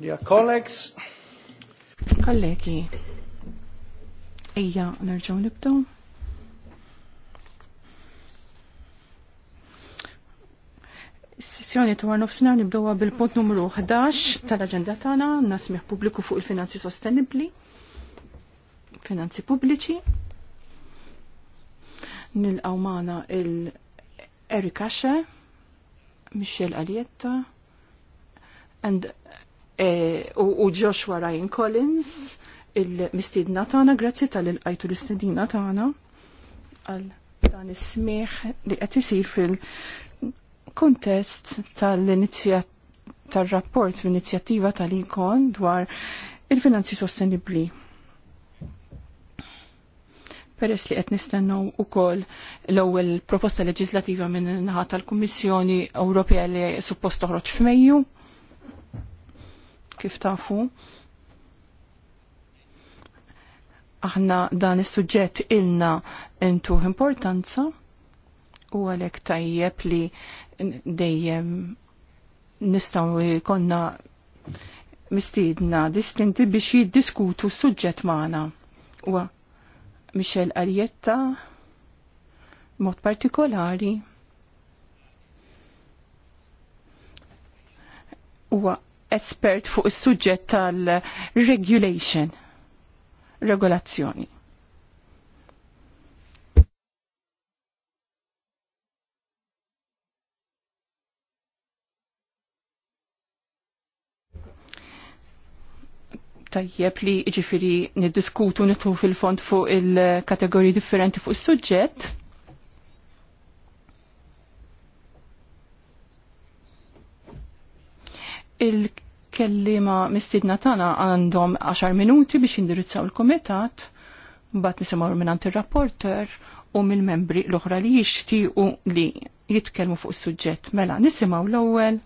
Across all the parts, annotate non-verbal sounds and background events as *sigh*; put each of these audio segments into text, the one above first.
Dear colleagues. Kollegi. Ija, nerġaw nibdu. Sessjoni dwar nofsinhar nibdewha bil-punt numru 11 tal-aġenda tagħna nasmiħ pubbliku fuq il-finanzi sostenibbli, finanzi pubbliċi. Nilqgħu maħna il-Erika Michel Alietta, and Eh, u Joshua Ryan Collins il-mistidna tagħna, grazzi tal-ilqajtu l-istedina tagħna għal dan is li qed isir fil-kuntest tal-rapport l-inizjattiva tal-ikon dwar il-finanzi sostenibbli. Peress li qed nistennew ukoll l-ewwel proposta leġislativa minn naħa tal-Kummissjoni Ewropea li suppost toħroġ f'Mejju kif tafu. Aħna dan is-suġġett ilna intu importanza u għalhekk tajjeb li dejjem nistgħu jkollna mistiedna distinti biex jiddiskutu s-suġġett magħna. U Michel Arietta mod partikolari huwa espert fuq is-suġġett tal-regulation, regolazzjoni. Tajjeb li ġifiri niddiskutu nitu fil-fond fuq il-kategoriji differenti fuq is-suġġett Il-kellima mistidna tana għandhom 10 minuti biex indirizzaw il-komitat, bat nisimaw minnant il-rapporter u mill-membri l-oħra li jixtiequ li jitkellmu fuq is-suġġett. Mela, nisimgħu l-ewwel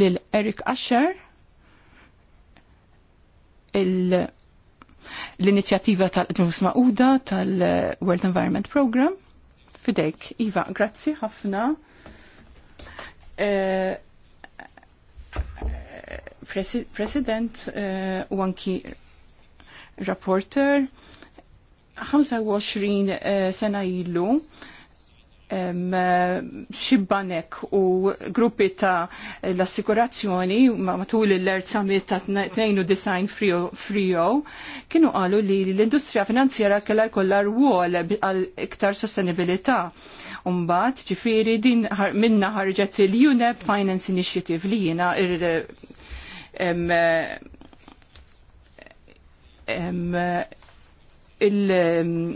lil Eric Asher l-inizjattiva tal ġusma Uda tal-World Environment Program. Fidejk, Iva, grazzi ħafna. Eh, President eh, u anki rapporter 25 eh, sena illu xibbanek u gruppi ta' l-assikurazzjoni matul l-Lert Summit ta' 92 frio kienu għalu li l-industrija finanzjera kella jkollha rwol għal iktar sostenibilità. Umbat, ġifiri din minna ħarġet il-UNEP Finance Initiative li jina Ehm,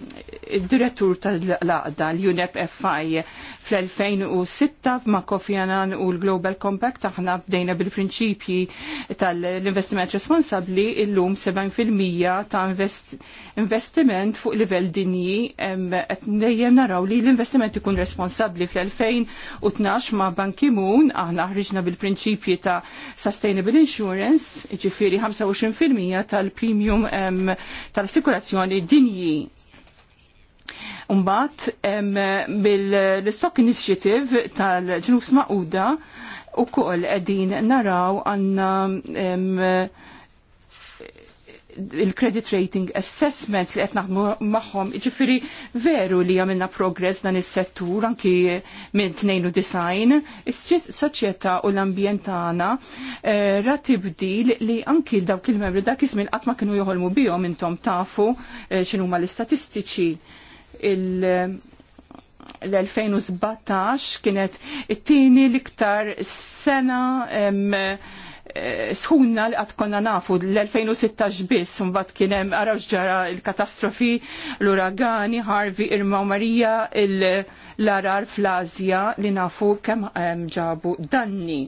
il-direttur tal-laqda l-UNEP FI fl-2006 ma' Kofi Annan u l-Global Compact aħna bdejna bil-prinċipji tal-investiment responsabli il-lum 7% ta' investiment fuq livell dinji dejjem naraw li l-investiment ikun responsabli fl-2012 ma' Ban moon aħna ħriġna bil-prinċipji ta' Sustainable Insurance ġifiri 25% tal-premium tal-assikurazzjoni dinji. Umbat, bil-Stock Initiative tal-ġnus Mauda u koll edin naraw għanna il-credit rating assessments li qed naħdmu magħhom, jiġifieri veru li għamilna progress dan is-settur anki minn tnejn u design, is-soċjetà u l-ambjent tagħna eh, tibdil li anki dawk il-membri dak ismin qatt ma kienu joħolmu bihom intom tafu xinu eh, x'inhuma l-istatistiċi l-2017 kienet it-tieni l-iktar sena Eh, sħunna li għatkonna konna nafu l-2016 biss, mbagħad kien hemm araw ġara il-katastrofi, l-uragani, Harvey, Irma u Marija, l-arar fl-Azja li nafu kemm eh, ġabu danni.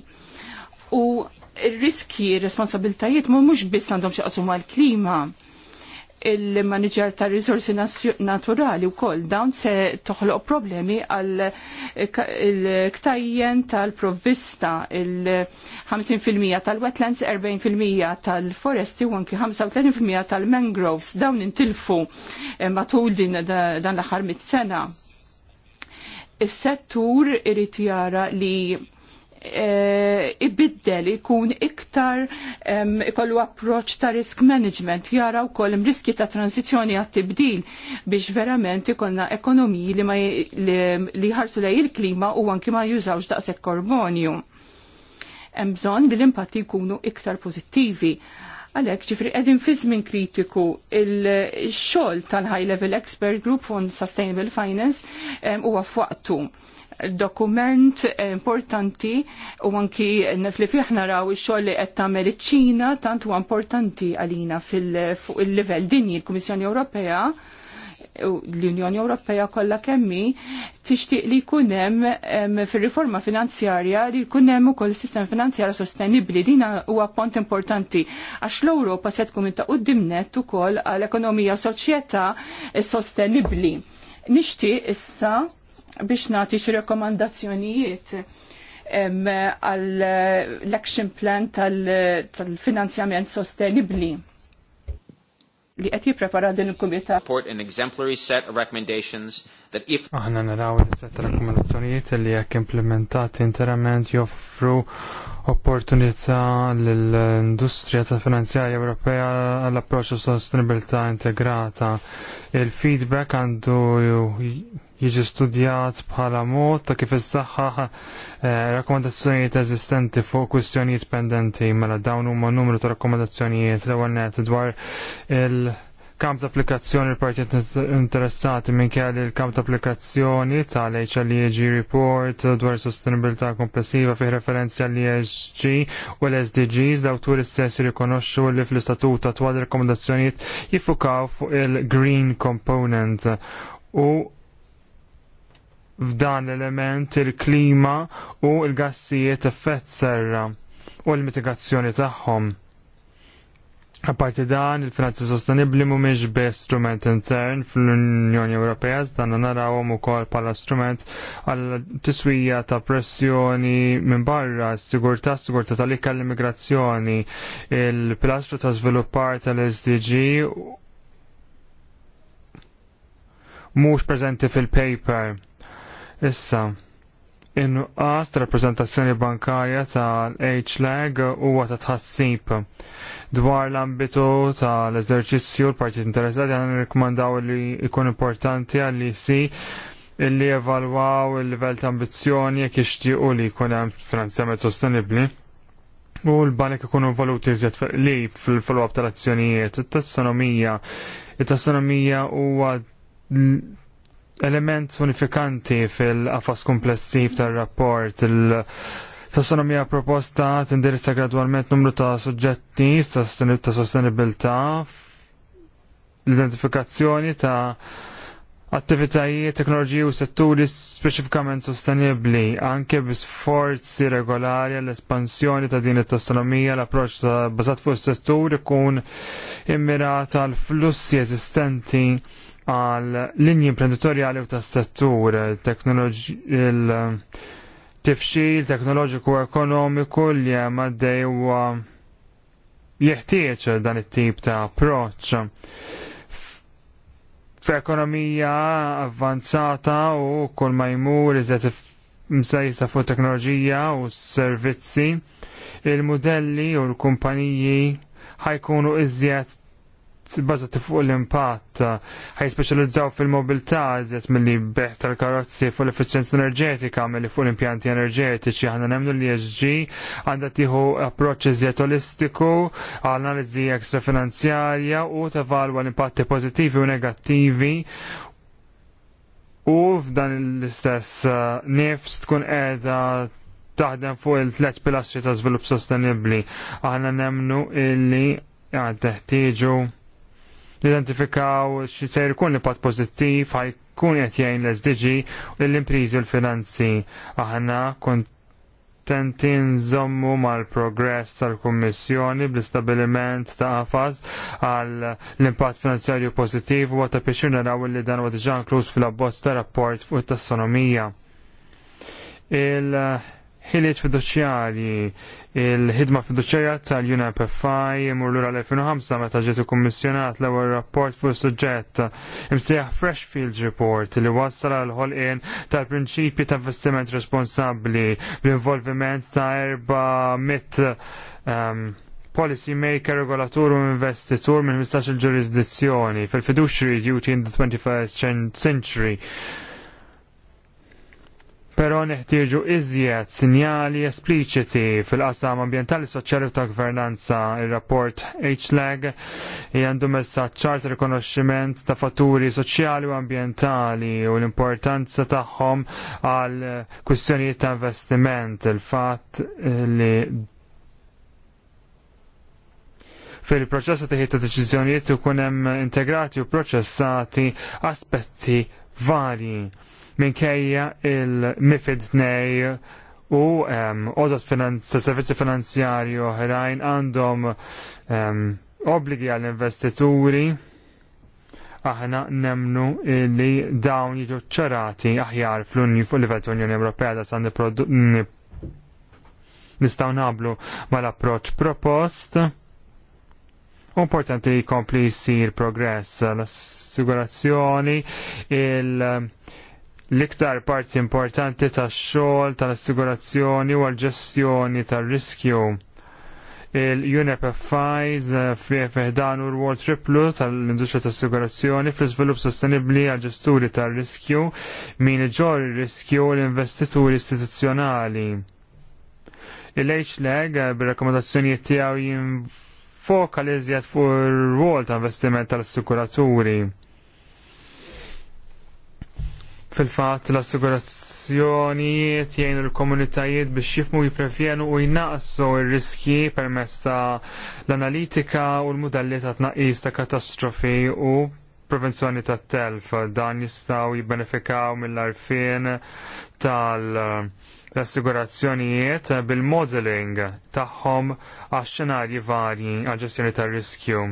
U r riski, r responsabiltajiet mhux biss għandhom xaqsu ma l-klima il-manager ta' risorsi naturali u koll dawn se toħloq problemi għal il-ktajjen tal-provvista il-50% tal-wetlands, 40% tal-foresti u anki 35% tal-mangroves dawn intilfu eh, matul din dan l-aħħar mit-sena. Is-settur irid jara li Eh, ibiddel ikun iktar ikollu approċ ta' risk management jara wkoll riski ta' tranzizjoni għat tibdil biex verament ikonna ekonomiji li ma li ħarsu lej il-klima u anki ma jużawx daqshekk korbonju. Hemm bżonn li l-impatti jkunu iktar pozittivi. Għalek, ġifri, edin fi żmien kritiku il-xol tal-High Level Expert Group on Sustainable Finance huwa um, f'waqtu dokument importanti u anki nifli fih naraw ix-xogħol li qed ċina tant huwa importanti għalina fuq il-livell dinji l-Kummissjoni Ewropea l-Unjoni Ewropea kollha kemmi tixtieq li jkun hemm fir-riforma finanzjarja li jkun hemm ukoll is-sistem finanzjarja sostenibbli din huwa pont importanti għax l-Ewropa se tkun dimnet u ukoll għall ekonomija soċjetà sostenibbli. Nixtieq issa biex nagħti xi rekomandazzjonijiet għall-action eh, plan tal-finanzjament sostenibbli. sostenibli li qed jipprepara din il-kumitat. Port an exemplary set of recommendations that if aħna naraw il-set rakkomandazzjonijiet li jekk implementati interament joffru opportunità lill-industrija ta' finanzjarja Ewropea għall approċċ sostenibilità integrata. Il-feedback għandu jiġi studjat bħala mod ta' kif is-saħħa eh, rakkomandazzjonijiet eżistenti fuq kwistjonijiet pendenti mela dawn huma numru ta' rakkomandazzjonijiet l-ewwel net dwar il- kamp ta' applikazzjoni l-partijiet interessati minn kelli l-kamp ta' applikazzjoni tal-HLEG report dwar sostenibilità komplessiva fi referenzi għall esg u l-SDGs daw tur istess rikonoxxu li fl-istatut ta' twad rekomendazzjoniet jifukaw fuq il-green component u f'dan l-element il-klima u l-gassijiet effett serra u l-mitigazzjoni tagħhom. Apparti dan, il-finanzi sostenibli mhumiex biss strument intern fl-Unjoni Ewropea, dan narawhom ukoll bħala strument għal tiswija ta' pressjoni minn barra, s-sigurtà, s-sigurtà tal-ikka l-immigrazzjoni, il-pilastru ta' żviluppar tal-SDG mhux preżenti fil-paper Issa, in-nuqqas rappresentazzjoni bankarja tal-HLAG huwa ta' tħassib dwar l-ambitu tal-eżerċizzju l-partit interessati għan rikmandaw li ikun importanti għalli si illi evalwaw il-level ta' ambizzjoni jekk jixtiequ li jkun hemm finanzjament sostenibbli. U l-banek ikunu valuti zjed li fil-follow-up tal-azzjonijiet, il tassonomija It-tassonomija huwa element unifikanti fil-qafas komplessiv tar-rapport il- Tassonomija proposta tindirizza gradwalment numru ta' suġġetti ta' sostenibilità, l-identifikazzjoni ta' attivitajiet, teknoloġiji u setturi speċifikament sostenibbli, anke bi sforzi regolari l-espansjoni ta' din it-tastronomija, l-approċċ ta' bazat fuq is settur ikun immirata għal flussi eżistenti għal linji imprenditorjali u tas settur il-tifxil teknoloġiku ekonomiku li għaddej u uh, jeħtieċ dan it-tip ta' approċ f'ekonomija avvanzata u kull ma jmur iżet msejsa fuq teknoloġija u s-servizzi il-modelli u l-kumpaniji ħajkunu iżjed bazzati fuq l-impatt ħaj specializzaw fil-mobilità mill milli beħt tal-karozzi fuq l-efficienza enerġetika milli fuq l-impjanti enerġetiċi ħana nemnu li ESG għandha tieħu approċċi iżjed holistiku analiżi ekstra finanzjarja u tevalwa l-impatti pożittivi u negattivi u f'dan l-istess uh, nifs tkun qiegħda taħdem fuq il-tlet pilastri ta' żvilupp sostenibbli. Aħna nemnu illi għad teħtieġu nidentifikaw xi kun l impatt pozittiv ħajkun qed jgħin l-SDG u l-impriżi u l-finanzi. Aħna kontenti nżommu mal-progress tal-Kummissjoni bl-istabiliment ta' għafaz għal l-impatt finanzjarju pożittiv u għata biex naraw li dan huwa diġà inkluż fil-abbozz ta' rapport fuq it-tassonomija. Il- ħiliet fiduċjarji, il-ħidma fiduċjarja tal-UNFFI imur lura l-2005 meta ġiet ikkummissjonat l-ewwel rapport fuq suġġett imsejjaħ Fresh Fields Report li wassal għal ħolqien tal-prinċipji ta' investiment responsabbli bl-involviment ta' erba' mit ehm, policy maker, regolatur u investitur minn 15 il-ġurisdizzjoni fil-fiduċri duty in the 21st century Pero neħtieġu iżjed sinjali espliċiti fil-qasam ambientali soċjali ta' gvernanza il-rapport HLAG għandu messaċ ċart rikonoxximent ta' fatturi soċjali u ambientali u l-importanza tagħhom għal kwistjonijiet ta' investiment il-fatt li fil-proċess ta' ta' deċiżjonijiet ikun hemm integrati u proċessati aspetti varji minkejja il-MIFID Nej u odot servizzi finanzjarji oħrajn għandhom obbligi għall-investituri aħna nemnu li dawn jiġu ċarati aħjar fl-Unju fuq livell Unjoni Ewropea da san nistaw nablu mal-approċ propost. Importanti li jkompli jsir progress l-assigurazzjoni, il- l-iktar parti importanti tax-xogħol tal-assigurazzjoni u għal ġestjoni tar-riskju il-UNFFIs eh, dan u r-World Triplu tal-Industrija ta' Assigurazzjoni fl-iżvilupp sostenibbli għal ġesturi tar-riskju min iġor riskju l-investituri istituzzjonali. Il-HLEG eh, bir-rakkomandazzjonijiet tiegħu fokalizjat fuq r rwol ta' investiment tal-assikuraturi Fil-fatt l-assigurazzjonijiet jgħinu l-komunitajiet biex jifmu jiprevjenu u jnaqsu r-riski permezz ta' l-analitika u l-modelli ta' tnaqqis ta' katastrofi u prevenzjoni ta' telf. Dan jistaw jibbenefikaw mill-arfin tal- l-assigurazzjonijiet bil-modeling tagħhom għax xenarji varji għal ġestjoni tar-riskju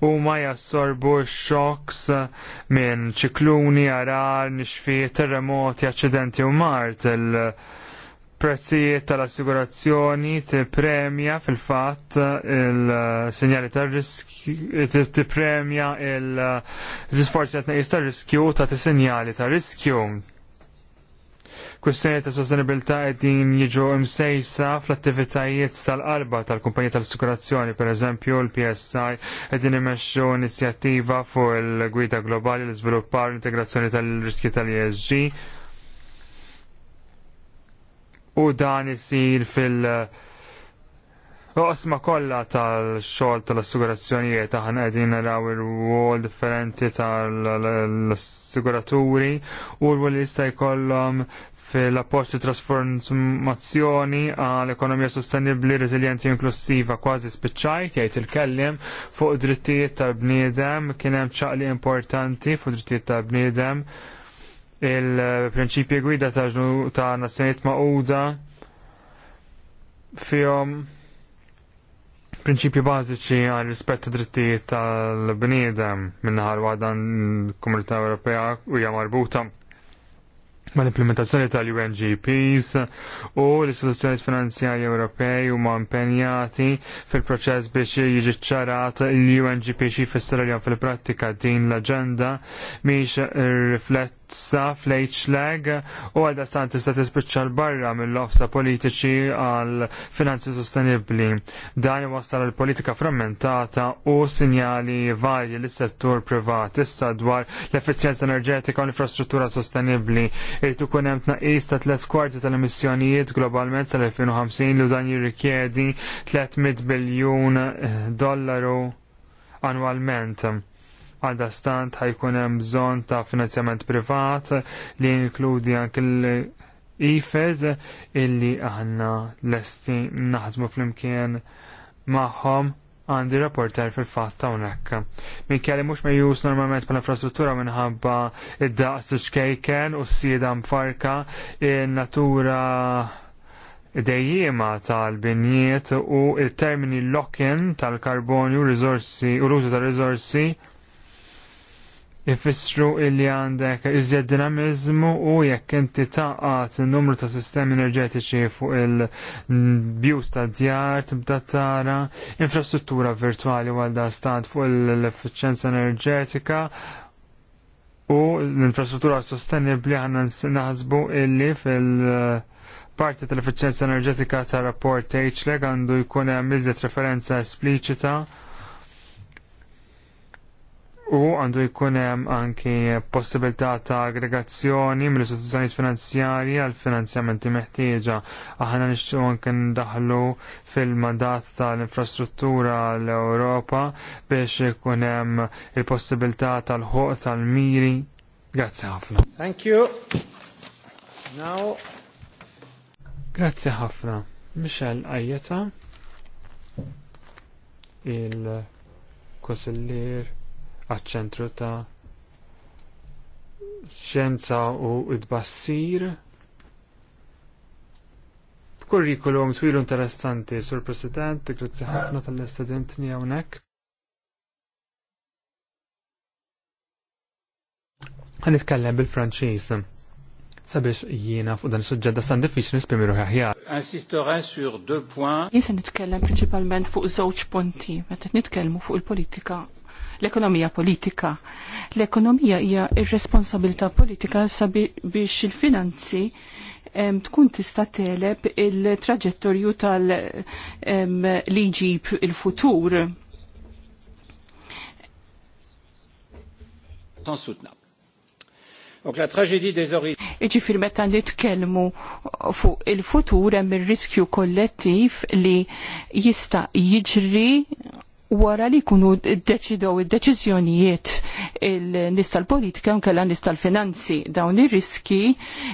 u ma jassorbu xoks eh, minn ċikluni, arar, nixfi, terremoti, accidenti u mart il-prezzijiet tal-assigurazzjoni t-premja fil-fat eh, il-sinjali tal-riskju, t-premja il-disforzi għatnaqis tal-riskju ta' t-sinjali eh, tal-riskju kwistjoni ta' sostenibilità qegħdin jiġu msejsa fl-attivitajiet tal-qalba tal-kumpanija tal-assikurazzjoni, pereżempju l-PSI qegħdin imexxu inizjattiva fuq il-gwida globali l iżviluppar l-integrazzjoni tal-riski tal-ESG. U dan isir fil- Osma kollha tal xol tal-assigurazzjonijiet aħna qegħdin naraw il-wol differenti tal-assiguraturi u l-wol jista' jkollhom fil-appoċ trasformazzjoni għal ekonomija sostenibli, resilienti u inklusiva kważi spiċċajt jgħid il-kellim fuq drittijiet tal-bniedem kien hemm ċaqli importanti fuq drittijiet tal-bniedem il-prinċipji gwida ta', ta nazzjonijiet maquda fihom prinċipji bażiċi għal rispett ta' drittijiet tal-bniedem minnaħar wadan l-Komunità Ewropea u hija marbuta ma l-implementazzjoni tal-UNGPs u l-istituzzjoni finanzjarji Ewropej huma impenjati fil-proċess biex jiġi ċarat l-UNGP xi jfisser fil-prattika din l-aġenda miex riflet sa fl-HLEG u għal stant tista' tispiċċa l-barra mill-ofsa politiċi għal finanzi sostenibli. Dan wassal l politika frammentata u sinjali varji lis settur privat issa dwar l efficienza enerġetika u l-infrastruttura sostenibli. Irid ikun hemm tnaqqis ta' tliet kwarti tal-emissjonijiet globalment tal-2050 li dan jirrikjedi 300 biljun eh, dollaru annwalment għadda stant ħajkun hemm bżonn ta' finanzjament privat li jinkludi anke l-ifed illi aħna lesti naħdmu flimkien magħhom għandi rapporter fil-fat ta' unnek. Min kelli mux ma jus normalment pa' infrastruttura minħabba id-daqs t-xkejken u s-sida mfarka il-natura dejjema tal-binjiet u il-termini lock-in tal-karbonju, rizorsi, u l-użu tal-rizorsi ifissru illi għandek iżjed dinamizmu u jekk inti taqat n numru ta' sistemi enerġetiċi fuq il-bjus ta' djar tibda tara infrastruttura virtuali għal da' stant fuq l-efficienza enerġetika u l-infrastruttura sostenibli ħanna naħsbu illi fil- parti tal-efficienza enerġetika ta' rapport H-leg għandu jkun hemm referenza espliċita u għandu jkun hemm anki possibilità ta' aggregazzjoni mill-istituzzjonijiet finanzjarji għal finanzjamenti meħtieġa. Aħna nixtiequ anke ndaħlu fil-mandat tal-infrastruttura l-Ewropa biex ikun hemm il-possibilità tal-ħoq tal-miri. Grazzi ħafna. Thank you. Now. Grazzi ħafna. Michel Ajeta il-Konsiller għaċ-ċentru ta' xjenza u id-bassir. Kurrikulum twilu interessanti, Sur President, grazzi ħafna tal għonek. hawnhekk. Għanitkellem bil-Franċiż sabiex jiena fuq dan suġġed da san diffiċ nisprimi ruħi aħjar. Insistera sur deux points. Jisa nitkellem principalment fuq żewġ punti, meta nitkellmu fuq il-politika l-ekonomija politika. L-ekonomija hija ir-responsabilità politika sabiex il-finanzi tkun tista' teleb il-traġettorju tal-liġi il-futur. Tan Donc la meta nitkellmu fuq il-futur hemm ir-riskju kollettiv li jista' jiġri wara li kunu deċidow id-deċizjonijiet il-nis tal-politika un kella nis tal-finanzi dawn ir-riski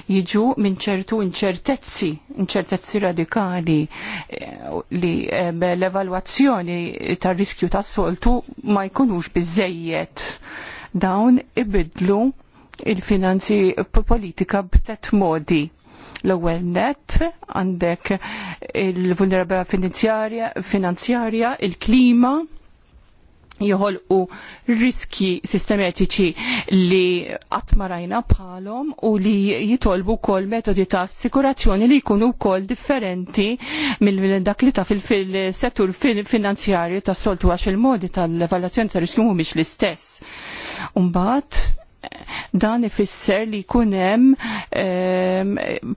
jiġu minn ċertu inċertezzi, inċertezzi radikali eh, li eh, l-evalwazzjoni tal-riskju tas-soltu ma jkunux bizzejiet dawn ibidlu il-finanzi politika b'tet modi L-ewwel net għandek il-vulnerabilità finanzjarja, il-klima, joħolqu riski sistematiċi li għatmarajna bħalhom u li jitolbu kol metodi ta' assikurazzjoni li jkunu kol differenti mill dak li ta' fil-settur finanzjarju ta' soltu għax il-modi tal-evaluazzjoni ta' riskju mhumiex l-istess. Umbat, dan ifisser li jkun hemm ehm,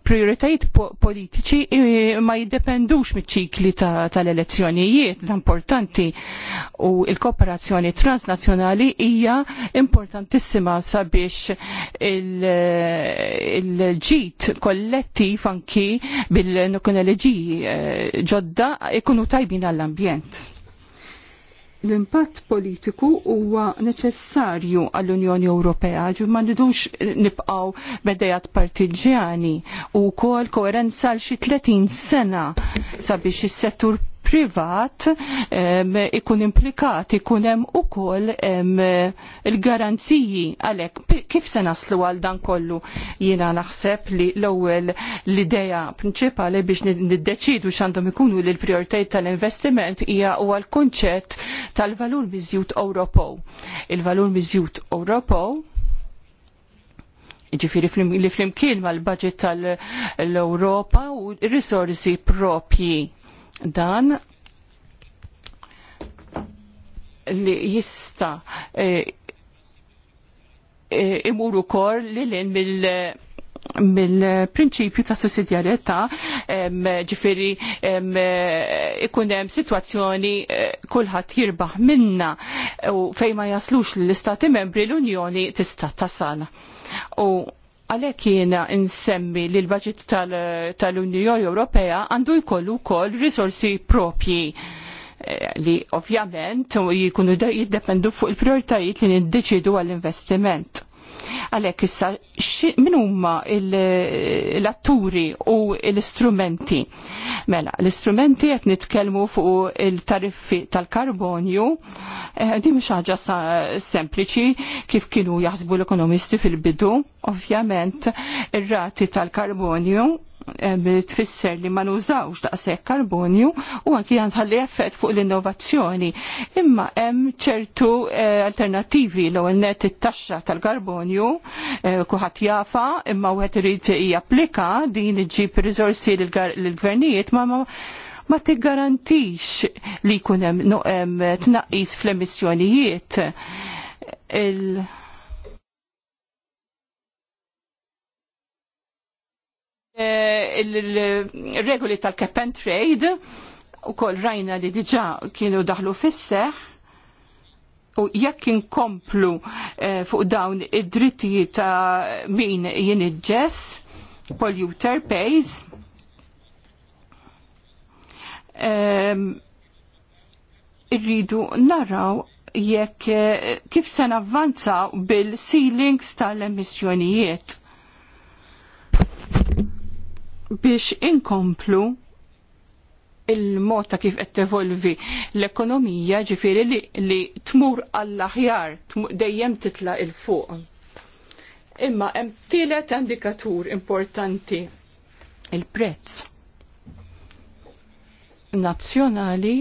prioritajiet politiċi e, ma jiddependux miċ-ċikli tal-elezzjonijiet, ta dan importanti u l-kooperazzjoni transnazzjonali hija importantissima sabiex il-ġit il kollettiv anki bil-nukun e, ġodda ikunu tajbin għall-ambjent. L-impatt politiku huwa neċessarju għall-Unjoni Ewropea, ġu ma nidux nibqaw bedejat partiġjani u kol koerenza l xi 30 sena sabiex is-settur privat ikun implikat, ikun hemm ukoll il-garanziji għalhekk kif se naslu għal dan kollu jiena naħseb li l-ewwel l-idea prinċipali biex niddeċidu x'għandhom ikunu lil prioritajiet tal-investiment hija huwa l-kunċett tal-valur miżjud Ewropew. Il-valur miżjud Ewropew ġifiri li flimkien mal-budget tal-Europa u risorsi propji dan li jista imur e, u e, imur ukoll li l-in mill-prinċipju ta' sussidjarjetà ġifiri ikun hemm sitwazzjoni e, kulħadd jirbaħ minna u fejn ma jaslux l-istati membri l-Unjoni tista' tasal. U għalek jiena insemmi li l-budget tal-Unjoni Ewropea għandu jkollu kol risorsi propji eh, li ovvjament jikunu jiddependu fuq il-prioritajiet li niddeċidu għall-investiment. Għalhekk issa min huma l-atturi u l-istrumenti. Mela, l-istrumenti qed nitkellmu fuq il-tariffi tal-karbonju, eh, di mhux ħaġa sempliċi kif kienu jaħsbu l-ekonomisti fil-bidu, ovvjament ir-rati tal-karbonju Eh, tfisser li ma nużawx daqshekk karbonju u anki għandħalli effett fuq l-innovazzjoni. Imma hemm ċertu eh, alternattivi l-ewwel net it-taxxa tal-karbonju eh, kulħadd jafa imma wieħed irid japplika din iġib riżorsi lill-gvernijiet ma ma tiggarantix li jkun hemm tnaqqis fl-emissjonijiet Eh, il-regoli tal-cap and trade u kol rajna li diġa kienu daħlu fisseħ u jekk inkomplu eh, fuq dawn id-dritti ta' min jien iġġess polluter pays irridu naraw jekk eh, kif se navvanza bil-ceilings tal-emissjonijiet biex inkomplu il-mod ta' kif qed tevolvi l-ekonomija ġifiri li, li tmur għall-aħjar, dejjem titla' il fuq Imma hemm tielet indikatur importanti il-prezz nazzjonali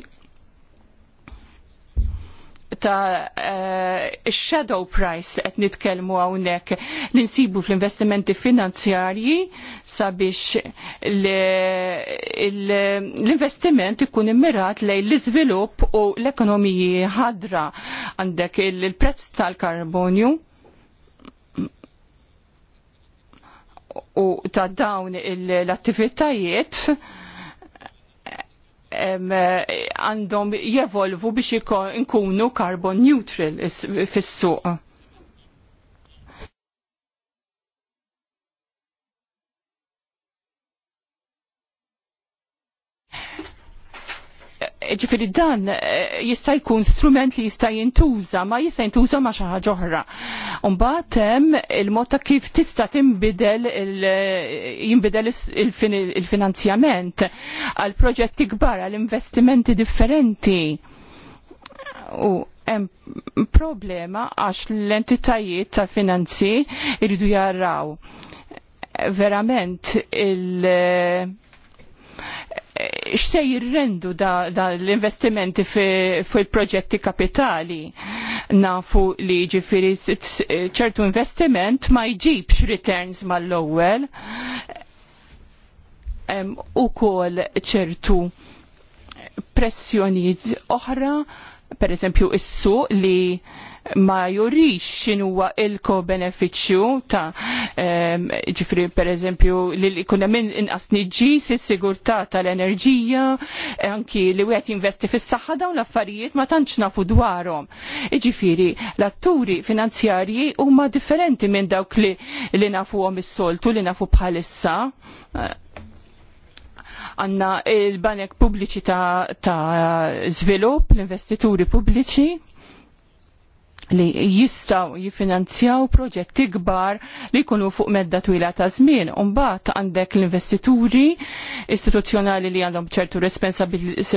ta' uh, shadow price qed nitkellmu hawnhekk li nsibu fl-investimenti finanzjarji sabiex l-investiment ikun immirat lejn l-iżvilupp u l-ekonomiji ħadra għandek il-prezz tal-karbonju u ta' dawn l-attivitajiet għandhom jevolvu biex nkunu carbon neutral fis-suq ġifiri dan eh, jista' jkun strument li jista' jintuża, ma jista' jintuża ma xi ħaġa oħra. Mbagħad hemm il-mod ta' kif tista' tinbidel jinbidel il-finanzjament għal proġetti kbar għal investimenti differenti. U hemm problema għax l-entitajiet ta' finanzi jridu jarraw verament il- xse jirrendu da, da l-investimenti fil-proġetti kapitali. Nafu li ġifiri ċertu investiment ma jġibx returns mal-ewwel u kol ċertu pressjonijiet oħra, per is-suq li ma jurix x'inhuwa il-ko-benefiċċju ta' ġifri pereżempju li jkun hemm inqas niġġis is-sigurtà tal-enerġija, anki li wieħed jinvesti fis-saħħa dawn l-affarijiet ma tantx nafu dwarhom. Jiġifieri l-atturi finanzjarji huma differenti minn dawk li, li nafuhom is-soltu li nafu bħalissa għanna il-banek pubbliċi ta', ta l-investituri pubbliċi, li jistaw jifinanzjaw proġetti kbar li jkunu fuq medda twila ta' żmien. Umbagħad għandek l-investituri istituzzjonali li għandhom ċertu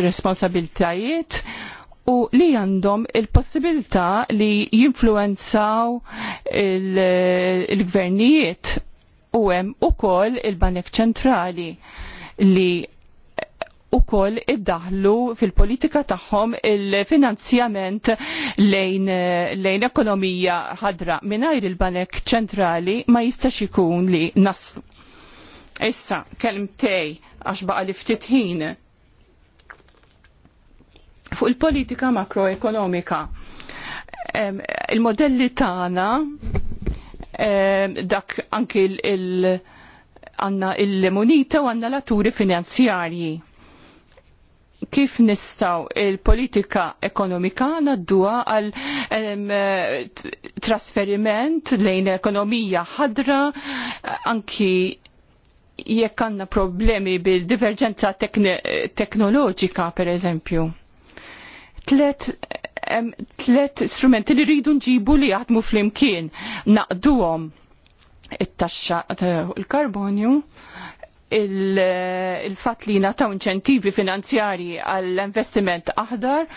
responsabiltajiet u li għandhom il-possibilità li jinfluenzaw il-gvernijiet u hemm ukoll il-banek ċentrali li ukoll iddaħlu fil-politika tagħhom il-finanzjament lejn, lejn ekonomija ħadra mingħajr il-banek ċentrali ma jistax ikun li naslu. Issa, kelmtej għax baqa li ftit ħin fuq il-politika makroekonomika. Il-modelli tagħna dak anki il- għanna il-monita u għanna l-atturi finanzjarji kif nistaw il-politika ekonomika naddua għal trasferiment lejn ekonomija ħadra anki jekk għandna problemi bil-diverġenza teknoloġika per eżempju. Tlet tlet strumenti li rridu nġibu li jaħdmu fl-imkien naqduhom it-taxxa eh, l-karbonju, il-fat li nataw inċentivi finanzjari għall-investiment aħdar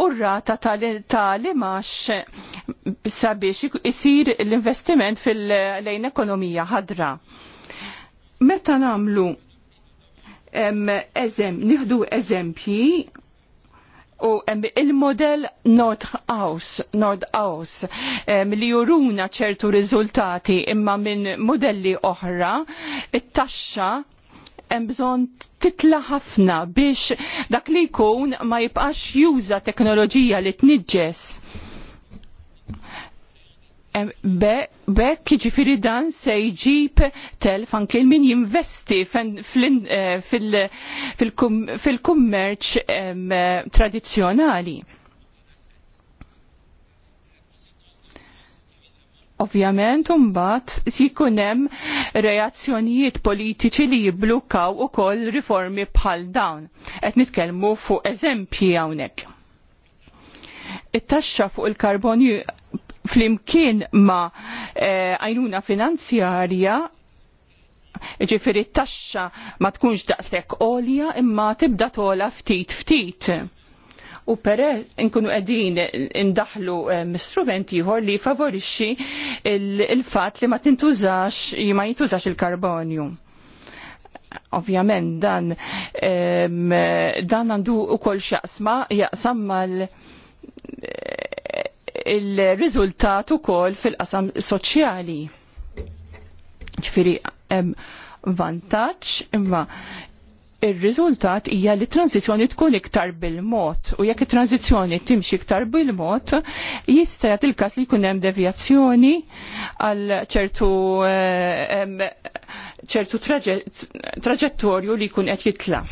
u rata tal-imax sabiex isir l-investiment fil-lejn ekonomija ħadra. Meta namlu eżem, nieħdu eżempji u il-model Nordhaus, House, li juruna ċertu riżultati imma minn modelli oħra, it-taxxa hemm bżonn titla ħafna biex dak li jkun ma jibqax juża teknoloġija li tniġġes. Bekk ġifiri dan se jġib telf anke min jinvesti eh, fil-kummerċ tradizzjonali. Ovvjament, umbat, jikunem reazzjonijiet politiċi li jiblukaw u koll riformi bħal dawn. Et nitkelmu fuq eżempji għawnek. It-taxxa fuq il-karbonju flimkien ma eh, għajnuna eh, finanzjarja ġifiri t-taxxa ma tkunx daqshekk olja imma tibda tola ftit ftit u peress nkunu qegħdin indaħlu eh, strument ieħor li favorixxi il-fatt li ma tintużax ma jintużax il-karbonju. Ovvjament dan dan għandu kol x'jaqsma jaqsam mal eh, il-riżultat ukoll fil-qasam soċjali. Ġifieri vantaċ, imma ir-riżultat hija li tranzizzjoni tkun iktar bil-mod u jekk it-tranzizzjoni timxi iktar bil-mod jista' jagħti il-każ li jkun hemm devjazzjoni għal ċertu eh, ċertu traġettorju li jkun qed jitla.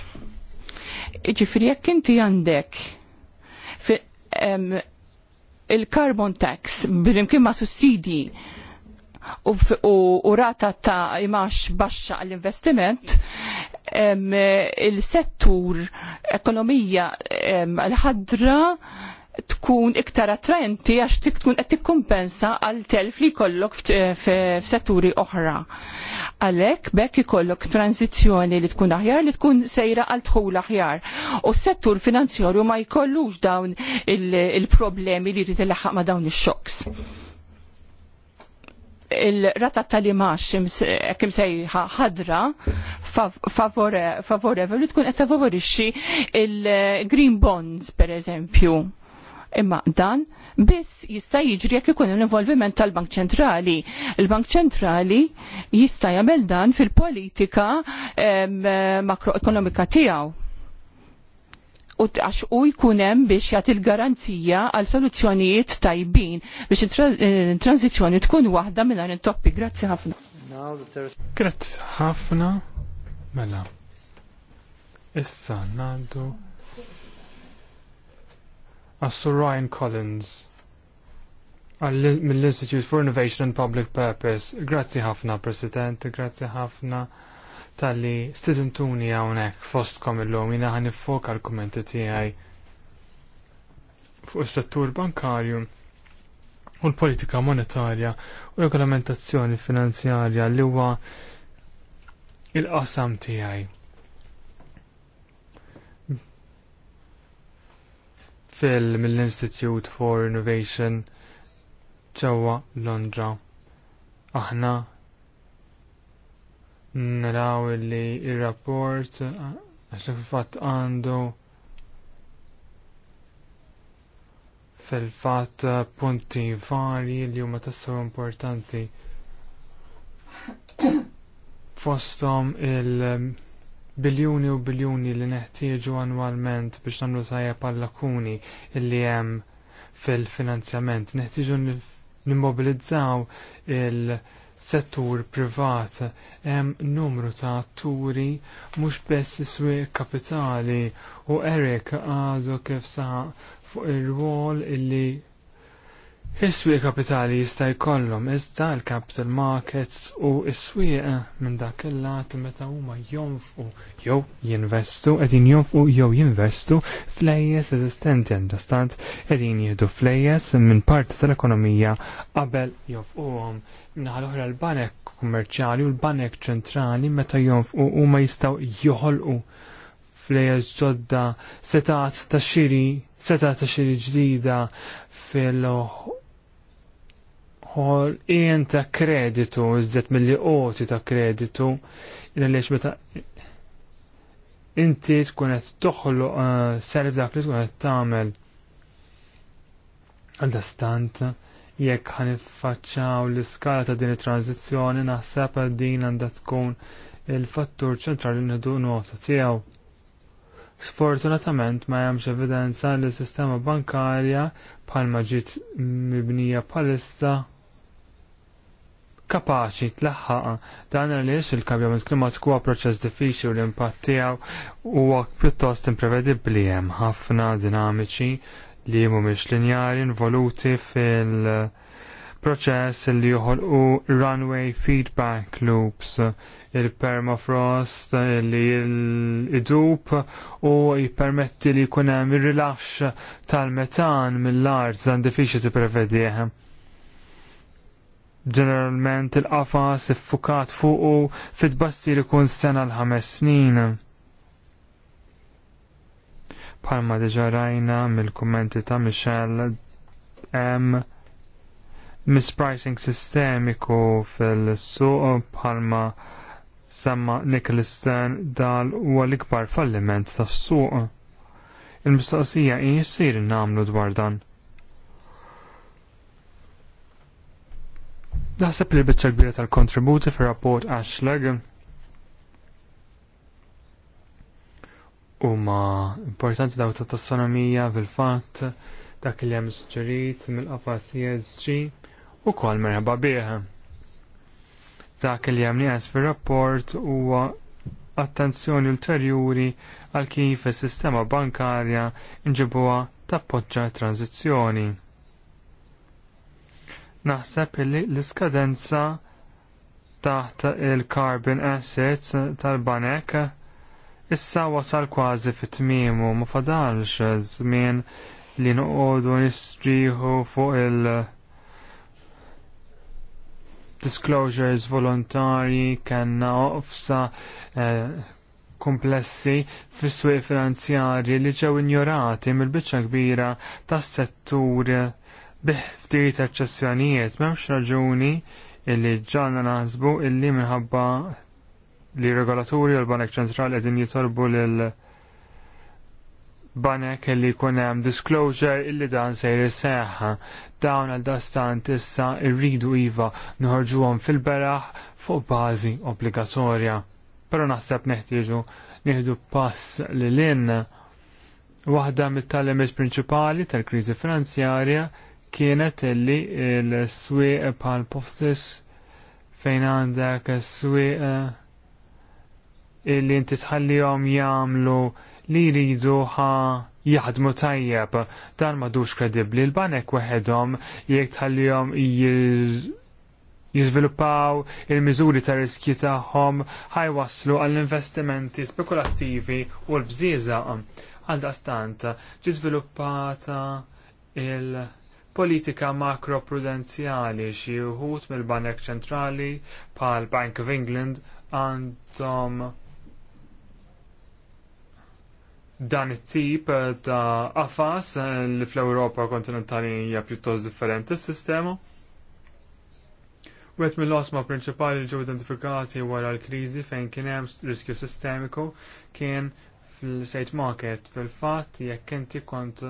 Ġifieri jekk inti għandek il-carbon tax bil-imkien ma' sussidji u, u rata ta' imax baxxa għall-investiment, il-settur ekonomija l-ħadra tkun iktar attrajenti għax tkun qed tikkumpensa għal telf li jkollok f'setturi oħra. Għalhekk bekk ikollok tranzizzjoni li tkun aħjar li tkun sejra għal dħul aħjar. U s-settur finanzjarju ma jkollux dawn il-problemi li jrid ilaħħaq ma' dawn ix-xoks il-rata tal-imax kim sejħa ħadra favorevoli tkun qed tafavorixxi il-green bonds per eżempju. Imma dan biss jista' jiġri jekk ikun l-involviment tal-Bank Ċentrali. Il-Bank Ċentrali jista' jagħmel dan fil-politika makroekonomika tiegħu u għax u jkunem biex jagħti l-garanzija għal soluzzjonijiet tajbin biex il-tranzizjoni eh, tkun waħda mingħajr toppi. Grazzi ħafna. Grazzi ħafna. Mela. Issa ngħaddu għas Ryan Collins mill-Institute for Innovation and Public Purpose. Grazzi ħafna, President, grazzi ħafna tal-li stidintuni għawnek fostkom il-lum jina għan nifoka l-kommenti tijaj fuq il-settur bankarju u l-politika monetarja u regolamentazzjoni finanzjarja li huwa il-qasam tijaj. Fil mill-Institute for Innovation ġewwa Londra. Aħna naraw li il-rapport għax fatt għandu fil-fatt punti varji li huma tassew importanti fostom il biljoni u biljuni li neħtieġu annwalment biex nagħmlu sajja pallakuni lakuni li hemm fil-finanzjament. Neħtieġu nimmobilizzaw il-, -il settur privat hemm numru ta' atturi mhux biss swieq kapitali u Eric għadu kif sa fuq ir-rwol illi Is-swieq kapitali jista' jkollhom iżda l-capital markets u s-swieq minn dak il-lat meta huma jonfqu jew jinvestu qegħdin jonfqu jew jinvestu flejjes eżistenti għandastant qegħdin jieħdu flejjes minn parti tal-ekonomija qabel jonfquhom. Naħal oħra l-banek kummerċali u l-banek ċentrali meta jonfqu u ma jistaw joħolqu flejes ġodda setat ta' xiri, setat ta' xiri ġdida fil ħol jen ta' kreditu, iżdet mill-li oti ta' kreditu, il-għaliex meta inti tkun qed toħlu eh, self dak li tkun qed tagħmel. Għandastant, jekk ħanifaċċaw l-iskala ta' din it-tranzizzjoni naħseb din għandha tkun il-fattur ċentrali nħidu nota tiegħu. Sfortunatament ma hemmx evidenza li s-sistema bankarja bħalma ġiet mibnija bħalissa kapaċi tlaħħaqa dan għaliex il-kambjament klimatiku huwa proċess diffiċli u l-impatt tiegħu huwa pjuttost imprevedibbli hemm ħafna dinamiċi li mhumiex linjari involuti fil-proċess li joħolqu runway feedback loops il-permafrost li idub u jippermetti li jkun hemm ir-rilaxx tal-metan mill-art dan ti tipprevedih ġeneralment il-qafas iffukat fuqu fit-bassir ikun sena l-ħames snin. Palma diġa rajna mill-kummenti ta' Michel M mispricing sistemiku fil-suq palma semma Nicholaston dal huwa l-ikbar falliment tas-suq. Il-mistoqsija hi jsir nagħmlu dwar dan. Naħseb li biċċa kbira tal-kontributi fir rapport Ashleg huma importanti daw ta' tassonomija fil-fatt dak kiljem suġġerit mill-qafas CSG e u kol merħba Ta' Dak li għas fil fir-rapport huwa attenzjoni ulterjuri għal kif is-sistema bankarja nġibuwa tappoġġa t tranzizjoni. Naħseb li l-iskadenza taħt il-carbon assets tal-banek issa wasal kważi fit u ma fadalx żmien li noqogħdu nistriħu fuq il- disclosures volontarji kellna oqfsa eh, komplessi fis-swieq finanzjarji li ġew injorati mill-biċċa kbira tas-settur bih ftit m'hemmx raġuni illi ġalna naħsbu illi minħabba li regolaturi għal l-Banek ċentrali qegħdin jitolbu lil banek li jkun hemm disclosure illi dan sejri seħħa dawn għal dastant issa rridu iva għom fil-beraħ fuq bażi obbligatorja. Però naħseb neħtieġu nieħdu pass li lin waħda mit-talimiet prinċipali tal-kriżi finanzjarja kienet illi l-swieq pal postis fejn għandek s-swieq eh, li inti tħallihom jagħmlu li jridu jaħdmu tajjeb dan madux kredibbli l-banek weħedhom jekk tħallihom jiżviluppaw il-miżuri ta' riskji tagħhom ħajwasslu għall-investimenti spekulattivi u l-bżieża għal daqstant ġi żviluppata il- politika makroprudenzjali xi wħud mill-Banek Ċentrali bħal Bank of England għandhom dan it-tip ta' qafas eh, li fl-Ewropa kontinentali hija pjuttost differenti s-sistema. Wet mill-osma prinċipali ġew identifikati wara l-kriżi fejn kien hemm riskju sistemiku kien fil-sejt market fil-fatt jekk inti kont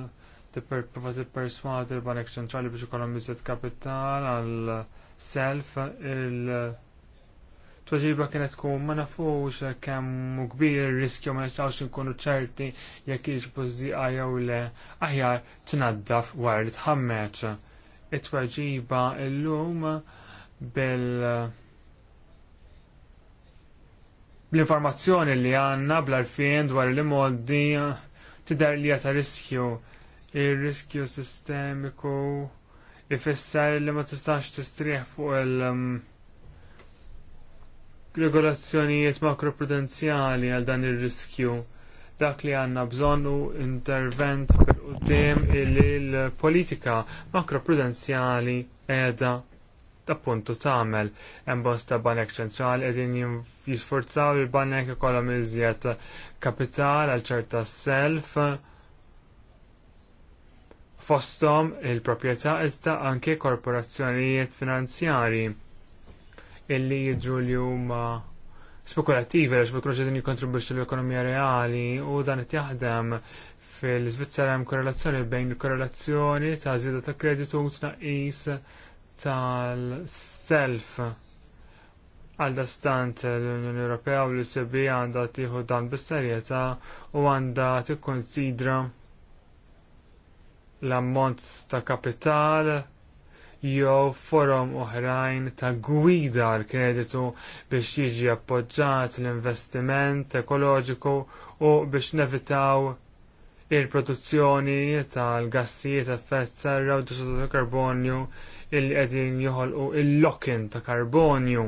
tipprova tipperswadi l-Banek Ċentrali biex ikollhom biżed kapital għal self il- Proġibra kienet tkun ma nafux kemm kbir riskju ma nistawx inkunu ċerti jekk hix bużiqa jew le aħjar t-naddaf wara li tħammeġ. It-tweġiba l-lum bil l-informazzjoni li għanna bl-arfien dwar li moddi tidher li ta' riskju ir-riskju sistemiku ifisser li ma tistax tistrieħ fuq il- regolazzjonijiet makroprudenzjali għal dan ir-riskju. Dak li għanna bżonnu intervent per qudiem il-politika makroprudenzjali edha appuntu tagħmel hemm bosta banek ċentrali qegħdin jisforzaw il-banek ikollhom iżjed kapital għal ċerta self fosthom il-proprjetà iżda anke korporazzjonijiet finanzjarji illi jidru li huma spekulativi għax ma jkunux qegħdin l-ekonomija reali u dan qed jaħdem fil-Svizzera hemm korrelazzjoni bejn korrelazzjoni ta' żieda ta' kreditu u tnaqqis tal-self għal dastant l-Unjoni Ewropea u l-ECB għandha tieħu dan bis-serjetà u għandha tikkonsidra l-ammont ta' kapital jew forom oħrajn ta' gwida l kreditu biex jiġi appoġġat l-investiment ekoloġiku u biex nevitaw il-produzzjoni tal-gassijiet effett serra u disodu ta' karbonju illi qegħdin joħolqu il-lokin ta' karbonju.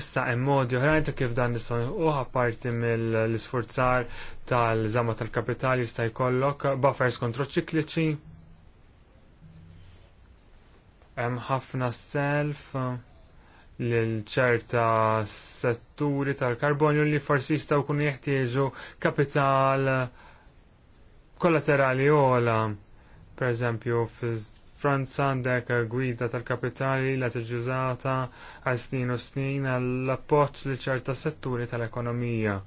Issa hemm modi oħrajn ta' kif dan nistgħu uħa parti mill-isfurzar tal-żama tal-kapital jista' jkollok buffers kontroċikliċi hemm ħafna self eh, lil ċerta setturi tal-karbonju li forsi jistgħu jkunu jeħtieġu kapital eh, kollaterali ola. Per eżempju, Franza għandek gwida tal-kapitali la tiġi użata għal snin u snin għall appoġġ li ċerta setturi tal-ekonomija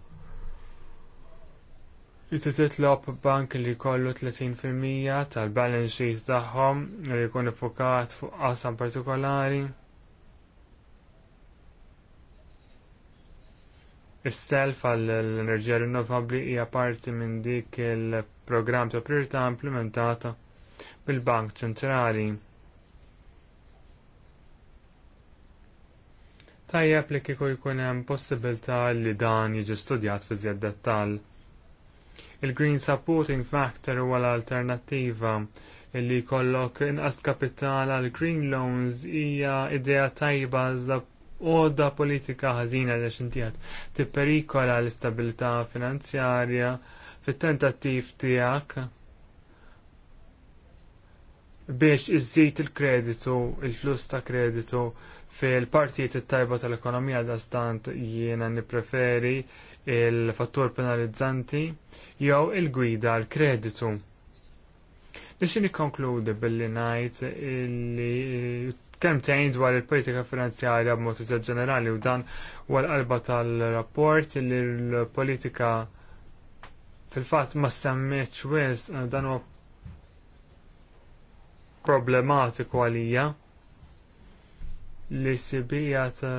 li titlob bank li kollu 30% tal-balance sheet tagħhom li jkun iffukat fuq qasam partikolari. Is-self għall-enerġija rinnovabbli hija parti minn dik il-programm ta' priorità implementata bil bank Ċentrali. Tajjeb li kieku jkun hemm possibilità li dan jiġi studjat fi żjed dettall. Il-Green Supporting Factor huwa l-alternattiva li jkollok inqas kapital għal Green Loans hija idea tajba oda politika ħażina li xintijat tipperikola l-istabilità finanzjarja fit-tentattiv tiegħek biex iżżid il-kreditu, il-flus ta' kreditu fil-partijiet it-tajba tal-ekonomija da stant jiena nippreferi il-fattur penalizzanti jew il-gwida l kreditu Nixin nikkonkludi billi ngħid li eh, tajn dwar il-politika finanzjarja b'mod iżgħar ġenerali u dan huwa l-qalba tal-rapport li l-politika fil-fatt ma semmitx wis eh, dan huwa problematiku għalija li sibija ta'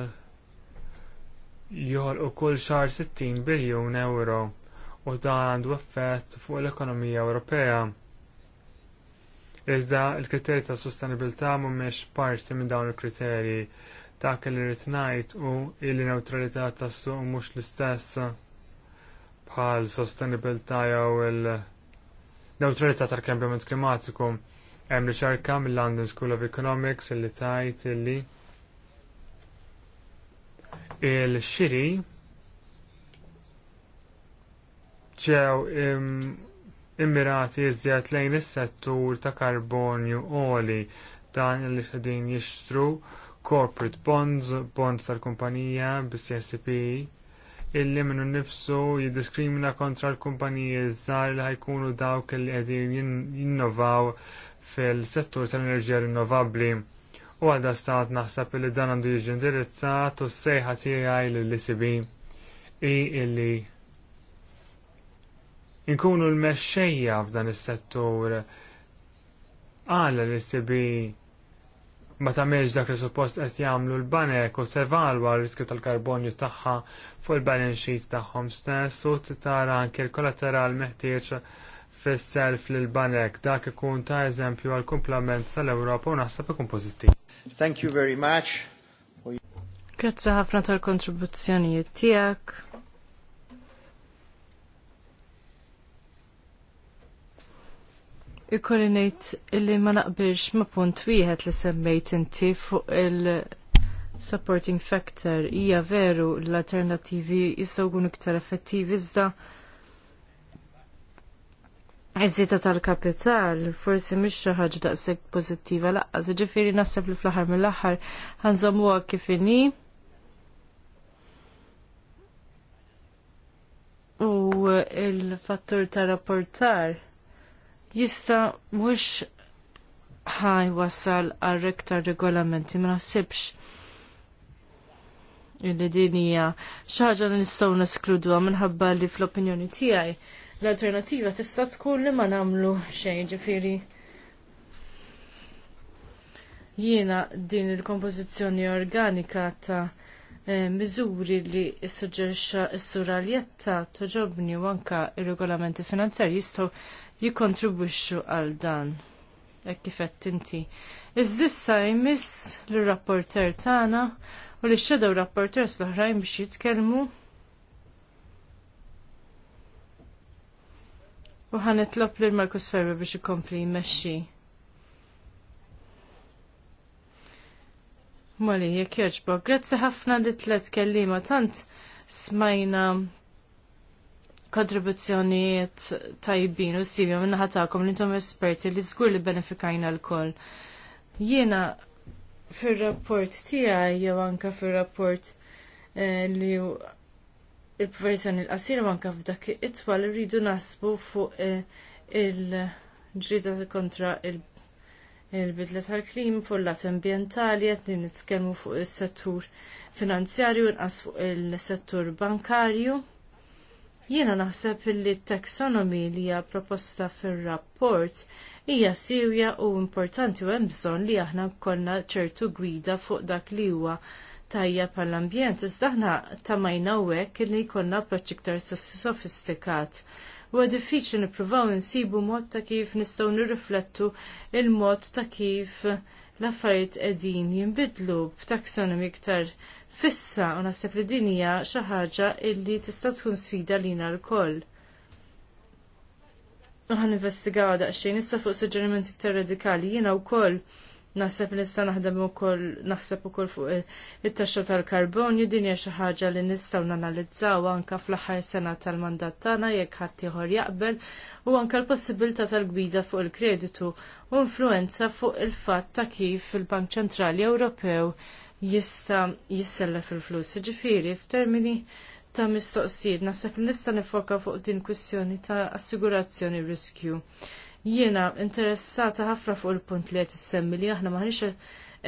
joħolqu kull xahar 60 biljun euro u dan għandu effett fuq l-ekonomija Ewropea. Iżda l-kriterji ta' sostenibilità mhumiex parti minn dawn il-kriterji ta' kelli rrid ngħid u li neutralità tas-suq mhux l-istess bħal sostenibilità jew il-neutralità tal-kambjament klimatiku. Hemm riċerka mill-London School of Economics illi tajt illi il-xiri ġew immirati iżjed lejn is-settur ta' karbonju oli dan li xedin jixtru corporate bonds, bonds tal-kumpanija bis-CSP illi minnu nnifsu jiddiskrimina kontra l-kumpaniji żgħar li ħajkunu dawk li qegħdin jinnovaw fil-settur tal-enerġija rinnovabbli u għalda stat naħseb li dan għandu jiġi indirizzat u s-sejħa tiegħi lill sibi i illi inkunu l-mexxejja f'dan is-settur għal l sibi ma tagħmilx dak li suppost qed jagħmlu l-banek u sevalwa l riskju tal-karbonju tagħha fuq il-balance sheet tagħhom stess u tara anke l-kollateral meħtieġ fis-self lil banek dak ikun ta' eżempju għal kumplament tal-Ewropa u naħseb ikun pożittiv. Thank you very much. Grazzi ħafna tal-kontribuzzjonijiet tiegħek. Ikolli ngħid illi ma naqbilx ma' punt wieħed li semmejt inti fuq il-supporting factor hija veru l-alternattivi jistgħu jkunu iktar effettivi iżda Għizzita tal-kapital, forsi mhix xi ħaġa daqshekk pożittiva se ġifiri naħseb li fl-aħħar mill-aħħar għanżamu kif inhi. U il-fattur ta' rapportar jista mhux ħaj wasal għal rektar regolamenti ma naħsibx illi din hija nistaw naskludu għamil nistgħu minħabba li fl-opinjoni tiegħi L-alternativa tista' tkun li ma nagħmlu xejn ġifieri. Jiena din il-kompożizzjoni organika ta' eh, miżuri li s-sugġerxa s-suralietta toġobni u anka il-regolamenti finanzjari jistgħu jikkontribwixxu għal dan. Hekk kif qed inti. Iżissa jmiss lir rapporter tagħna u li shadow rapporters l-oħrajn biex jitkellmu U ħanitlob lil Markus Ferri biex ikompli jmexxi. Moli, jekk jogħġbok, grazzi ħafna li tlet kellima tant smajna kontribuzzjonijiet tajbin u sibja minna ħatakom li intom esperti li żgur li benefikajna l-koll. Jiena fir-rapport tiegħi jew anke fir-rapport eh, li il-professjoni l-qasira manka f'dak it-twal rridu nasbu fuq eh, il-ġrida kontra il-bidla tal-klim fuq l-lat ambientali qed nitkellmu fuq is-settur finanzjarju nqas fuq il-settur bankarju. Jiena naħseb li t taxonomy li hija proposta fir-rapport hija sirja u importanti u hemm bżonn li aħna kollna ċertu gwida fuq dak li huwa tajja pal-ambjent, iżda aħna tamajna hekk li jkollna approċċ iktar sofistikat. U diffiċli nippruvaw insibu mod ta' kif nistgħu nirriflettu il-mod ta' kif l-affarijiet qegħdin jinbidlu b'taksonomi iktar fissa u naħseb li din hija xi ħaġa li tista' tkun sfida lina l-koll. Għan investigaw daqsxejn issa fuq suġġerimenti iktar radikali jiena wkoll Naħseb nista' naħdem ukoll naħseb ukoll fuq it-taxxa tal-karbonju din hija xi ħaġa li nistgħu nanalizzaw anke fl-aħħar sena tal-mandat tagħna jekk ħadd ieħor jaqbel u anke l-possibilità tal-gwida fuq il-kreditu u influenza fuq il-fatt ta' kif il-Bank Ċentrali Ewropew jista' jissellef il-flus. Ġifieri f'termini ta' mistoqsijiet naħseb nista' nifoka fuq din kwistjoni ta' assigurazzjoni riskju. Jiena interessata ħafna fuq il-punt li qed issemmi li aħna maħniex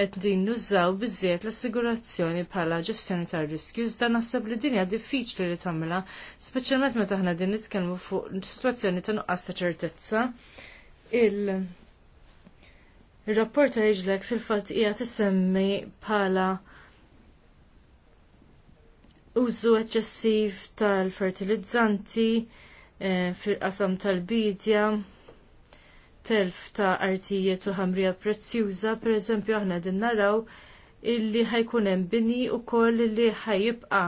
qed din nużaw biżjed l-assigurazzjoni bħala ġestjoni tar-riskju iżda naħseb li din hija diffiċli li tagħmilha, speċjalment meta aħna din nitkellmu fuq sitwazzjoni ta' nuqqas ta' ċertezza. Il Il-rapport ta' iġlek fil-fatt hija tisemmi bħala użu eċċessiv tal-fertilizzanti eh, fil-qasam tal-bidja telf ta' artijiet u ħamrija prezzjuża, pereżempju aħna din naraw illi ħajkun hemm bini wkoll li ħajibqa'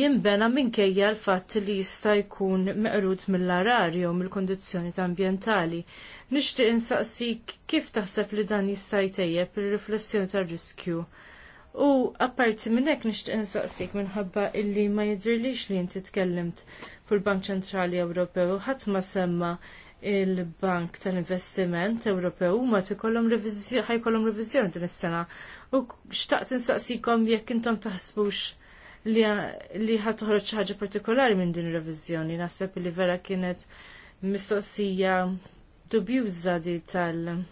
jinbena minkejja l-fatt li jista' jkun meqrud mill-arar jew mill-kondizzjoni ambjentali. Nixtieq insaqsik kif taħseb li dan jista' jtejjeb ir-riflessjoni tar-riskju. U apparti minn hekk nixtieq insaqsik minħabba illi ma jidrilix li inti tkellimt fil-Bank Ċentrali Ewropew ħadd ma semma il-Bank tal-Investiment Ewropew ma tikollhom ħajkollhom reviżjoni din is-sena. U xtaqt insaqsikom jekk intom taħsbux li ħad toħroġ xi ħaġa partikolari minn din ir-reviżjoni. Naħseb li vera kienet mistoqsija dubjuża di tal-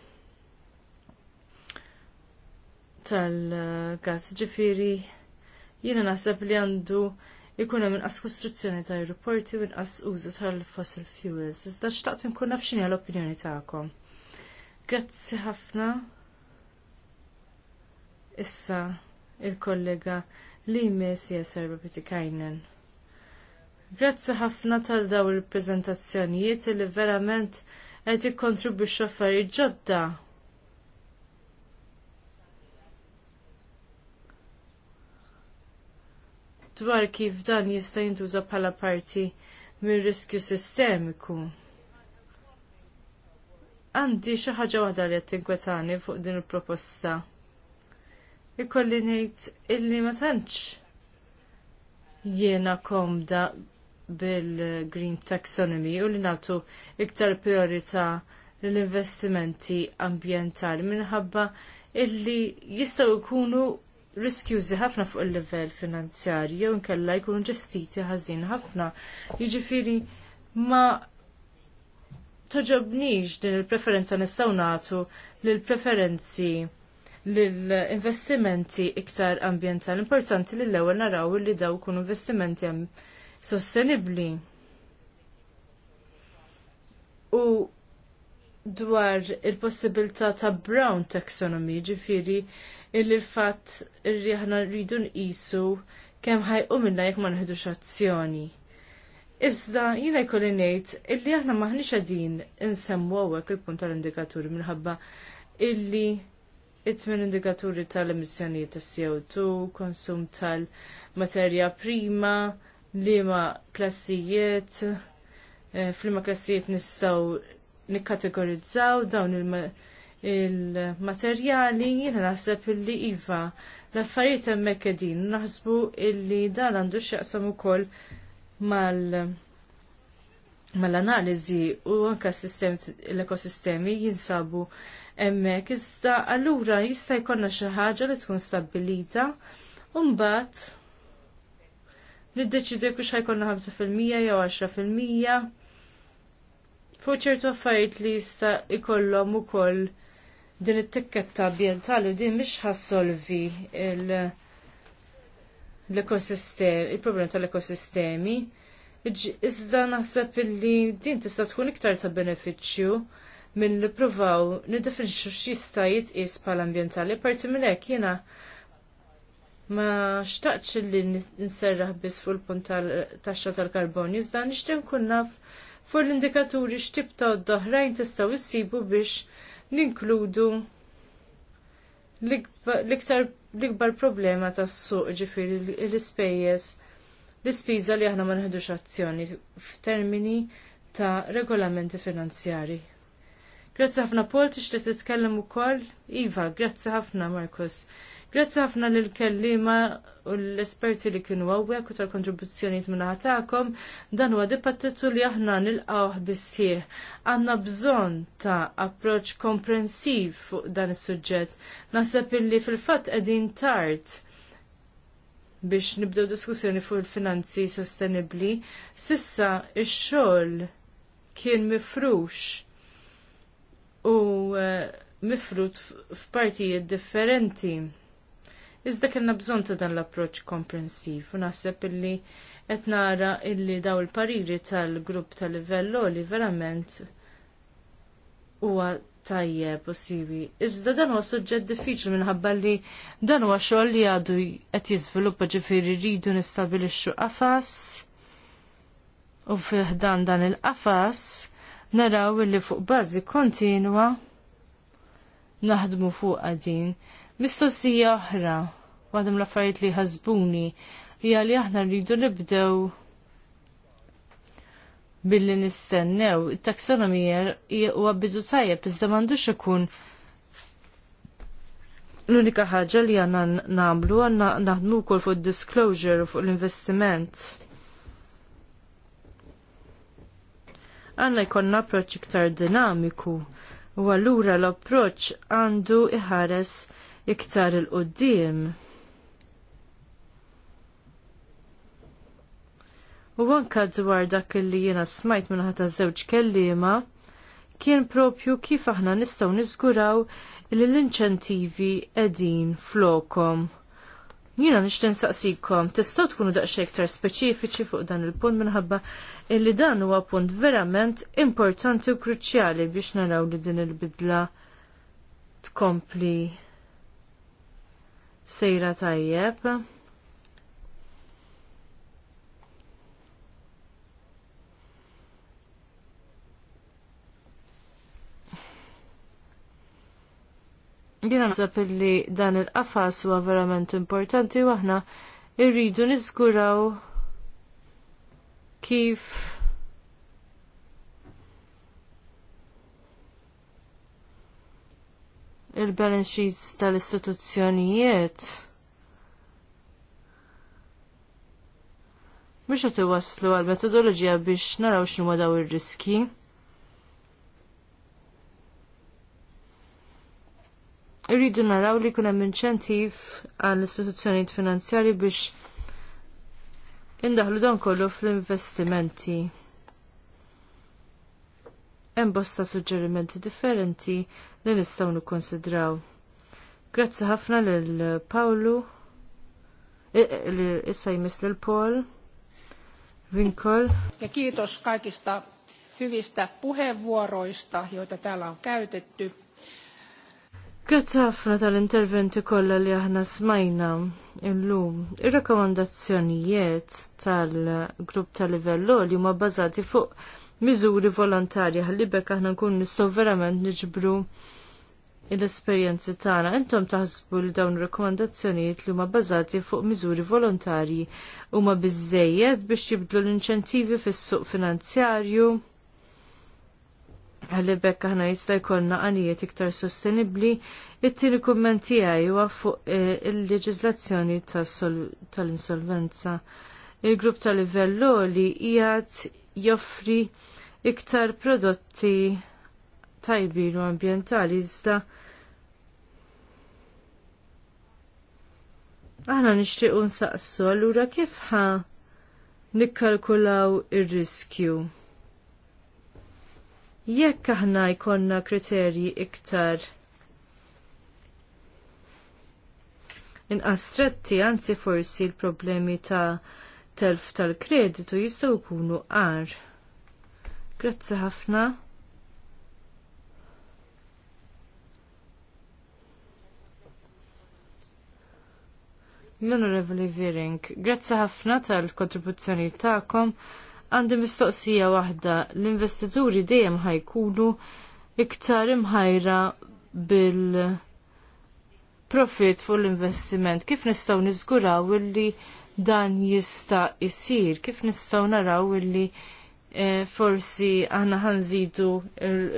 tal-gas ġifiri jiena naħseb li għandu ikun hemm inqas kostruzzjoni ta' aeroporti u inqas użu tal-fossil fuels. Iżda xtaqt inkun naf x'inhi l-opinjoni tagħkom. Grazzi ħafna. Issa il-kollega li jeser Pitikajnen. Grazzi ħafna tal daw il-preżentazzjonijiet li verament qed ikkontribwixxu affarijiet ġodda dwar kif dan jista' jintuża bħala parti minn riskju sistemiku. Għandi xi ħaġa waħda li qed tinkwetani fuq din il-proposta. Ikolli ngħid illi ma tantx jiena komda bil-green taxonomy u li nagħtu iktar priorità l-investimenti ambjentali minħabba illi jistgħu jkunu riskjużi ħafna fuq il-livell finanzjarju jew inkella jkunu ġestiti ħażin ħafna. Jiġifieri ma toġobniex din il-preferenza nistgħu nagħtu lil preferenzi l-investimenti iktar ambjentali Importanti li l-ewwel naraw li daw jkunu investimenti sostenibbli. U dwar il-possibilità ta' brown taxonomy, ġifiri illi l-fatt irri aħna rridu nqisu kemm ħajqu minna jekk ma nħidux azzjoni. Iżda jiena jkolli ngħid illi aħna maħniex qegħdin insemmu hawnhekk il-punt tal-indikaturi minħabba illi it-tmien indikaturi tal emissjonijiet ta' tas-CO2, konsum tal-materja prima, liema klassijiet, eh, flima klassijiet nistgħu nikkategorizzaw dawn il- il-materjali jiena naħseb illi iva l-affarijiet hemmhekk qegħdin naħsbu illi dan għandu x'jaqsam ukoll mal mal-analiżi u anke l-ekosistemi jinsabu hemmhekk iżda allura jista' jkollna xi ħaġa li tkun stabbilita u mbagħad niddeċidu kux fil 5% jew 10% fuq ċertu affarijiet li jista' ikollhom ukoll din it-tikketta ambjentali din mhix ħassolvi l-ekosistemi, il problemi tal-ekosistemi. Iżda naħseb li din tista' tkun iktar ta' benefiċċju minn li provaw nidefinixxu x'jista' jitqies bħala ambjentali parti minn hekk jiena ma xtaqx li nserraħ biss fuq il-punt tax taxxa tal-karbonju, iżda nixtieq nkun naf fuq l-indikaturi x'tib ta' oħrajn tistgħu issibu biex ninkludu l-iktar l-ikbar problema tas suq ġifiri l-ispejjeż l-ispiża li aħna ma nħedux azzjoni f'termini ta' regolamenti finanzjari. Grazzi ħafna Paul tixtieq titkellem ukoll? Iva, grazzi ħafna Markus. Grazzi ħafna lill kellima u l-esperti li kienu għawek u tal-kontribuzzjoniet minna ħatakom, dan huwa dibattitu li aħna nilqawh bissieħ. Għanna bżon ta' approċ komprensiv fuq dan is-suġġett. Nasab illi fil-fatt qegħdin tard biex nibdew diskussjoni fuq il-finanzi sostenibbli. Sissa ix-xogħol kien mifrux u eh, mifrut f'partijiet differenti. Iżda kellna bżonn ta' dan l-approċċ komprensiv u naħseb illi qed nara illi daw il-pariri tal-grupp tal livell li verament huwa tajjeb u Iżda dan huwa suġġett diffiċli minħabba li dan huwa xogħol li għadu qed jiżviluppa ġifieri rridu nistabilixxu qafas u fiħdan dan il-qafas naraw li fuq bażi kontinwa naħdmu fuq din. Mistoqsija oħra waħdem l-affarijiet li ħazbuni, hija li aħna rridu nibdew billi nistennew. Il-taksonomija huwa bidu tajjeb iżda m'għandux ikun l-unika ħaġa li għanna namlu għanna naħdmu kol fuq disclosure fuq l-investiment. Għanna jkonna approċ iktar dinamiku u għallura l-approċ għandu iħares iktar il-qoddim. U anka dwar dak li jiena smajt minn ħata żewġ kelliema kien propju kif aħna nistgħu niżguraw li l-inċentivi qegħdin flokom. Jiena nixtieq saqsikom, tistgħu tkunu daqxie iktar speċifiċi fuq dan il-punt minħabba illi dan huwa punt verament importanti u kruċjali biex naraw li din il-bidla tkompli sejra tajjeb. Jiena naħseb li dan il-qafas huwa verament importanti u aħna irridu niżguraw kif il-balance sheets tal-istituzzjonijiet mhux qed iwasslu għal metodoloġija biex naraw x'inhu daw ir-riski. Irridu naraw li kunem inċentiv għall istituzzjonijiet finanzjari biex indaħlu dan kollu fl-investimenti. Hemm bosta suġġerimenti differenti li nistgħu nikkonsidraw. Grazzi ħafna lil Pawlu e, e, issa jmiss lil Paul. Winkol. Ja kiitos kaikista hyvistä puheenvuoroista, joita täällä on käytetty. Grazzi ħafna tal-interventi kollha li aħna smajna illum. Ir-rakkomandazzjonijiet tal-grupp tal-livello li huma bbażati fuq miżuri volontarji ħallibek aħna nkun nistgħu verament niġbru l-esperjenzi tagħna intom taħsbu li dawn ir-rakkomandazzjonijiet li huma bbażati fuq miżuri volontarji huma biżejjed biex jibdlu l-inċentivi fis-suq finanzjarju għalli bekk aħna jista' jkollna għanijiet iktar sostenibbli, it tini kummenti huwa fuq eh, il-leġiżlazzjoni tal-insolvenza. Il-grupp tal-livell li jgħat joffri iktar prodotti tajbin u ambjentali iżda aħna nixtiequ nsaqsu allura kif ħa nikkalkulaw ir-riskju Jekk aħna jkollna kriterji iktar inqas anzi forsi l-problemi ta' telf tal-kreditu jistgħu jkunu għar. Grazzi ħafna. l-Onorevoli Viring, grazzi ħafna tal-kontribuzzjoni ta'kom għandi mistoqsija waħda. L-investituri dejjem ħajkunu iktar imħajra bil profit fuq l-investiment. Kif nistgħu niżguraw illi dan jista' jsir? Kif nistgħu naraw illi eh, forsi aħna ħanżidu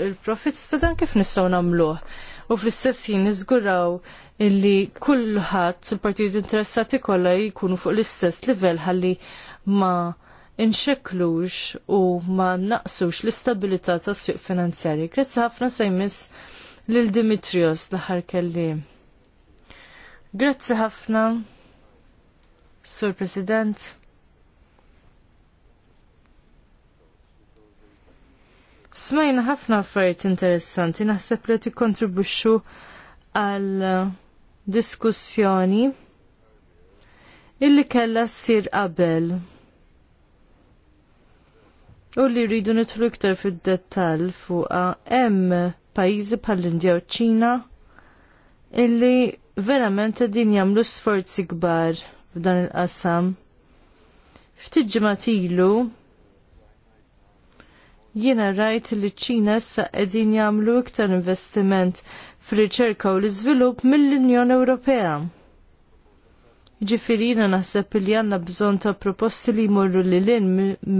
il-profit sta dan kif nistgħu nagħmluh? U fl-istess jien niżguraw illi kulħadd il-partijiet interessati kollha jkunu fuq l-istess livell ħalli ma' inxeklux u ma naqsux l-istabilità tas swieq finanzjarji. Grazzi ħafna sejmis lil Dimitrios l-aħħar kelli. Grazzi ħafna, Sur President. Smajna ħafna affarijiet interessanti naħseb li tikkontribwixxu għal diskussjoni illi kellha ssir qabel u li rridu nidħlu iktar fid-dettall fuqha hemm pajjiżi bħall-Indja u ċ-Ċina illi verament din jagħmlu sforzi kbar f'dan il-qasam. Ftit tilu jiena rajt li ċ-Ċina issa qegħdin jagħmlu iktar investiment fir-riċerka u l-iżvilupp mill-Unjoni Ewropea. Ġifirina naħseb li għanna bżon ta' proposti li jmorru li l-in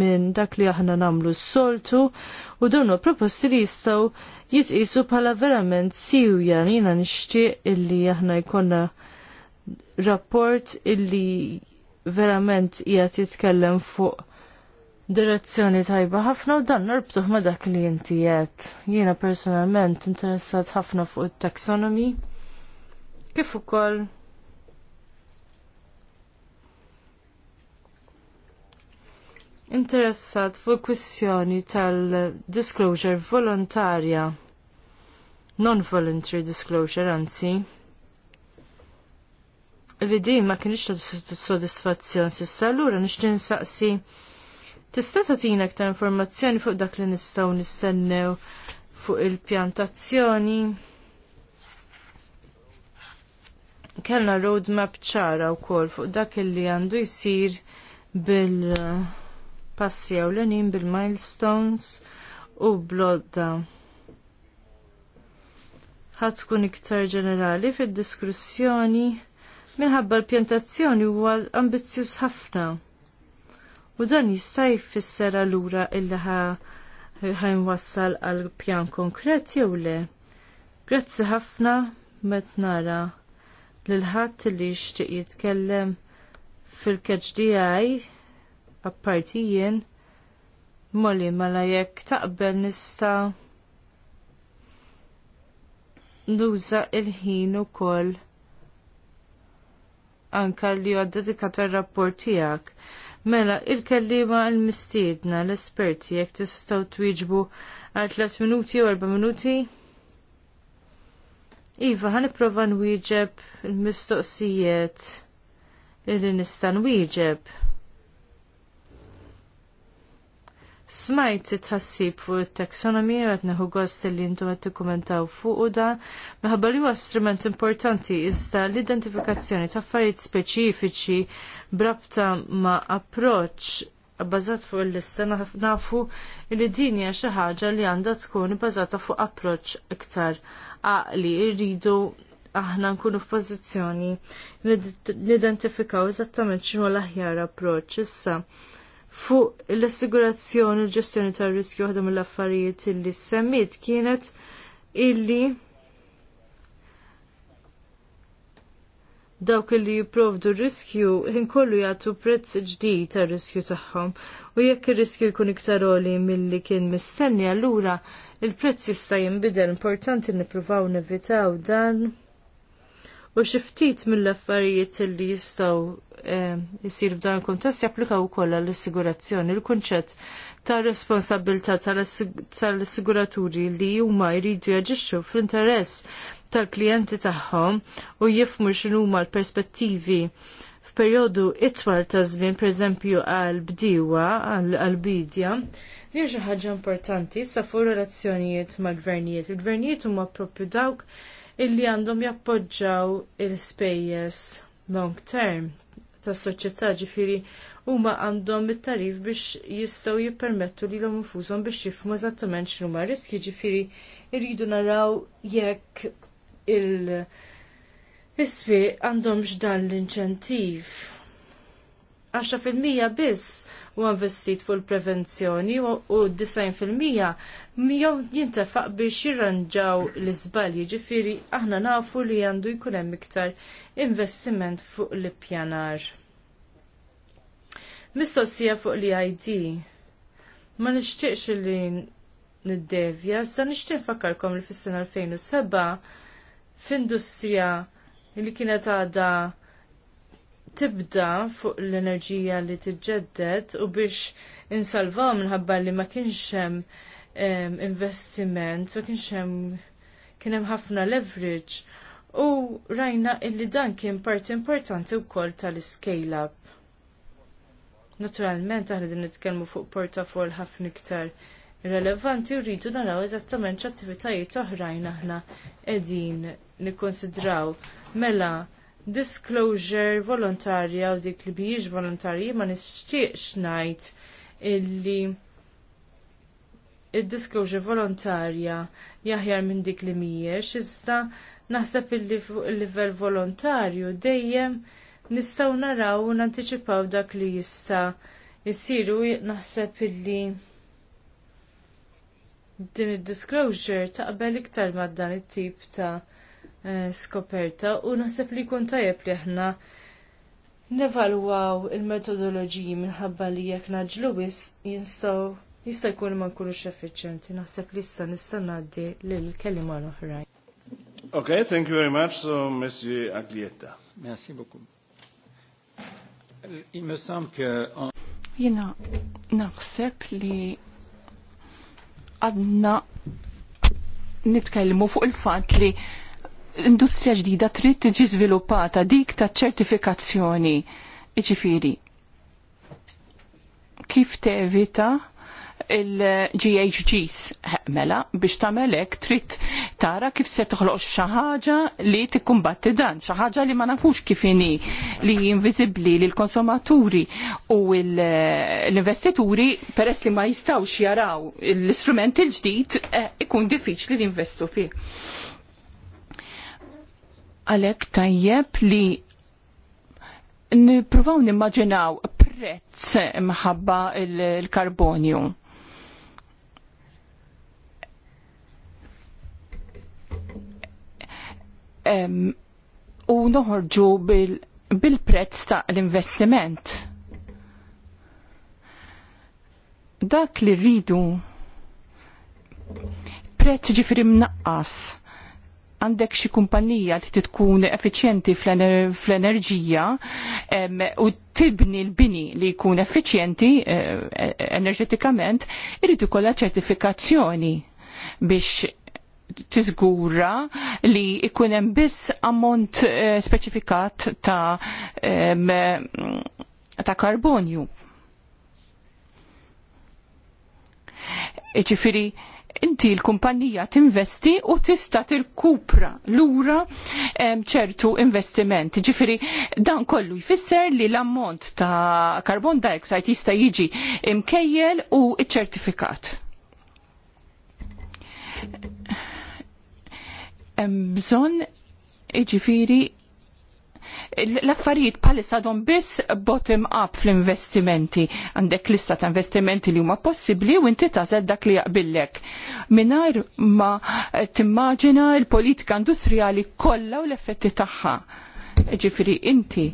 minn dak li aħna namlu s-soltu u dawnu proposti li jistaw jitqisu bħala verament siwja jina nixtieq illi aħna jkonna rapport illi verament jgħat jitkellem fuq direzzjoni tajba ħafna u dan norbtuħ ma dak li jinti jgħat. Jiena personalment interessat ħafna fuq il-taxonomy kif ukoll interessat fuq kwistjoni tal-disclosure volontarja, non-voluntary disclosure anzi, li di ma kienix ta' soddisfazzjon sissa allura nixtieq saqsi, tista' tina aktar informazzjoni fuq dak li nistgħu nistennew fuq il-pjantazzjoni. Kellna roadmap ċara wkoll fuq dak li għandu jsir bil- passi ewlenin bil-milestones u blodda. Ħadd tkun iktar ġenerali fid-diskussjoni minħabba l-pjantazzjoni huwa ambizzjuż ħafna. U dan jista' jfisser allura illi ħajn wassal għal pjan konkret jew le. Grazzi ħafna met nara lil ħadd li jixtieq jitkellem fil-keġ apparti jien molli mela jekk taqbel nista nuża il-ħin ukoll anka li għad dedikat rapport tiegħek. Mela, il-kellima l-mistiedna, l-esperti, jekk tistaw twieġbu għal 3 minuti u 4 minuti. Iva, ħan iprofa nwieġeb il-mistoqsijiet il-li nista' nwieġeb. smajt tħassib fuq it taxonomi għat qed neħu gost li għat qed tikkumentaw fuq u dan minħabba li huwa strument importanti iżda l-identifikazzjoni ta' affarijiet speċifiċi brabta ma' approċ bazat fuq l lista nafu li din hija xi ħaġa li għandha tkun bbażata fuq approċċ iktar għaqli rridu aħna nkunu f'pożizzjoni l-identifikaw eżattament xinu l-aħjar approċċ issa Fuq l-assigurazzjoni l-ġestjoni tar riskju waħda mill-affarijiet illi semmit kienet illi dawk illi jipprovdu riskju inkollu jagħtu prezz ġdid tar riskju tagħhom u jekk ir-riskju jkun iktar oli milli kien mistenni allura il-prezz jista' jinbidel importanti nippruvaw nevitaw dan u xi ftit mill-affarijiet li jistgħu eh, jsir f'dan il kontest japplikaw ukoll għall-assigurazzjoni. Il-kunċett ta' responsabilità tal-assiguraturi li huma jridu jaġixxu fl-interess tal-klijenti tagħhom u jifmu x'inhuma l-perspettivi f'perjodu itwal ta' żmien pereżempju għal bdiewa għal bidja li xi ħaġa importanti sa fuq relazzjonijiet mal-gvernijiet. Il-gvernijiet huma proprju dawk illi għandhom jappoġġaw il-spejjeż long term tas soċjetà ġifiri huma għandhom it-tarif biex jistgħu jippermettu li l infushom biex jifhmu eżattament x'huma riski ġifiri irridu naraw jekk il- Isfi għandhomx dan l-inċentiv fil-mija biss u investit fuq il-prevenzjoni u fil-mija jew jintafaq biex jirranġaw l-iżbalji ġifiri aħna nafu li għandu jkun hemm iktar investiment fuq l-ippjanar. Mistoqsija fuq li ID. Ma nixtieqx li niddevja, sa nixtieq nfakkarkom li fis-sena 2007 f'industrija li kienet għadha tibda fuq l-enerġija li tiġġedded u biex insalvaw minħabba li ma kienx hemm investiment u kienx hemm kien hemm ħafna leverage u rajna illi dan kien parti importanti wkoll tal-scale-up. Naturalment aħna din nitkellmu fuq portafol ħafna iktar relevanti u rridu naraw eżattament x'attivitajiet oħrajn aħna qegħdin nikkonsidraw mela disclosure volontarja u dik li bijiex volontarji ma nixtieqx ngħid illi il disclosure volontarja jaħjar minn dik li mhijiex iżda naħseb illi fuq il-livell volontarju dejjem nistgħu naraw u nanticipaw dak li jista' jisiru naħseb illi din id-disclosure taqbel iktar mad dan it-tip ta' Eh, skoperta u naħseb li jkun tajjeb li aħna nevalwaw il-metodoloġiji minħabba li jekk naġlu wis jinstaw jista' jkun ma nkunux effiċjenti. Naħseb li issa nista' ngħaddi lill kelima l-oħrajn. Okay, thank you very much, so Messi Aglietta. Merci beaucoup. Il me semble que... Jina, naħseb li għadna nitkellmu fuq il-fat li industrija ġdida trid tiġi żviluppata dik ta' ċertifikazzjoni. Iġifieri, kif tevita il-GHGs mela biex tagħmel hekk trid tara kif se toħloq xi ħaġa li tikkumbatti dan, xi ħaġa li ma nafux kif inhi li li l konsumaturi u l-investituri peress li ma jistgħux jaraw l-istrument il-ġdid eh, ikun diffiċli li jinvestu fih Għalek tajjeb li nipruvaw nimmaġinaw prezz mħabba il-karbonju. u noħorġu bil-prezz ta' l-investiment. Dak li rridu prezz ġifri mnaqqas għandek xi kumpanija li tkun effiċjenti fl-enerġija u tibni l-bini li jkun effiċjenti eh, eh, enerġetikament, irid ikollha ċertifikazzjoni biex tiżgura li jkun hemm biss ammont eh, speċifikat ta' ta' karbonju. Ġifiri, e inti l-kumpanija tinvesti u tista' tirkupra lura ċertu investiment. Ġifiri dan kollu jfisser li l-ammont ta' carbon dioxide jista' jiġi imkejjel u ċertifikat. Bżon ġifiri L-affarijiet pali don biss bottom up fl-investimenti. Għandek lista ta' investimenti li huma possibbli u inti tażed dak li jaqbillek. Minar ma timmaġina l-politika industrijali kollha u l-effetti tagħha. Ġifiri, inti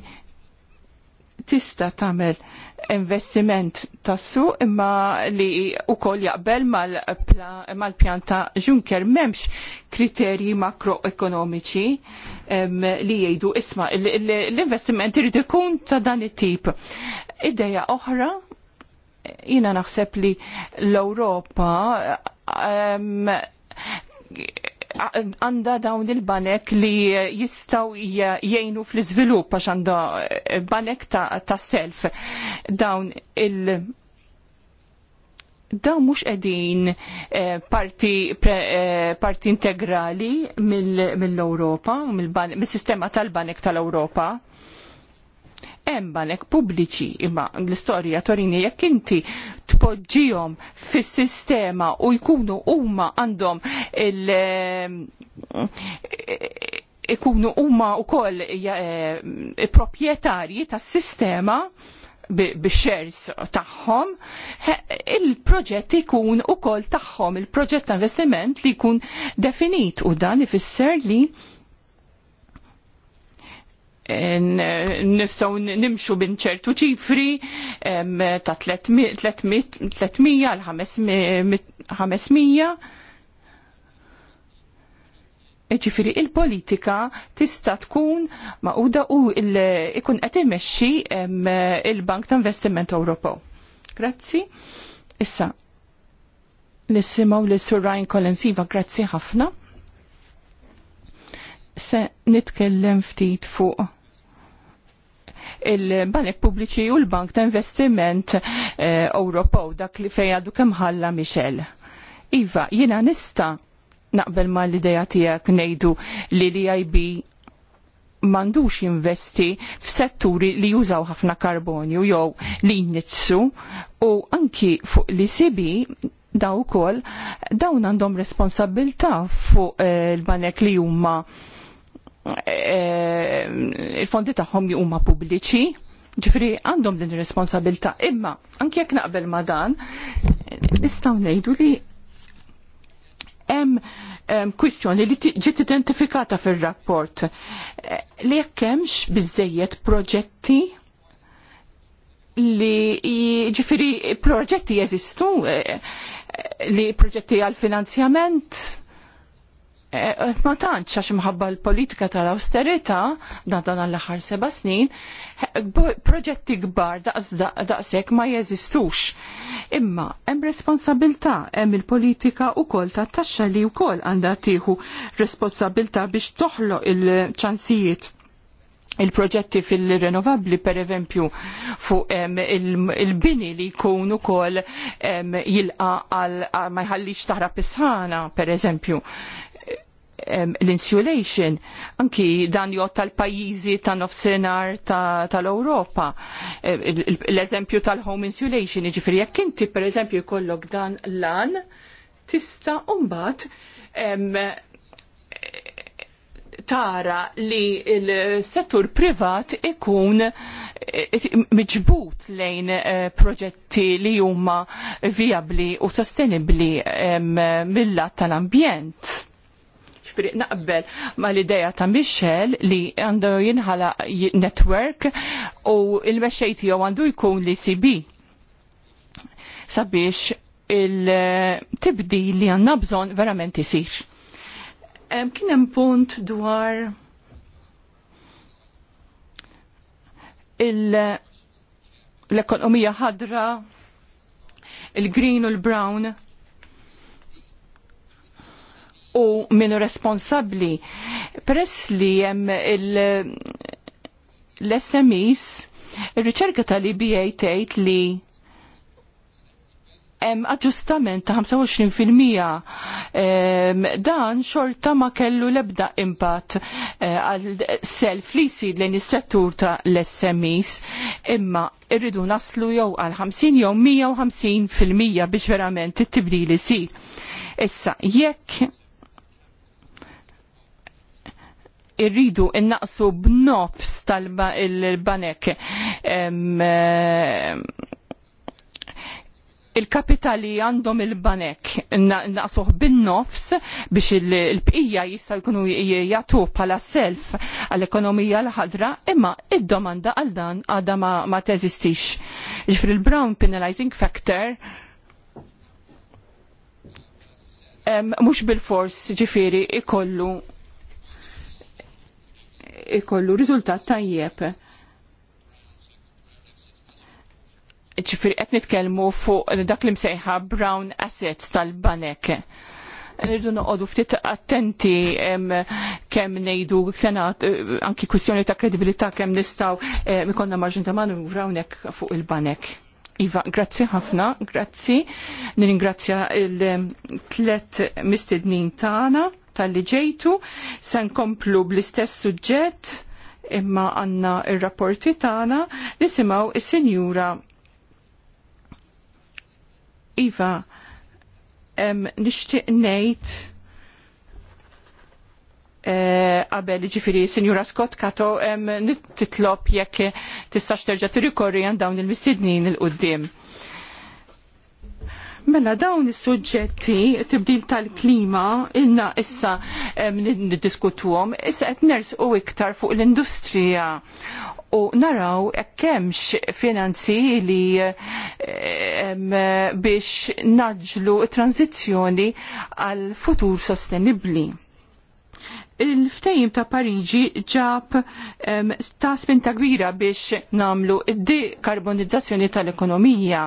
tista' tagħmel investiment tassu imma li wkoll jaqbel mal pjanta ta' Juncker m'hemmx kriterji makroekonomiċi li jgħidu isma l-investiment irid ikun ta' dan it-tip. Ideja oħra jina naħseb li l-Europa għanda dawn il-banek li jistaw jgħinu fl izvilup għax għanda eh, banek ta', ta self dawn il- Daw mux edin eh, parti, pre, eh, parti integrali mill-Europa, mill-sistema mill sistema tal banek tal-Europa. Embanek pubbliċi imma l-istorja Torini jekk inti tpoġġihom fis-sistema u jkunu huma għandhom il- eh, ikunu huma wkoll eh, proprjetarji tas-sistema bix-shares tagħhom, il-proġett ikun ukoll tagħhom il-proġett ta' investiment li jkun definit u dan ifisser li nifsaw nimxu bin ċertu ċifri ta' 300 l 500 ċifiri il-politika tista tkun ma' u ikun qed imexxi il-Bank ta' Investiment Ewropew. Grazzi. Issa, nissimaw li Sur Ryan Collins iva grazzi ħafna. Se nitkellem ftit fuq il-banek pubbliċi u l-Bank ta' Investiment eh, Ewropew dak li fejn għadu kemm ħalla Michel. Iva, jiena nista naqbel ma l-ideja tiegħek ngħidu li li ib mandux jinvesti f'setturi li jużaw ħafna karbonju jew li jnitsu u anki fuq li sibi daw kol dawn għandhom responsabilta fuq il-banek eh, li huma Eh, il-fondi tagħhom huma pubbliċi, ġifri għandhom din ir-responsabilta. Imma anke jekk naqbel ma dan, nistgħu ngħidu li hemm kwistjoni li ġiet identifikata fir-rapport eh, li jekk hemmx biżejjed proġetti li ġifiri proġetti jeżistu eh, li proġetti għal finanzjament Eh, eh, ma tantx għax imħabba l-politika tal-austerita dan dan l-aħħar seba' snin, proġetti kbar daqshekk ma jeżistux. Imma hemm responsabilità hemm il-politika wkoll tat taxxa li wkoll għandha tieħu responsabilità biex toħloq il-ċansijiet il-proġetti fil-renovabli per eżempju fuq il-bini li jkun ukoll jilqa għal ma jħallix taħrab is sħana per eżempju l-insulation, anki dan jgħod tal-pajizi tan nofsenar tal-Europa. E, l-eżempju tal-home insulation, jiġifieri jekk inti per eżempju kollok dan lan, tista umbat tara li l-settur privat ikun e, e, miġbut lejn proġetti li huma viabli u sostenibli mill-lat tal-ambjent naqbel ma l-ideja ta' Michel li għandu jinħala network u il-mexxej tiegħu għandu jkun li CB sabiex il-tibdi li għanna bżon verament isir. Kien hemm punt dwar l-ekonomija ħadra, il-green u l-brown, u minu responsabli. press li jem l-SMEs, il-riċerka tal-IBA tgħid li hemm aġġustament ta' 25% ehm, dan xorta ma kellu l-ebda impatt eh, għal self li jsir lejn is-settur ta' l-SMEs imma irridu naslu jew għal 50 jew 150% biex verament it-tibdil isir. Issa, jekk irridu innaqsu b'nofs tal-banek il-kapitali għandhom il-banek naqsuħ bin-nofs biex il-bqija jistaw jkunu jgħatu pala self għall-ekonomija l-ħadra imma id-domanda għal dan għadha ma teżistix. Ġifri l brown Penalizing Factor mhux bil-fors ġifiri ikollu ikollu rizultat tajjeb. ċifir qed nitkellmu fuq dak li msejħa brown assets tal-banek. Nirdu noqogħdu ftit attenti kemm ngħidu senat anki kwistjoni ta' kredibilità kemm nistgħu mikonna marġin ta' manu hawnhekk fuq il-banek. Iva, grazzi ħafna, grazzi. Niringrazzja il-tlet mistednin tagħna tal-li ġejtu, se nkomplu bl-istess suġġett imma għanna il-rapporti tagħna li simgħu is-Sinjura Iva nixtieq ngħid eh, qabel ġifiri Sinjura Scott Kato titlob jekk tistax terġa' tirrikorri għan dawn il-mistednin il-qudiem. il mistednin il il mistednin il qudiem Mela dawn is-suġġetti tibdil tal-klima inna issa niddiskutuhom, issa qed nersqu iktar fuq l-industrija u naraw hemmx finanzi li biex naġlu tranzizzjoni għal futur sostenibbli il-ftejim ta' Pariġi ġab um, ta' spinta kbira biex namlu id-dekarbonizzazzjoni tal-ekonomija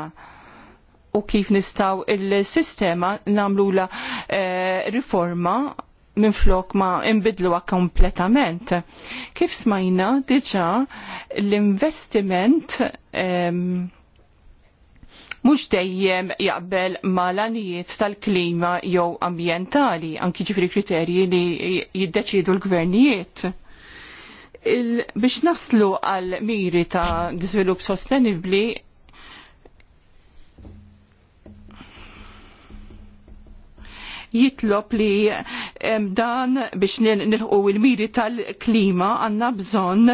u kif nistaw il-sistema namlula eh, riforma minn flok ma imbidluwa kompletament. Kif smajna diġa l-investiment mux dejjem jaqbel malanijiet tal-klima jew ambjentali, anki ġifri kriterji li jiddeċidu l-gvernijiet. biex naslu għal miri ta' dizvilup sostenibli, jitlob li dan biex nilħu il-miri tal-klima għanna bżon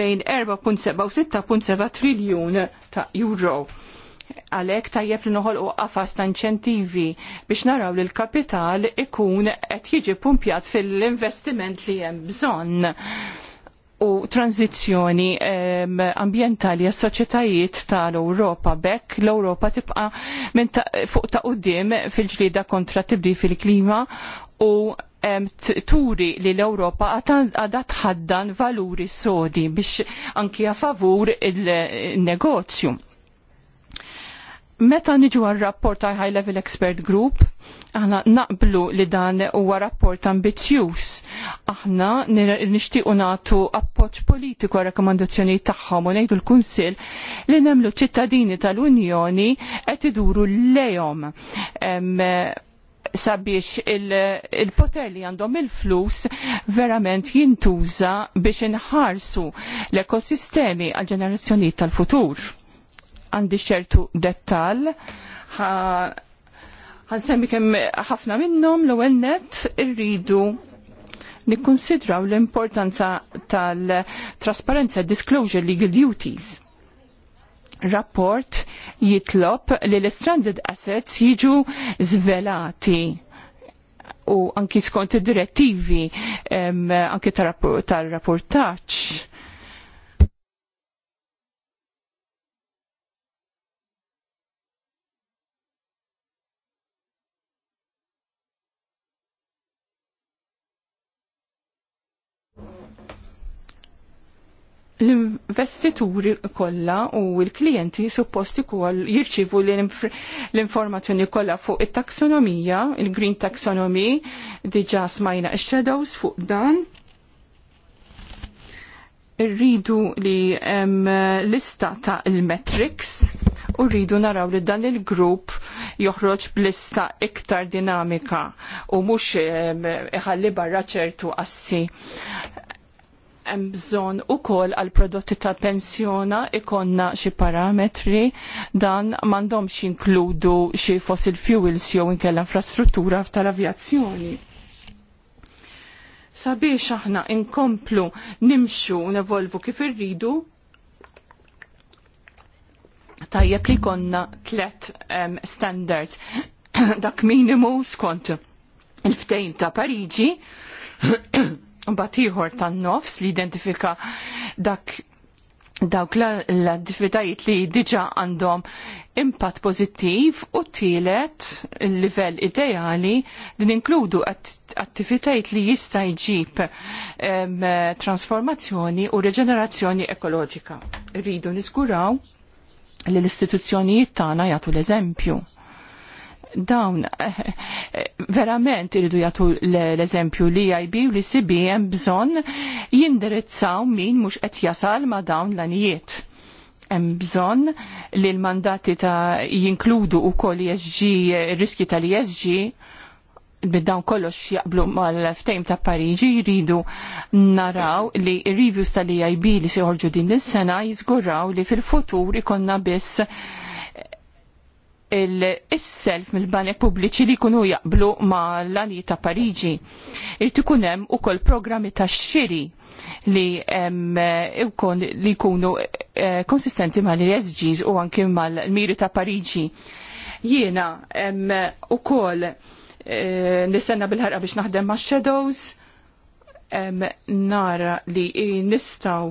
bejn 4.7 u triljun ta' euro għalek tajjeb li noħolqu qafas ta' inċentivi biex naraw li l-kapital ikun qed jiġi pumpjat fil-investiment li hemm bżonn u tranzizjoni um, ambientali għas soċjetajiet tal-Ewropa bekk l-Ewropa tibqa minn ta' fuq ta' uddim fil-ġlieda kontra tibdi fil-klima u um, turi li l-Ewropa għadha tħaddan valuri sodi biex anki a favur il-negozju Meta niġu għal rapport ta' High Level Expert Group, aħna naqblu li dan huwa rapport ambizzjuż. Aħna nixtiequ nagħtu appoġġ politiku għal rakkomandazzjonijiet tagħhom u ngħidu l-Kunsill li nemlu ċittadini tal-Unjoni qed iduru lejhom sabiex il-poter li għandhom il-flus verament jintuża biex inħarsu l-ekosistemi għal ġenerazzjonijiet tal-futur għandi xertu dettal. Għansemmi kemm ħafna minnom l ewwel net irridu nikkonsidraw l-importanza tal-trasparenza, disclosure, legal duties. Rapport jitlob li l-stranded assets jiġu zvelati u anki skont id-direttivi anki tal-rapportaċ l-investituri kollha u l-klijenti supposti kol jirċivu l-informazzjoni kollha fuq it-taksonomija, il-green taxonomy, diġa smajna shadows fuq dan. Rridu li um, lista ta' il-metrics u rridu naraw li dan il-grupp joħroġ blista iktar dinamika u mhux ehm, iħalli barra ċertu assi Hemm bżonn ukoll għal prodotti tal-pensjona ikonna xi parametri dan m'għandhomx jinkludu xi fossil fuels jew inkella infrastruttura tal-avjazzjoni. Sabiex aħna inkomplu nimxu nevolvu kif irridu tajjeb li konna tlet um, standards *coughs* dak minimu skont il-ftejn ta' Pariġi Mbagħad ieħor tan-nofs li identifika dak dawk l-attivitajiet li diġa għandhom impatt pozittiv u tielet il-livell ideali li ninkludu attivitajiet li jista' jġib transformazzjoni u reġenerazzjoni ekoloġika. Rridu niżguraw li l-istituzzjonijiet tagħna jagħtu l-eżempju dawn *laughs* verament iridu jagħtu l-eżempju li IB u li sibi hemm bżonn jindirizzaw min mhux qed jasal ma' dawn l-anijiet hemm bżonn li l-mandati ta' jinkludu wkoll ESG riski tal isg bid-dawn kollox jaqblu mal-ftejm ta' Pariġi jridu naraw li reviews tal-EIB li se din is-sena jiżguraw li fil-futur ikonna biss il-self mill-banek pubbliċi li jkunu jaqblu ma l-għali ta' Pariġi. Irti kunem u kol programmi ta' xiri li eh, li jkunu eh, konsistenti ma' l-SGs u anki ma' l-miri ta' Pariġi. Jiena u kol eh, nistenna bil-ħarqa biex naħdem ma' Shadows nara li nistaw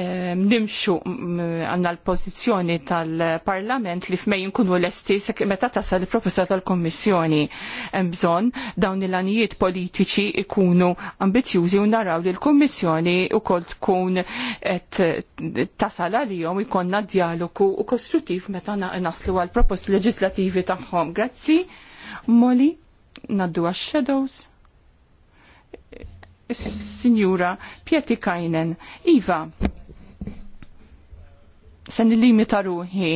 nimxu mm, għanna l-pozizjoni tal-parlament li f'mej nkunu l estis meta tasal il-proposta tal-kommissjoni. Bżon dawn il-anijiet politiċi ikunu ambizjużi u naraw li l-kommissjoni u kol tkun tasal għalijom ikonna dialogu u kostruttiv meta naslu għal proposti leġislativi taħħom. Grazzi, Molly, naddu għax-shadows. Signora Pieti Kainen, Iva, se nilimita ruħi.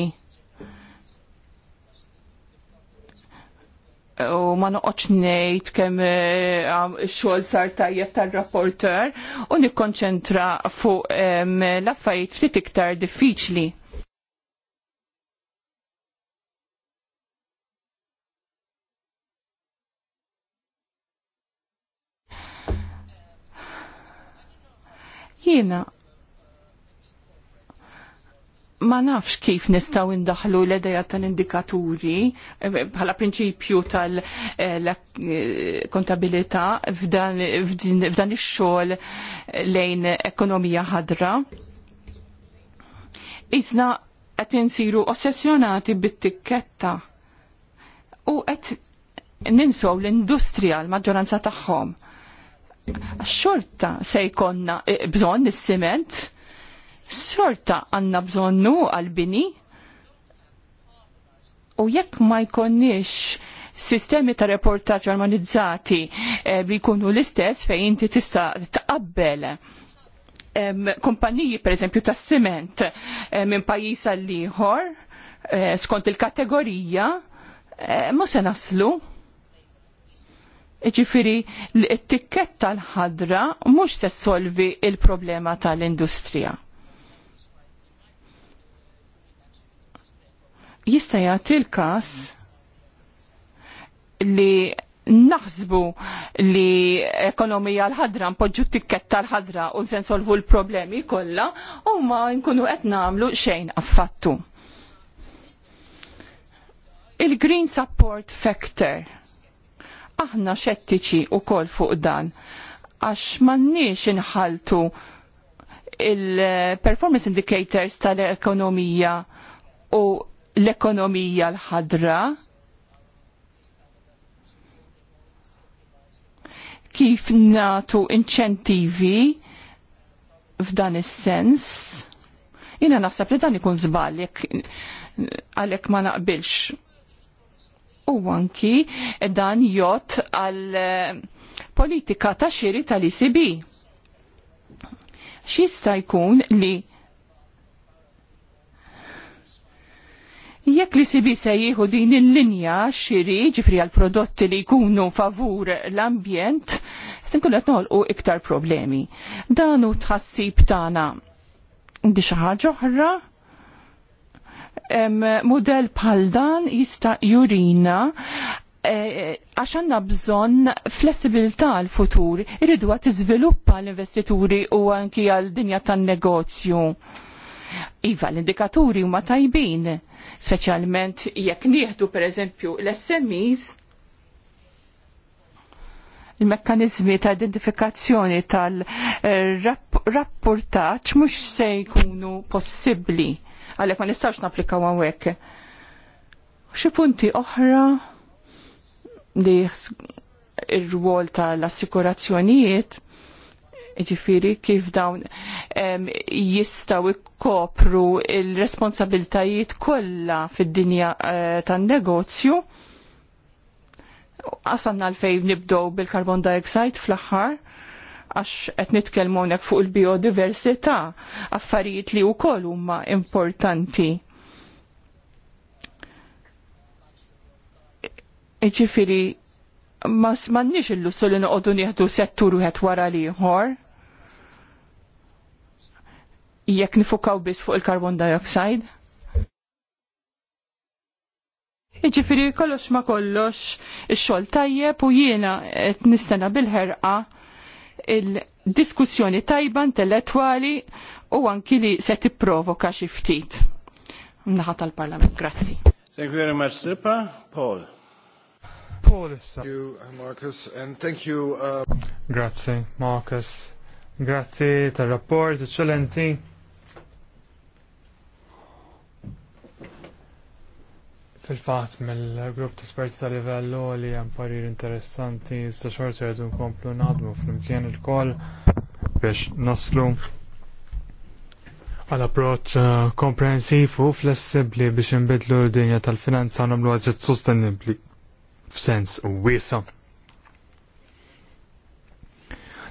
u ma noqgħodx ngħid kemm ix eh, xogħol sar tajjeb tar-rapporter u nikkonċentra fuq l-affarijiet ftit iktar diffiċli. Jiena ma nafx kif nistaw indaħlu l-edeja tal-indikaturi eh, bħala prinċipju tal-kontabilità eh, eh, f'dan ix-xogħol lejn ekonomija ħadra. Iżna qed insiru ossessjonati bit-tikketta u qed ninsow l-industrija l-maġġoranza tagħhom. Xorta se jkonna bżonn is-siment, sorta għanna bżonnu għal-bini u jekk ma jkonniex sistemi ta' reportaġġ armonizzati eh, li jkunu l-istess fejn inti tista' tqabbel eh, kumpaniji eżempju tas siment eh, minn pajjiż għal ieħor eh, skont il-kategorija eh, mu se naslu. Iġifiri l etiketta l-ħadra mhux se solvi il-problema tal-industrija. jista' jagħti l-każ li naħsbu li ekonomija l-ħadra npoġġu t-tikketta l-ħadra u se nsolvu l-problemi kollha u ma nkunu qed nagħmlu xejn affattu. Il-Green Support Factor. Aħna xettiċi u kol fuq dan għax mannix inħaltu il-performance indicators tal-ekonomija u l-ekonomija l-ħadra kif natu inċentivi f'dan is-sens. Jina naħseb li dan ikun żball għalhekk ma naqbilx. U anki dan jot għal eh, politika ta' xiri tal-ICB. Xista jkun li Jekk li sibi se jieħu din il-linja xiri ġifri għal-prodotti li jkunu favur l-ambjent, sinkun qed nolqu iktar problemi. Dan hu tħassib tagħna di xi ħaġa oħra model bħal dan jista' jurina e, għax għanna bżon flessibilità għal-futur, irridu għat t-izviluppa l-investituri u anki għal-dinja tan-negozju Iva, l-indikaturi huma tajbin, speċjalment jekk nieħdu pereżempju l-SMEs il-mekkanizmi ta' identifikazzjoni tal-rapportaċ mux se jkunu possibli. Għalek ma nistax napplikaw għawek. Xi punti oħra li ir-rwol tal-assikurazzjonijiet Ġifiri, kif dawn jistaw ikkopru il-responsabiltajiet kollha fid-dinja eh, tan-negozju. Qasanna l-fej nibdow bil-carbon dioxide fl-aħħar għax qed nitkellmu hawnhekk fuq il-biodiversità, affarijiet li wkoll huma importanti. Jiġifieri ma m'għandniex illussu li noqogħdu nieħdu settur wieħed wara l ieħor jekk nifukaw biss fuq il-carbon dioxide. Iġifiri kollox ma kollox ix-xogħol tajjeb u jiena qed nistena bil-ħerqa il-diskussjoni tajba intellettwali u anki li se tipprovoka xi ftit. Naħa tal-Parlament, grazzi. Thank you very much, Sipa. Paul. Paul issa. Thank you, uh, Marcus, and thank you. Uh... Grazie, Marcus. Grazie tal-rapport, eccellenti. fil-fatt mill-grupp ta' Sport ta' livello li hemm parir interessanti sa' xorta jgħidu nkomplu nadmu flimkien il-koll biex naslu għal approċ eh, komprensiv u flessibbli biex inbidlu l-dinja tal-finanza namlu għażiet sostenibbli f'sens wiesa.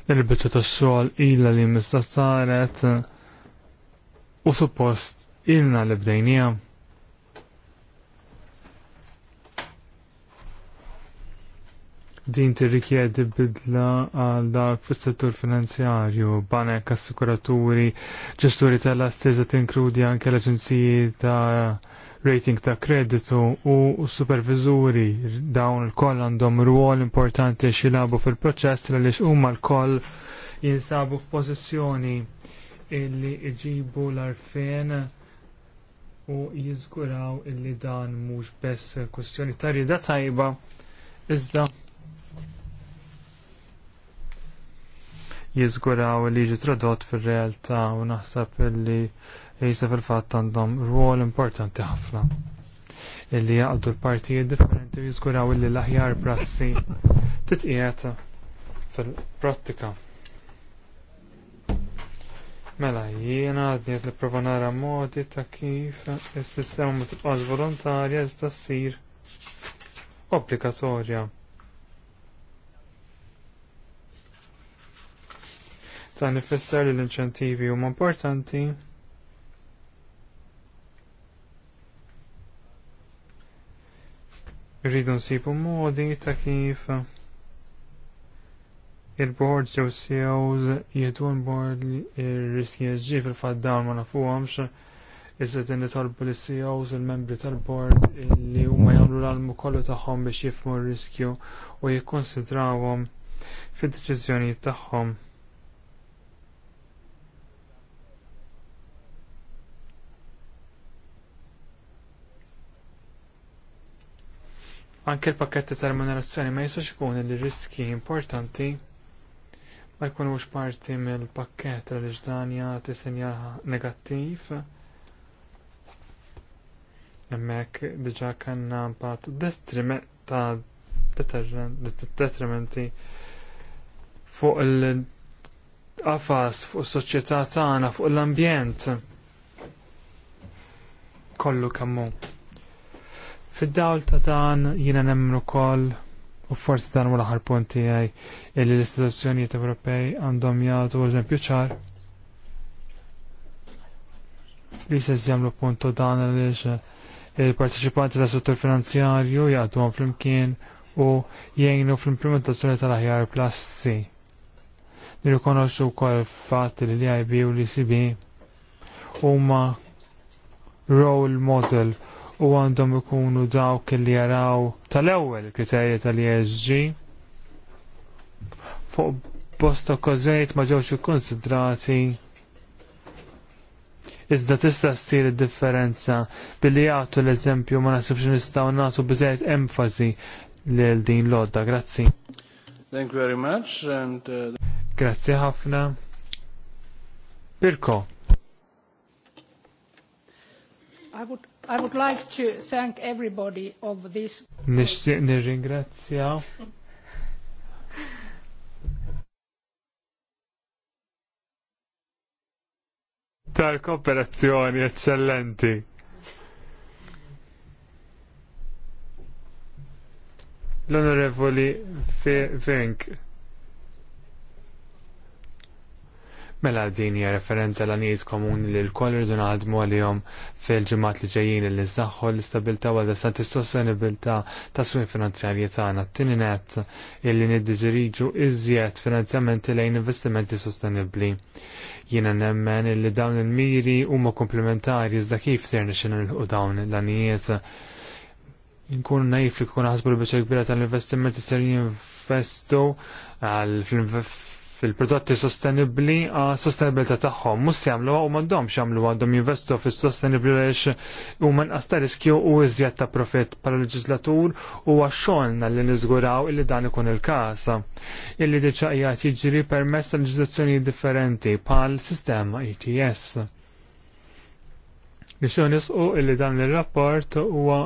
Dan il-bitu tax-xogħol ilha li mista saret eh, u suppost ilna li bdejnija din tirrikjedi bidla għal dak fis-settur finanzjarju, banek, assikuraturi, ġesturi tal-assiza tinkludi anke l-aġenziji ta' rating ta' kreditu u supervizuri dawn il-koll għandhom ruol importanti xilabu fil-proċess li lix huma l-koll jinsabu f'pożizzjoni illi iġibu l-arfen u jizguraw illi dan mhux bess kwestjoni ta' rieda tajba iżda jiżguraw li jiġi tradot fir-realtà u naħseb li jisa fil-fatt għandhom ruol importanti ħafna. Illi jaqdu l-partijiet differenti u jiżguraw li l-aħjar prassi titqiet fil-prattika. Mela, jiena għadniet li prova nara modi ta' kif is sistema ma volontarja iżda ssir obbligatorja ta' ifisser li l-inċentivi huma importanti rridu nsibu modi ta' kif il-boards jew CEOs jiedu board li riski jġi fil-fat dawn ma nafuhomx iżda li talbu li CEOs il-membri tal-board li huma jagħmlu l-almu kollu tagħhom biex jifmu r-riskju u jikkonsidrawhom fid-deċiżjonijiet tagħhom. Anke l-pakketti ta' remunerazzjoni ma jistax ikun li riski importanti ma jkunux parti mill-pakket l ġdanja tisinjal negattiv. Hemmhekk diġa kanna impatt ta' detrimenti fuq il-qafas, fuq is-soċjetà tagħna, fuq l-ambjent kollu kemm hu. Fid-dawl ta' dan jina nemmru kol u forsi dan u l-aħħar punt tiegħi li l-istituzzjonijiet Ewropej għandhom jagħtu eżempju ċar li se jagħmlu puntu dan għaliex eh, il-parteċipanti tas settur finanzjarju fl flimkien u jgħinu fl-implementazzjoni tal-aħjar plassi. Nirrikonoxxu wkoll fatt li l-IB u l-ICB huma role model u għandhom ikunu dawk li jaraw tal-ewwel kriterji tal-ESG fuq bosta okkażjonijiet ma ġewx ikkonsidrati Iżda tista' ssir id-differenza billi jagħtu l-eżempju ma nasibx nistgħu nagħtu biżejjed enfasi lil din l-odda. Grazzi. Thank you very much and uh... Grazzi ħafna. Pirko. I would I would like to thank everybody of this. Nishtiq nirringrazzja. Tal-kooperazzjoni eccellenti. L'onorevoli onorevoli Fink. Mela din hija referenza l anijiet komuni li l-koll irridu naħdmu għalihom fil-ġimgħat li ġejjin li nsaħħu l-istabilità u sa is-sostenibilità ta' swin finanzjarji tagħna. Tieni nett illi niddiġiriġu iżjed finanzjamenti lejn investimenti sostenibbli. Jiena nemmen illi dawn il-miri huma komplementari iżda kif ser nixin nilħu dawn l-anijiet. Nkun najf li kun ħasbu l-biċċa kbira tal-investimenti ser jinvestu għal fil-prodotti sostenibli a sostenibilità tagħhom. Mhux jagħmlu u m'għandhomx jagħmlu għandhom jinvestu fis-sostenibbli għaliex huma nqas ta' riskju u iżjed ta' profitt bħala leġislatur u għax-xogħolna li niżguraw illi dan ikun il-każ. Illi diġà qiegħed jiġri permess ta' leġislazzjoni differenti bħal sistema ETS. Biex nisqu illi dan ir-rapport huwa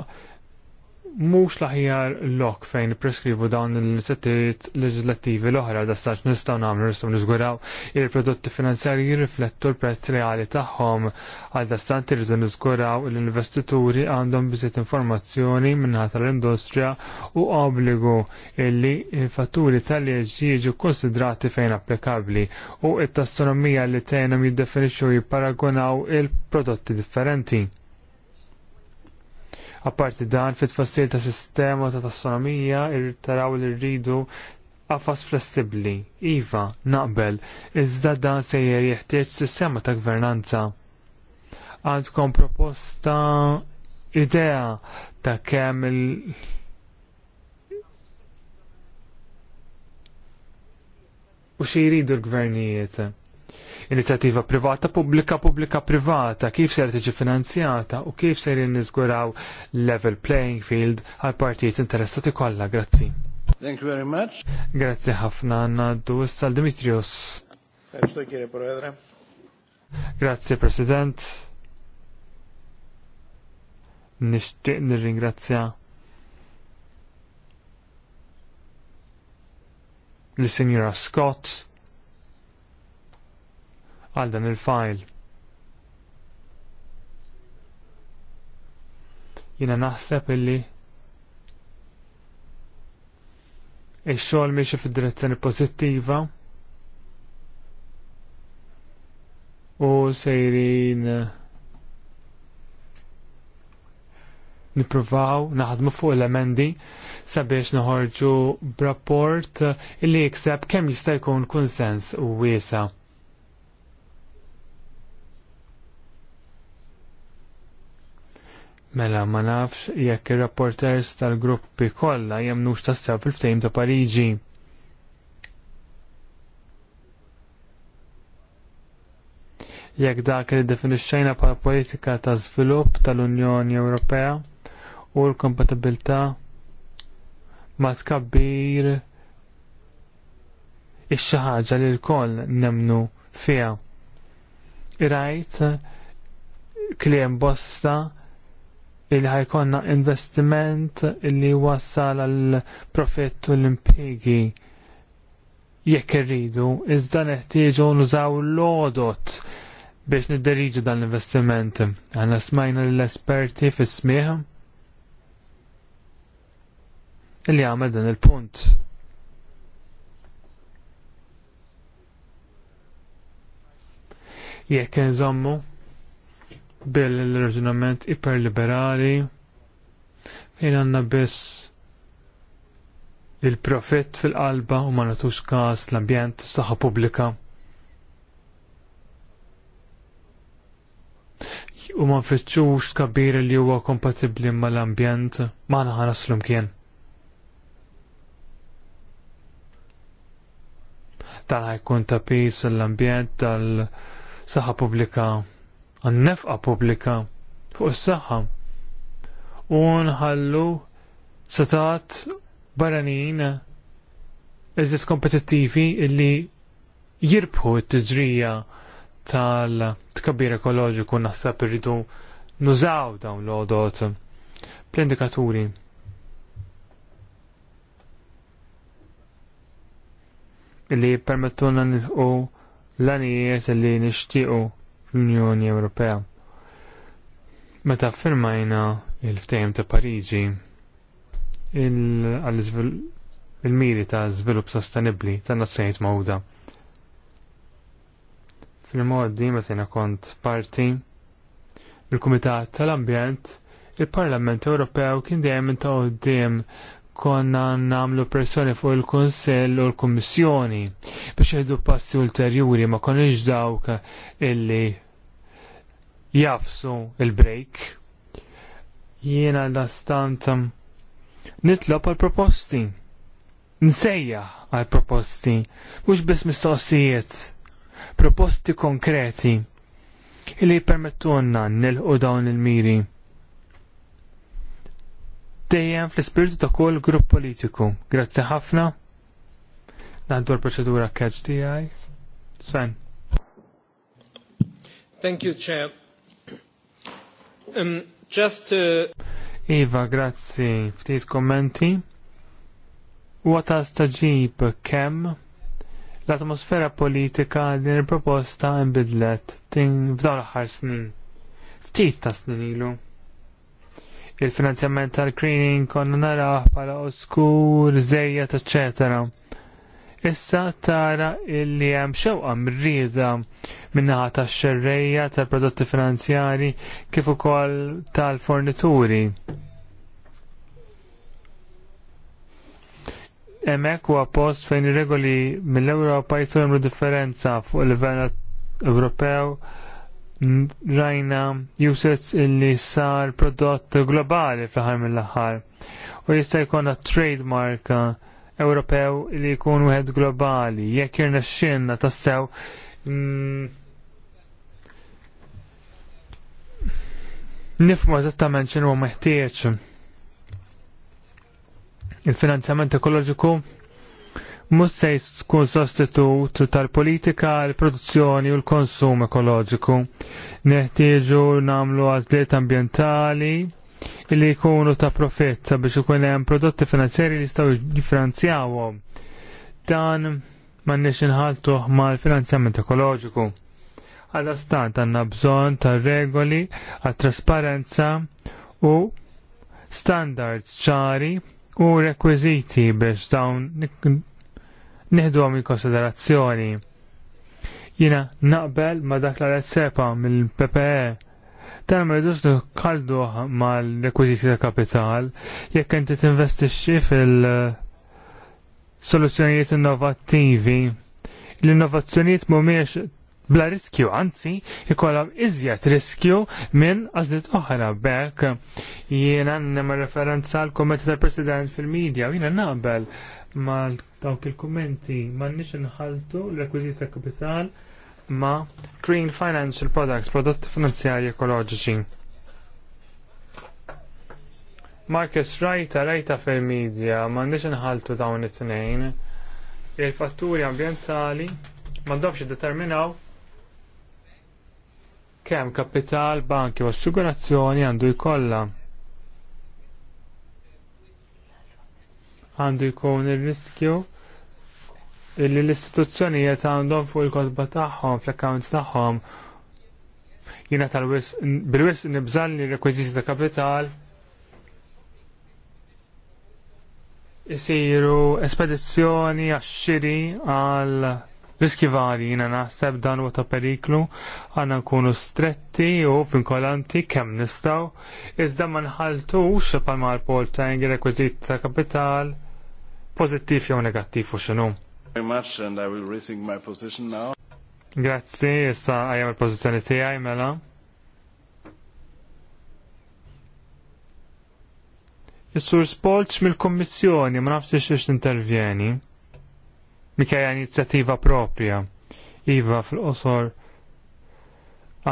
mux laħjar lok fejn preskrivu dawn il-settirit leġislattivi l-oħra da staċ nistaw namlu rissum nizguraw il-prodotti finanzjari jirriflettu l-prezz reali taħħom għal da staċ irridu nizguraw l-investituri għandhom bizit informazzjoni minnħat tal-industrija u obbligu illi il-fatturi tal leġi jiġu konsidrati fejn applikabli u it-tastronomija li tejnum jiddefinixxu jiparagonaw il-prodotti differenti. Apparti dan fit-tfassil ta' sistema ta' tassonomija taraw li rridu għafas flessibbli. Iva, naqbel, iżda dan sejjer jeħtieġ sistema ta' gvernanza. Għandkom proposta idea ta' kemm il u xie jridu l-gvernijiet Inizjattiva privata pubblika pubblika privata kif ser tiġi finanzjata u kif ser jinniżguraw level playing field għal partijiet interessati kollha. Grazzi. Thank you very much. Grazzi ħafna għandu sal Dimitrios. Grazzi President. Nishtiq nirringrazzja l-Sinjora Scott għal dan il-fajl. Jina naħseb illi il xogħol miexi fid-direzzjoni pożittiva u sejrin niprovaw naħdmu fuq l-emendi sabiex noħorġu b'rapport illi jikseb kemm jista' jkun kunsens u wiesa' Mela ma nafx jekk ir-rapporters tal-gruppi kollha jemnux tassew fil-ftehim ta' Pariġi. Jekk dak li definixxejna bħala politika ta' żvilupp tal-Unjoni Ewropea u l-kompatibilità ma' tkabbir ix-xi ħaġa li l-koll nemnu fiha. Irajt kliem bosta il ħajkonna investiment li wassal għal profett u l-impjegi jekk irridu, iżda neħtieġu nużaw l-odot biex nidderiġu dan l-investiment. Għanna smajna l-esperti fis smieħ li għamel dan il-punt. Jekk nżommu, bil-raġunament iperliberali fejn għanna biss il-profit fil-qalba u ma natux kas l-ambjent saħħa pubblika. U ma nfittxux kabir li huwa kompatibbli ma l-ambjent ma naħan aslum kien. Dan ħajkun ta' l-ambjent tal-saħħa pubblika għan-nefqa pubblika fuq is-saħħa u nħallu setat barranin eżis kompetittivi illi jirbħu t-tġrija tal-tkabbir ekoloġiku naħseb irridu nużaw dawn l-odot bl-indikaturi. Illi permettuna nilħu l-anijiet illi nishtiqu fl-Unjoni Ewropea. Meta firmajna il-ftejm ta' Pariġi il-miri ta' żvilupp sostenibbli ta' nazzjonijiet mawda. Fil-modi meta jiena kont parti mill-Kumitat tal-Ambjent, il-Parlament Ewropew kien dejjem ta' qudiem konna namlu pressjoni fuq il-Konsell u l-Kommissjoni biex jgħidu passi ulterjuri ma konniex dawk illi jafsu il-break. Jiena l-dastant um, nitlob għal-proposti. Nsejja għal-proposti, mux biss mistoqsijiet, proposti konkreti li permettuna nilħu dawn il-miri. Dejjem fl-ispirtu ta' kull grupp politiku. Grazzi ħafna. Naddu l-proċedura catch Sven. Thank you, Chair. Um, just to... Iva, grazzi. Ftit kommenti. U għata staġib kem l-atmosfera politika din il-proposta imbidlet f'dawn l-ħar snin. Ftit ta' snin ilu. Il-finanzjament tal creening konna naraħ pala oskur, zejjet, eccetera issa tara illi hemm xewqa mrieda minnaħa tax-xerrejja tal-prodotti finanzjari kif ukoll tal-fornituri. Hemmhekk huwa post fejn ir-regoli mill-Ewropa jistgħu jagħmlu differenza fuq il-livell Ewropew rajna usage illi sar prodott globali fl-ħar mill aħħar U jista' jkollna trademark Ewropew li jkun wieħed globali, jekk irna xinna tassew mm, nifmu eżattament xinu meħtieġ. Il-finanzjament ekoloġiku mhux se tkun sostitut tal-politika, l-produzzjoni u l-konsum ekoloġiku. Neħtieġu nagħmlu għażliet ambjentali li jkunu ta' profitt sabiex ikun hemm prodotti finanzjari li jistgħu jiffinanzjawhom. Dan m'għandniex inħaltuh mal-finanzjament ekoloġiku. Għal stant għandna bżonn ta' regoli għat trasparenza u standards ċari u rekwiżiti biex dawn nieħduhom il-konsiderazzjoni. Jina naqbel ma dak l sepa mill-PPE Dan ma jidux kaldu mal-rekwiziti ta' kapital, jekk inti tinvestixxi fil-soluzzjonijiet innovattivi. L-innovazzjonijiet mhumiex bla riskju, anzi, jikollam iżjed riskju minn għazlit oħra bekk. Jiena nemma referenza l kommenti tal-President fil-medja, jiena naqbel mal dawk il-kommenti, ma nix nħaltu l-rekwiziti ta' kapital ma' Green Financial Products, prodotti finanzjari ekoloġiċi. Marcus rajta rajta fil-medja m'għandix nħaltu dawn it-tnejn. Il-fatturi ambjentali m'għandhomx determinaw kemm kapital, banki u assigurazzjoni għandu jkollha. Għandu jkun ir-riskju li l-istituzzjonijiet għandhom fuq il kotba tagħhom, fl-accounts tagħhom. Jiena tal-wis bil-wis nibżalli rekwiżiti ta' kapital isiru espedizzjoni għax-xiri għal riski vari jina naħseb dan u ta' periklu għanna nkunu stretti u finkolanti kem nistaw iżda ma nħaltux palma l-pol ta' rekwizit ta' kapital pozittiv jew negattiv u xinu. Very much and I will rethink my position now. Grazzi, issa għajam il-pozizjoni tiegħi mela. Is-sur Spolċ mill-Kommissjoni ma nafx xiex intervjeni. Mikajja inizjattiva propja. Iva fil-qosor.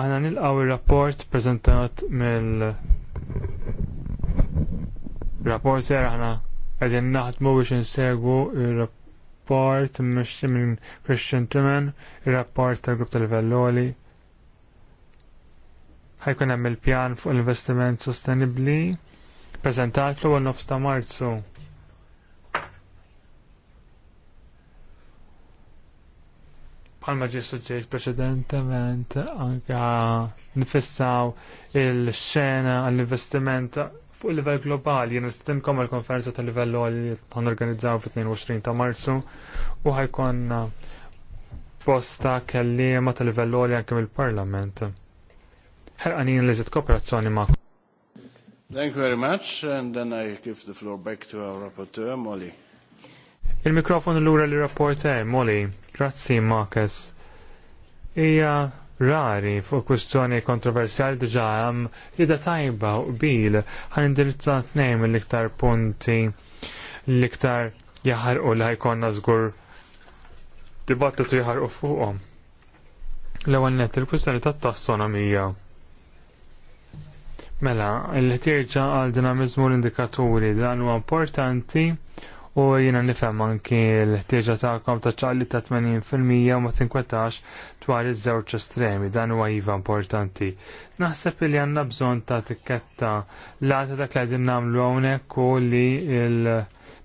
Aħna nilqaw ir-rapport preżentat mill rapport ser aħna qegħdin naħdmu biex insegwu il rapport rapport mux minn Christian Timen, ir-rapport tal-grupp tal-livelloli. Ħajkun hemm il-pjan fuq l-investiment sostenibbli preżentat l nofs ta' Marzu. Palma ġi suġġeġ preċedentement anka nifissaw il-xena għall-investiment fuq il-livell globali, jenu stimkom għal-konferenza tal-livell li għan organizzaw fit-22 ta' marzu u ħajkon posta kellima tal-livell li għankim il-parlament. Ħerqanin li zit kooperazzjoni ma' Thank you very much, and then I give the floor back to our rapporteur, Molly. Il-mikrofon l-ura li rapporter, Molly. Grazie, Marcus. Ija rari fuq kwistjoni kontroversjali diġa hemm jida tajba u bil ħan indirizza tnejn l iktar punti l-iktar jaħarqu li ħajkonna żgur dibattitu jaħarqu fuqhom. L-ewwel nett il-kwistjoni tat-tassonomija. Mela, l-ħtieġa għal dinamizmu l-indikaturi dan huwa importanti u jiena nifhem anki l-ħtieġa tagħkom ta' ċalli ta' 80% u ma tinkwetax dwar iż-żewġ estremi dan huwa iva importanti. Naħseb li għandna bżonn ta' tikketta lata dak li qegħdin nagħmlu hawnhekk u li l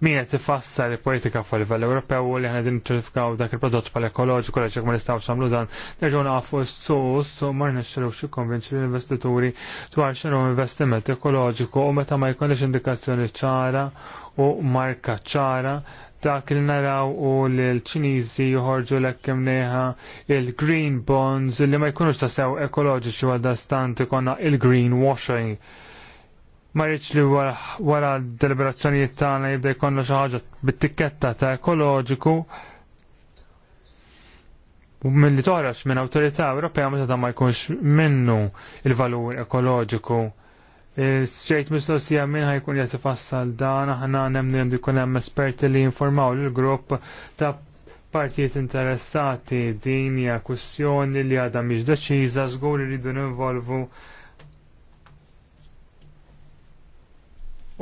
mija qed ifassar il-politika fuq livell Ewropew u li aħna din ċertifikaw dak il-prodott pal ekoloġiku għaliex ma nistgħux nagħmlu dan nerġgħu naqfu s-sus u ma rnexxilux konvinċi l-investituri dwar x'inhu investiment ekoloġiku u meta ma jkollix indikazzjoni ċara u marka ċara dak li naraw u l-ċinizi joħorġu l-ekkem neħa il-green bonds li ma jkunux ta' sew ekoloġiċi għadda stant ikonna il-green washing. Marriċ li wara deliberazzjonijiet tagħna jibda jkollna xi ħaġa bit-tikketta ta' ekoloġiku u milli toħroġ minn Awtorità Ewropea meta ma jkunx minnu il-valur ekoloġiku. Straight mistoqsija minn ħajkun jgħat ifassal dan, aħna li għandu jkun hemm esperti li informaw lill grupp ta' partijiet interessati din hija kwistjoni li għadha mhix deċiża żgur iridu involvu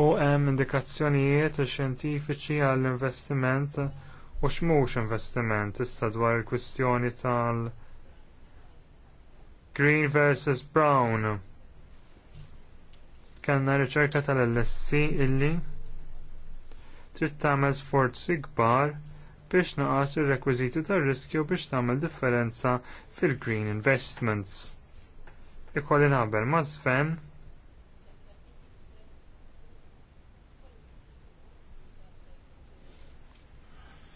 u hemm indikazzjonijiet xjentifiċi għall-investiment u x'mhux investiment issa dwar il-kwistjoni tal- Green versus Brown kellna riċerka tal-LSC illi trid tagħmel sforzi kbar biex naqas ir-rekwiżiti tar-riskju biex tagħmel differenza fil-green investments. Ikolli naqbel ma' Sven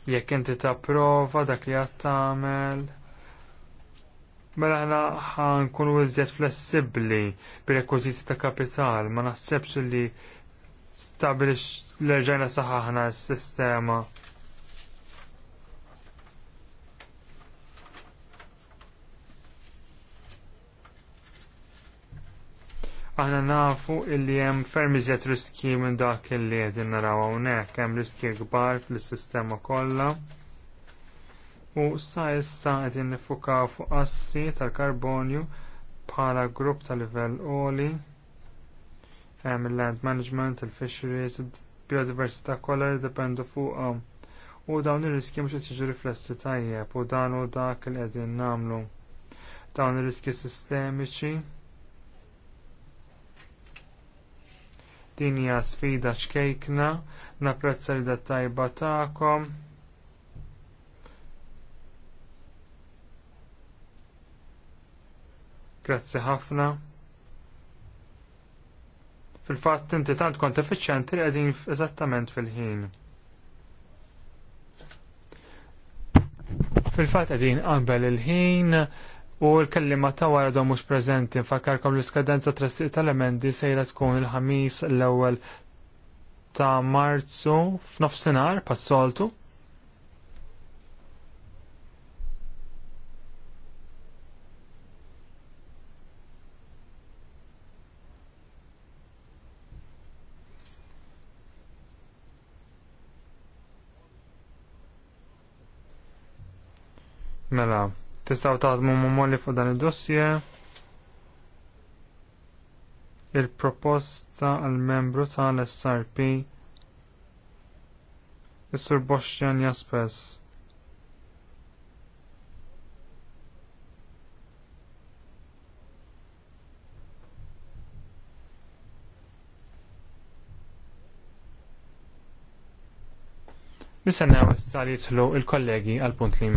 jekk inti tapprova dak li qed tagħmel. Mela ħna kunu iżjed flessibbli bir-rekwiżiti ta' kapital, ma naħsebx li stabilix l-ġajna saħħaħna s-sistema. Aħna nafu illi hemm ferm iżjed riski minn dak illi qegħdin naraw hawnhekk, hemm riski kbar fl-sistema kollha u sa issa qegħdin nifukaw fuq assi tal-karbonju bħala grupp ta' livell oli il-land management, il-fisheries, il-biodiversità kollha li dependu fuqhom. U dawn ir-riski mhux qed jiġu riflessi tajjeb u dan u dak li qegħdin nagħmlu. Dawn ir-riski sistemiċi din hija sfida xkejkna, napprezza li tajba tagħkom. Grazzi ħafna. Fil-fatt inti tant kont effiċjenti li qegħdin eżattament fil-ħin. Fil-fatt qegħdin qabel il-ħin u l-kellima ta' wara dom mhux preżenti nfakkarkom l-iskadenza tressiq tal-emendi sejra tkun il-ħamis l-ewwel ta' Marzu f'nofsinhar pas-soltu. mela tistaw taħdmu mumolli fuq dan id-dossier il-proposta għal membru tal-SRP is-sur Boxjan Jaspers. Nistennew issa jitlu il kollegi għal punt li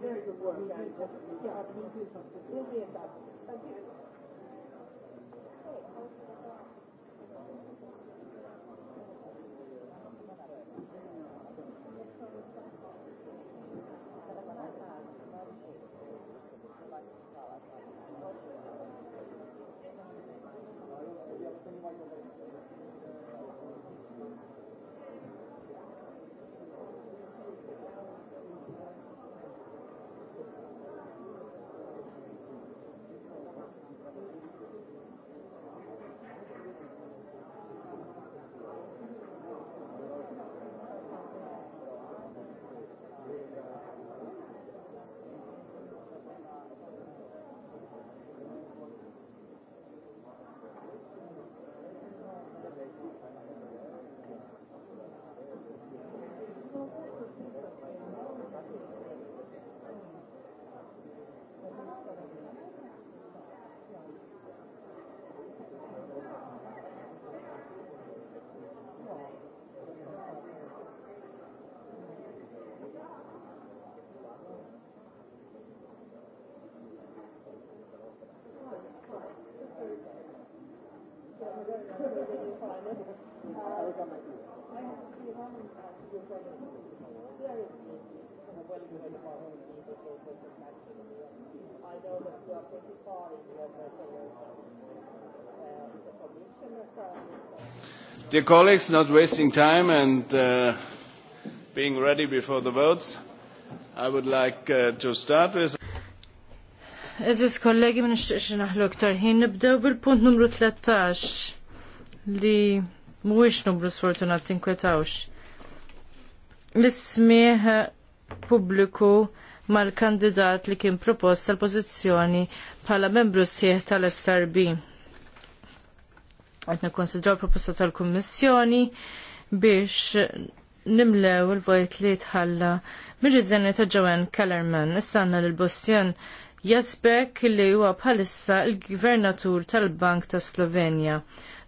Very good work. Yeah, you'll be in touch. Thank you. Dear colleagues, not wasting time and uh, being ready before the votes, I would like uh, to start with. Eżis kollegi minn xtiqx naħlu ktar ħin nibdew bil-punt numru 13 li mhuwiex numru sfortunat tinkwetawx. L-ismieħ pubbliku mal-kandidat li kien propost tal-pożizzjoni bħala membru sieħ tal-SRB. Għetna konsidraw proposta tal-Kummissjoni biex nimlew il-vojt li tħalla mirriżenni ta' Joanne Kellerman. Issa għandna l-Bostjon Jasbek li huwa bħalissa l-Gvernatur tal-Bank ta' Slovenja.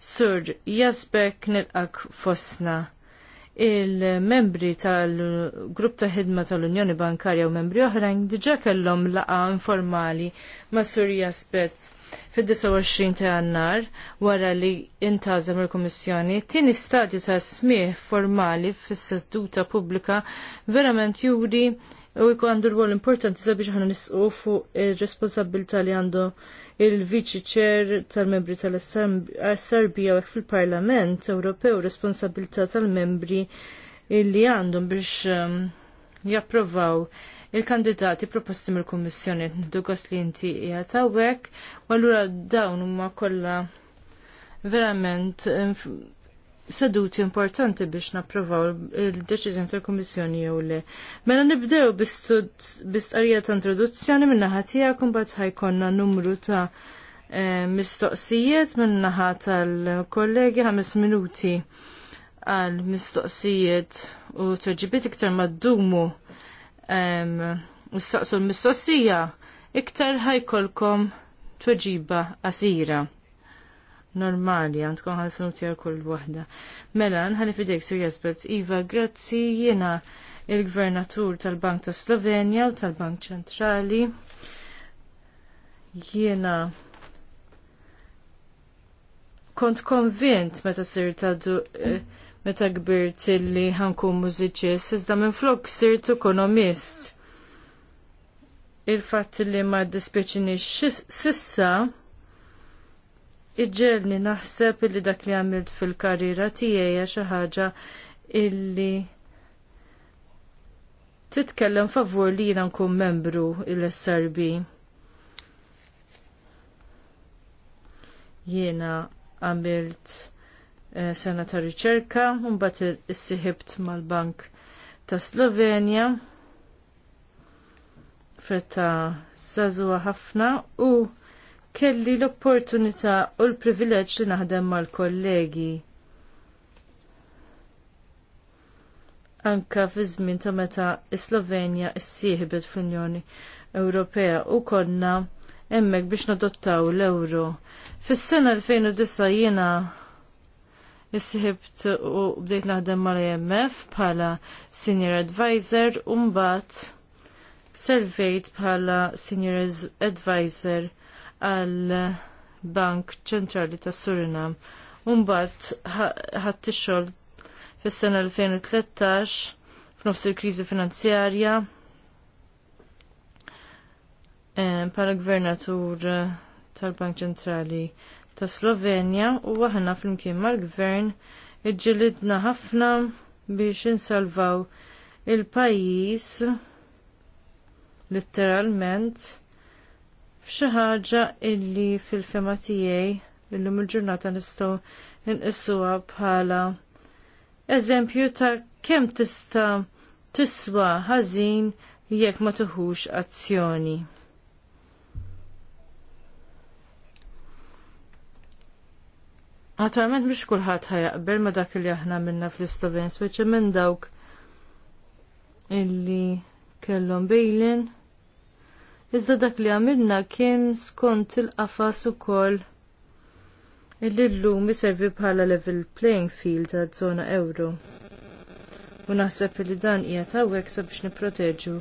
Sur Jasbek nilqak fosna il-membri tal-grupp ta' ħidma tal-Unjoni Bankarja u membri oħrajn diġa kellhom laqa informali ma' Sur Jaspet fid-29 ta' Jannar wara li intażem il-Kummissjoni tieni stadju ta' smieħ formali fis-seduta pubblika verament juri u jkun għandu rwol importanti sabiex ħana nisqu fuq ir-responsabilità li għandu il-Viċi Ċer tal-membri tal-Serbija u fil-Parlament Ewropew responsabilità tal-membri li għandhom biex um, japprovaw il-kandidati proposti mill-Kummissjoni Dugos li inti hija ta'wek. u allura dawn huma kollha verament um, seduti importanti biex napprovaw il-deċiżjoni tal-Kummissjoni jew le. Mela nibdew bistqarrija ta' introduzzjoni minn naħa tiegħek imbagħad ħajkonna numru ta' eh, mistoqsijiet minn naħa tal-kollegi ħames minuti għal mistoqsijiet u tweġibiet iktar maddumu s-saqsu l-mistoqsija iktar ħajkolkom tweġiba għasira normali, għandkom tkun minuti għal kull waħda. Mela, nħalli fidejk Sir Jesbet, Iva, grazzi jiena il-Gvernatur tal-Bank ta' Slovenja u tal-Bank Ċentrali. Jiena kont konvint meta sirt għaddu eh, meta kbirt illi ħankun mużiċist, iżda minn flok sirt ekonomist. Il-fatt li ma dispieċini sissa iġġelni naħseb illi dak li għamilt fil-karriera tiegħi xi ħaġa illi titkellem favur li jiena nkun membru il-SRB. Jiena għamilt eh, sena ta' riċerka, mbagħad issiħibt mal-Bank ta' Slovenja feta sażuha ħafna u kelli l-opportunità u l-privileġġ li naħdem mal-kollegi. Anka fi żmien ta' meta Slovenja issieħbet fl-Unjoni Ewropea u konna hemmhekk biex nadottaw l-euro. Fis-sena 2009 jiena issieħbt u bdejt naħdem mal-IMF bħala senior advisor u mbagħad servejt bħala senior advisor għal Bank Ċentrali ta' Surinam. Umbat ħadd ixol fis-sena 2013 f'nofs il-kriżi finanzjarja bħala gvernatur eh, tal-Bank Ċentrali ta' Slovenja u aħna flimkien mal-gvern iġġilidna ħafna biex insalvaw il-pajjiż literalment f'xi ħaġa illi fil-fema tiegħi illum il-ġurnata nistgħu nqissuha bħala eżempju ta' kemm tista' tiswa ħażin jekk ma tuħux azzjoni. Attualment mhux kulħadd ħajaqbel ma dak li aħna minna fl istovens speċi minn dawk illi kellhom bejlin. Iżda dak li għamilna kien skont il-qafas ukoll il llum iservi bħala level playing field ta' żona euro. U naħseb li dan hija hawnhekk sabiex nipproteġu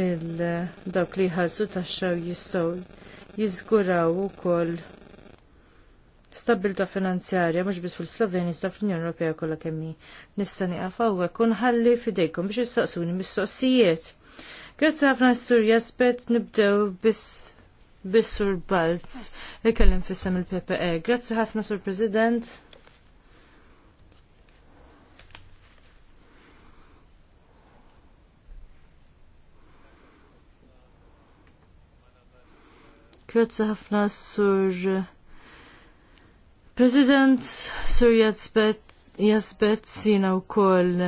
il-dawk li jħallsu taxxa u jistgħu jiżguraw ukoll stabilta finanzjarja mhux biss fil-Sloveni iżda fl-Unjoni Ewropea kollha kemm hi. Nista' nieqaf hawnhekk u nħalli f'idejkom biex issaqsuni mistoqsijiet. Grazie ħafna s-sur jaspet nibdew bis Bissur Balz, li kellim fissem il-PPE. Grazzi ħafna, Sur President. Grazzi ħafna, Sur President, Sur jaspet jaspet sina u koll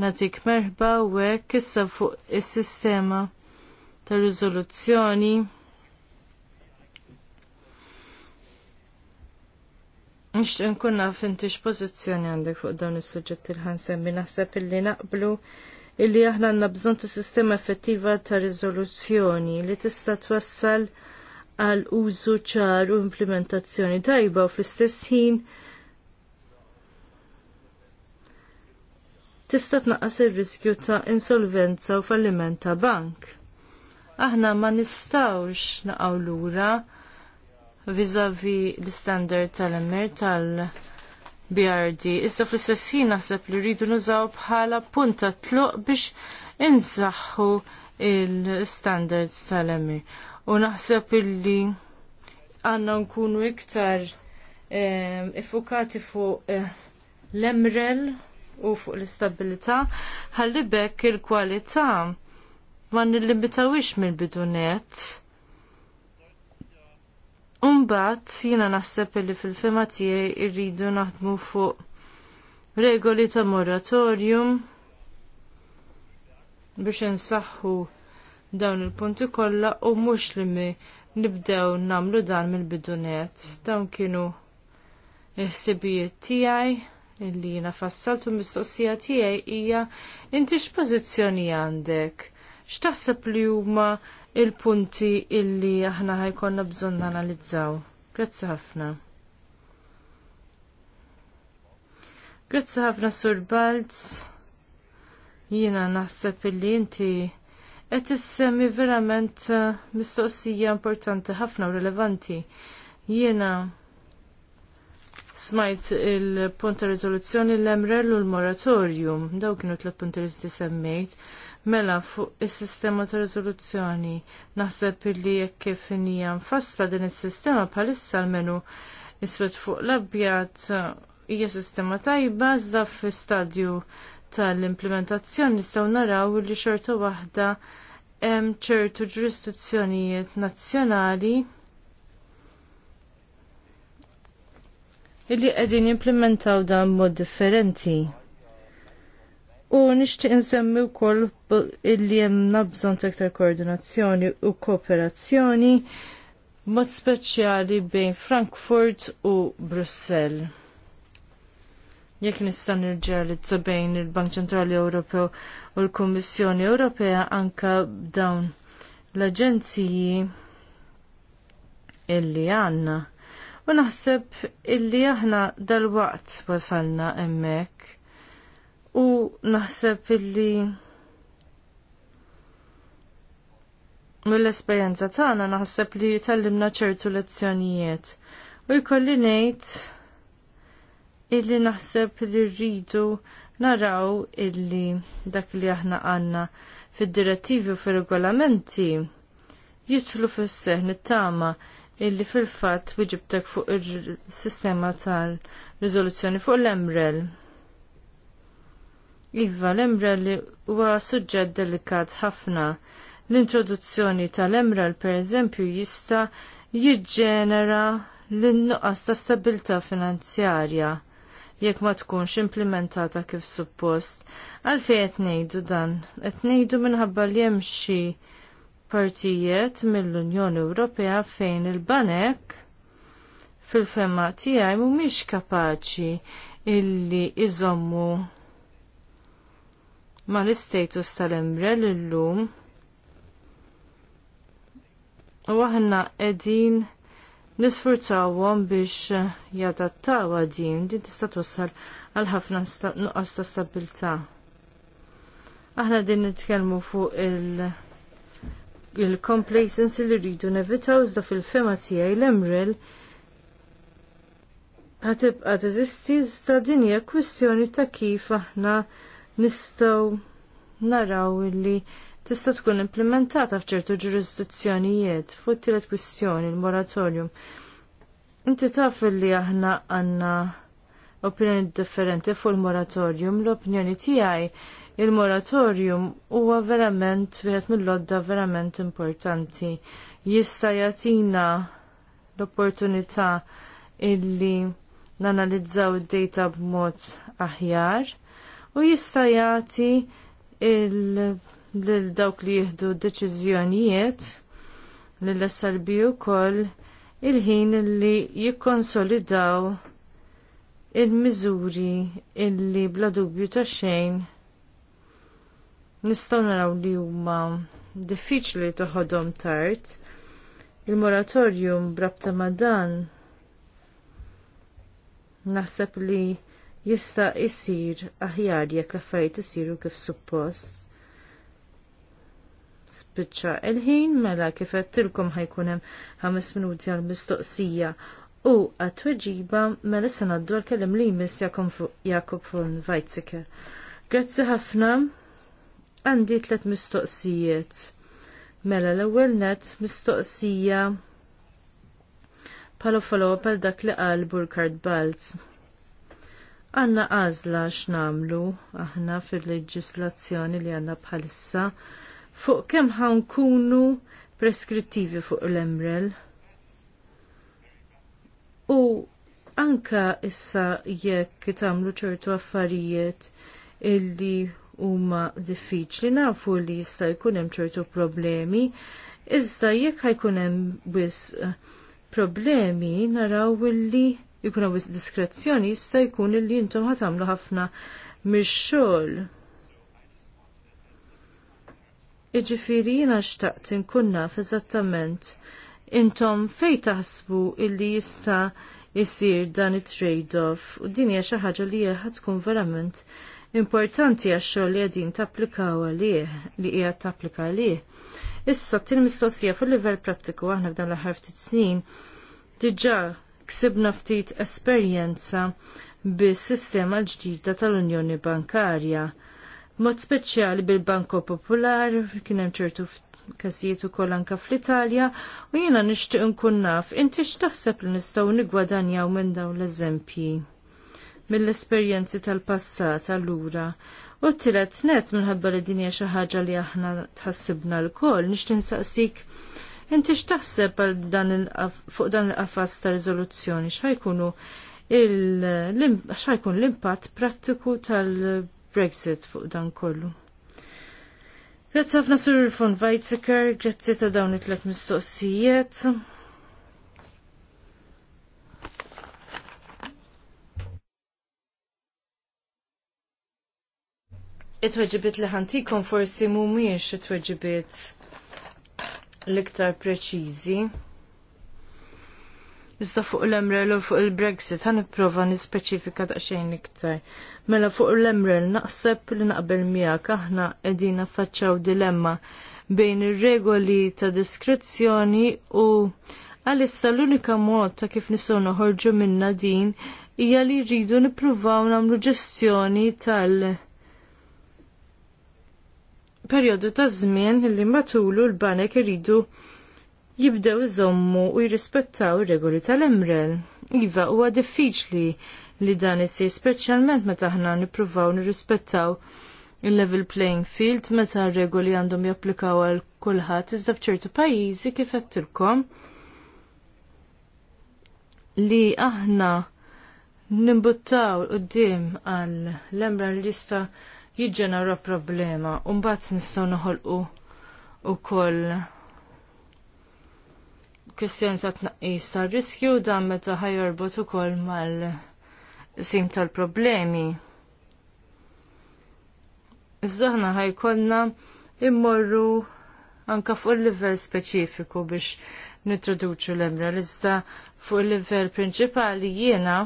Natik merħba u hekk issa fuq is-sistema ta' riżoluzzjoni. Nixtieq nkun naf inti x-pozizjoni għandek fuq dawn is-suġġetti ħan ħansemmi naħseb illi naqblu illi aħna għandna bżonn ta' sistema effettiva ta' riżoluzzjoni li tista' twassal għal użu ċar u implementazzjoni tajba u fl-istess ħin tista' tnaqqas ir-riskju ta' insolvenza u falliment ta' bank. Aħna ma nistawx naqgħu lura vis-a-vis l-standard tal-emmer tal-BRD. Issa fl-istess naħseb li rridu nużaw bħala punta tluq biex inżaħħu il-standards tal-emmer. U naħseb illi għanna nkunu iktar eh, effukati fuq eh, l-emrel u fuq l-istabilità ħalli bekk il-kwalità ma nillimitawix mill-bidunet. Umbat jiena naħseb li fil-fema tiegħi irridu naħdmu fuq regoli ta' moratorium biex insaħħu dawn il-punti kollha u mhux li mi nibdew namlu dan mill-bidunet. Dawn kienu il-ħsibijiet tiegħi illi jina fassaltu mistoqsija tiegħi hija inti x'pożizzjoni għandek? X'taħseb li huma il-punti illi aħna ħajkonna bżonn analizzaw? Grazzi ħafna. Grazzi ħafna Sur Balz. Jiena naħseb illi inti qed issemmi verament mistoqsija importanti ħafna u rilevanti. Jiena smajt il-punta rezoluzzjoni l emrel u l-moratorium, daw kienu tlet punti li semmejt, mela fuq il-sistema ta' rezoluzzjoni, naħseb li jekk kif hija mfassla din is sistema bħalissa l-menu iswed fuq l abjad hija sistema tajba iżda fi-stadju tal-implementazzjoni nistgħu naraw li xorta waħda hemm ċertu ġurisdizzjonijiet nazzjonali illi qegħdin jimplementaw dan mod differenti. U nixtieq insemmi wkoll illi hemm bżonn aktar koordinazzjoni u kooperazzjoni mod speċjali bejn Frankfurt u Brussell. Jekk nista' nirġalizza bejn il-Bank Ċentrali Ewropew u l-Kummissjoni Ewropea anka dawn l-aġenziji illi għandna U naħseb illi aħna dal-waqt wasalna emmek. U naħseb illi mill-esperjenza tagħna naħseb li tallimna ċertu lezzjonijiet. U jkolli ngħid illi naħseb li rridu naraw illi dak li aħna għandna fid-direttivi u fir-regolamenti jitlu fis-seħ nittama illi fil-fatt wieġibtek fuq il-sistema tal-riżoluzzjoni fuq l-emrel. Iva, l-emrel huwa suġġett delikat ħafna. L-introduzzjoni tal-emrel per eżempju jista jiġġenera l-nuqqas ta' stabilta finanzjarja jekk ma tkunx implementata kif suppost. Għalfej qed ngħidu dan, qed ngħidu minħabba li hemm xi partijiet mill-Unjoni Ewropea fejn il-banek fil-femma tiegħi mhumiex kapaċi illi iżommu mal-istatus tal l-lum u aħna qegħdin nisfurtawhom biex jadattaw din din tista' twassal għal ħafna nuqqas ta' stabilità. Aħna din nitkellmu fuq il- il-complacency li rridu nevitaw iżda fil-fema tiegħi l-emrel ħatibqa teżisti iżda din hija kwistjoni ta' kif aħna nistgħu naraw li tista' tkun implementata f'ċertu ġurisdizzjonijiet fuq tielet kwistjoni l-moratorium. Inti taf li aħna għandna opinjoni differenti fuq il-moratorium, l-opinjoni tiegħi il-moratorium huwa verament wieħed mill-lodda verament importanti. Jista' jagħtina l-opportunità illi nanalizzaw id-data b'mod aħjar u jista' jagħti lil dawk li jieħdu deċiżjonijiet lill srb ukoll il-ħin li jikkonsolidaw il-miżuri illi bla dubju ta' xejn nistgħu naraw li huma diffiċli toħodhom tard. Il-moratorium brabta ma' dan naħseb li jista' jsir aħjar jekk l-affarijiet isiru kif suppost spiċċa il-ħin mela kif għedtilkom ħajkun hemm ħames minuti għall mistoqsija u għat-tweġiba mela se ngħaddu għal-kellem li jmiss Jakob von Weizsäcker. Grazzi ħafna. Għandi tlet mistoqsijiet. Mela l-ewwel net mistoqsija bħala follow-up dak li qal Burkard Balz. Għanna għazla x'namlu aħna fil-leġislazzjoni li għanna bħalissa fuq kemm ħankunu preskrittivi fuq l-emrel. U anka issa jekk tagħmlu ċertu affarijiet illi huma diffiċli nafu li jista' jkun hemm ċertu problemi, iżda jekk ħajkun hemm biss eh, problemi naraw illi jkun hawn diskrezzjoni jista' jkun illi intom ħatamlu ħafna mix-xogħol. Iġifieri jiena xtaqt inkun naf eżattament intom fej taħsbu illi jista' jisir dan it-trade-off u din hija xi ħaġa li hija tkun verament importanti għax-xogħol li qegħdin tapplikaw għalih li qiegħed tapplika għalih. Issa til mistoqsija fil-livell prattiku aħna f'dan l-aħħar ftit snin diġà ksibna ftit esperjenza bis-sistema l-ġdida tal-Unjoni Bankarja. Mod speċjali bil-Banko Popolar kien hemm ċertu kasijiet ukoll anke fl-Italja u jiena nixtieq nkun naf inti x'taħseb li nistgħu niggwadanjaw minn dawn l-eżempji mill-esperjenzi tal-passat allura. U t-tilet net minħabba li dinja xi ħaġa li aħna tħassibna l-koll, nixtin saqsik inti x'taħseb fuq dan il-qafas ta' rizoluzzjoni x'ħajkunu x'ħajkun l-impatt prattiku tal-Brexit fuq dan kollu. Grazie ħafna Sur von Weizsäcker, grazzi ta' dawn it-tlet mistoqsijiet. it-tweġibiet li ħantikom forsi mhumiex it-tweġibiet l-iktar preċiżi. Iżda fuq l-emrel u fuq il-Brexit ħan nipprova nispeċifika daqsxejn iktar. Mela fuq l-emrel naqseb li naqbel miegħek aħna qegħdin affaċċaw dilemma bejn ir-regoli ta' diskrezzjoni u għalissa l-unika mod ta' kif nistgħu ħorġu minna din hija li rridu nippruvaw nagħmlu ġestjoni tal- perjodu ta' żmien li matulu l-banek iridu jibdew iżommu u jirrispettaw ir-regoli tal-emrel. Iva huwa diffiċli li dan isir speċjalment meta aħna nippruvaw nirrispettaw il-level playing field meta regoli għandhom japplikaw għal kulħadd iżda f'ċertu pajjiżi kif għedtilkom li aħna nimbuttaw qudiem għal l-emra li jista' jiġġenera problema u mbagħad nistgħu noħolqu ukoll kwestjoni ta' tnaqqis ta' riskju dan meta ħajorbot ukoll mal-sim tal-problemi. Iżda aħna ħajkollna immorru anka fuq il-livell speċifiku biex nitroduċu l-emra iżda fuq il-livell prinċipali jiena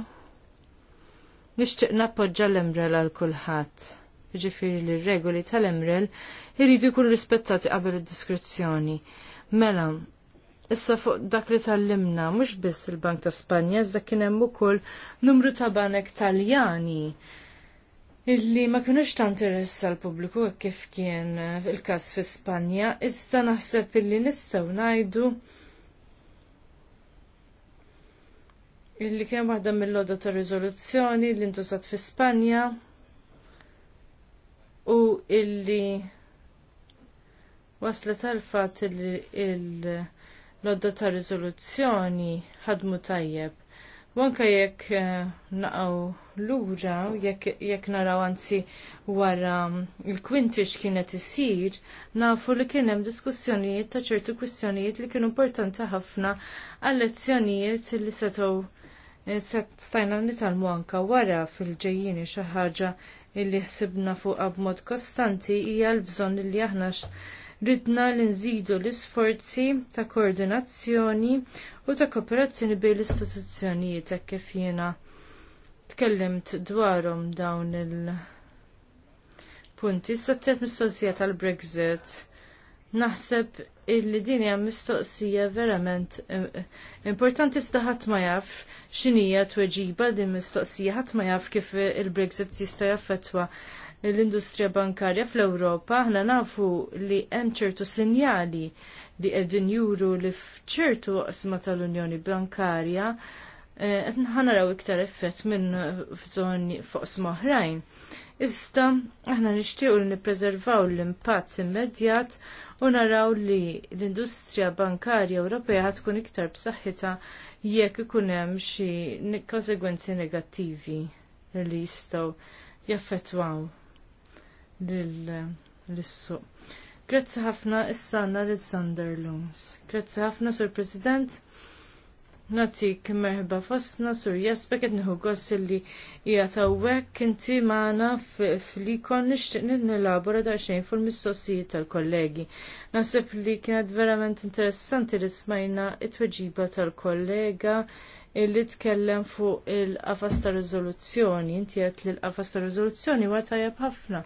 nixtieq nappoġġa l-emra għal kulħadd ġifiri li regoli tal-emrel jiridu jkun rispettati qabel id-diskrizzjoni. Mela, issa fuq dak li tal-limna, mux biss il-Bank ta' Spanja, iżda kien hemm ukoll numru ta' banek taljani illi ma kienux ta' interessa l pubbliku kif kien il-każ fi Spanja, iżda naħseb illi nistgħu ngħidu illi kien waħda mill-loda ta' riżoluzzjoni li intużat fi Spanja u illi waslet għal-fat il-lodda ta' rizoluzzjoni ħadmu tajjeb. Wanka jekk eh, naqaw lura, jekk naraw anzi wara il-kwintix kienet isir, nafu li kien hemm diskussjonijiet ta' ċertu kwistjonijiet li kienu importanti ħafna għal lezzjonijiet li setgħu eh, stajna nitalmu anka wara fil-ġejjini xaħġa ħaġa illi ħsibna fuqha b'mod kostanti hija l-bżonn li aħna ridna li nżidu l-isforzi ta' koordinazzjoni u ta' kooperazzjoni bejn l-istituzzjonijiet hekk kif jiena tkellimt dwarhom dawn il-punti. Issa t tal-Brexit naħseb illi din hija mistoqsija verament eh, importanti iżda ħadd ma jaf x'inhija tweġiba din mistoqsija ħadd ma jaf kif il-Brexit jista' jaffettwa l-industrija bankarja fl-Ewropa, aħna nafu li hemm ċertu sinjali li qegħdin juru li f'ċertu qisma tal-Unjoni Bankarja eh, qed naraw iktar effett minn f'żoni fuq oħrajn. Iżda aħna nixtiequ li nippreservaw l-impatt immedjat u naraw li l-industrija bankarja Ewropea tkun iktar b'saħħitha jekk ikun hemm xi konsegwenzi negattivi li jistgħu jaffettwaw lill-suq. Grazzi ħafna issa għandna lil Sunderlands. Grazzi ħafna sur President. Natik meħba fostna sur jasbek qed nieħu goss li hija kinti inti fli kon nixtieq nilabora daqsxejn ful mistoqsijiet tal-kollegi. Naħseb li kienet verament interessanti li smajna it-tweġiba tal-kollega illi tkellem fuq il-qafas ta' riżoluzzjoni, inti qed li l-qafas ta' Rizoluzzjoni huwa tajjeb ħafna.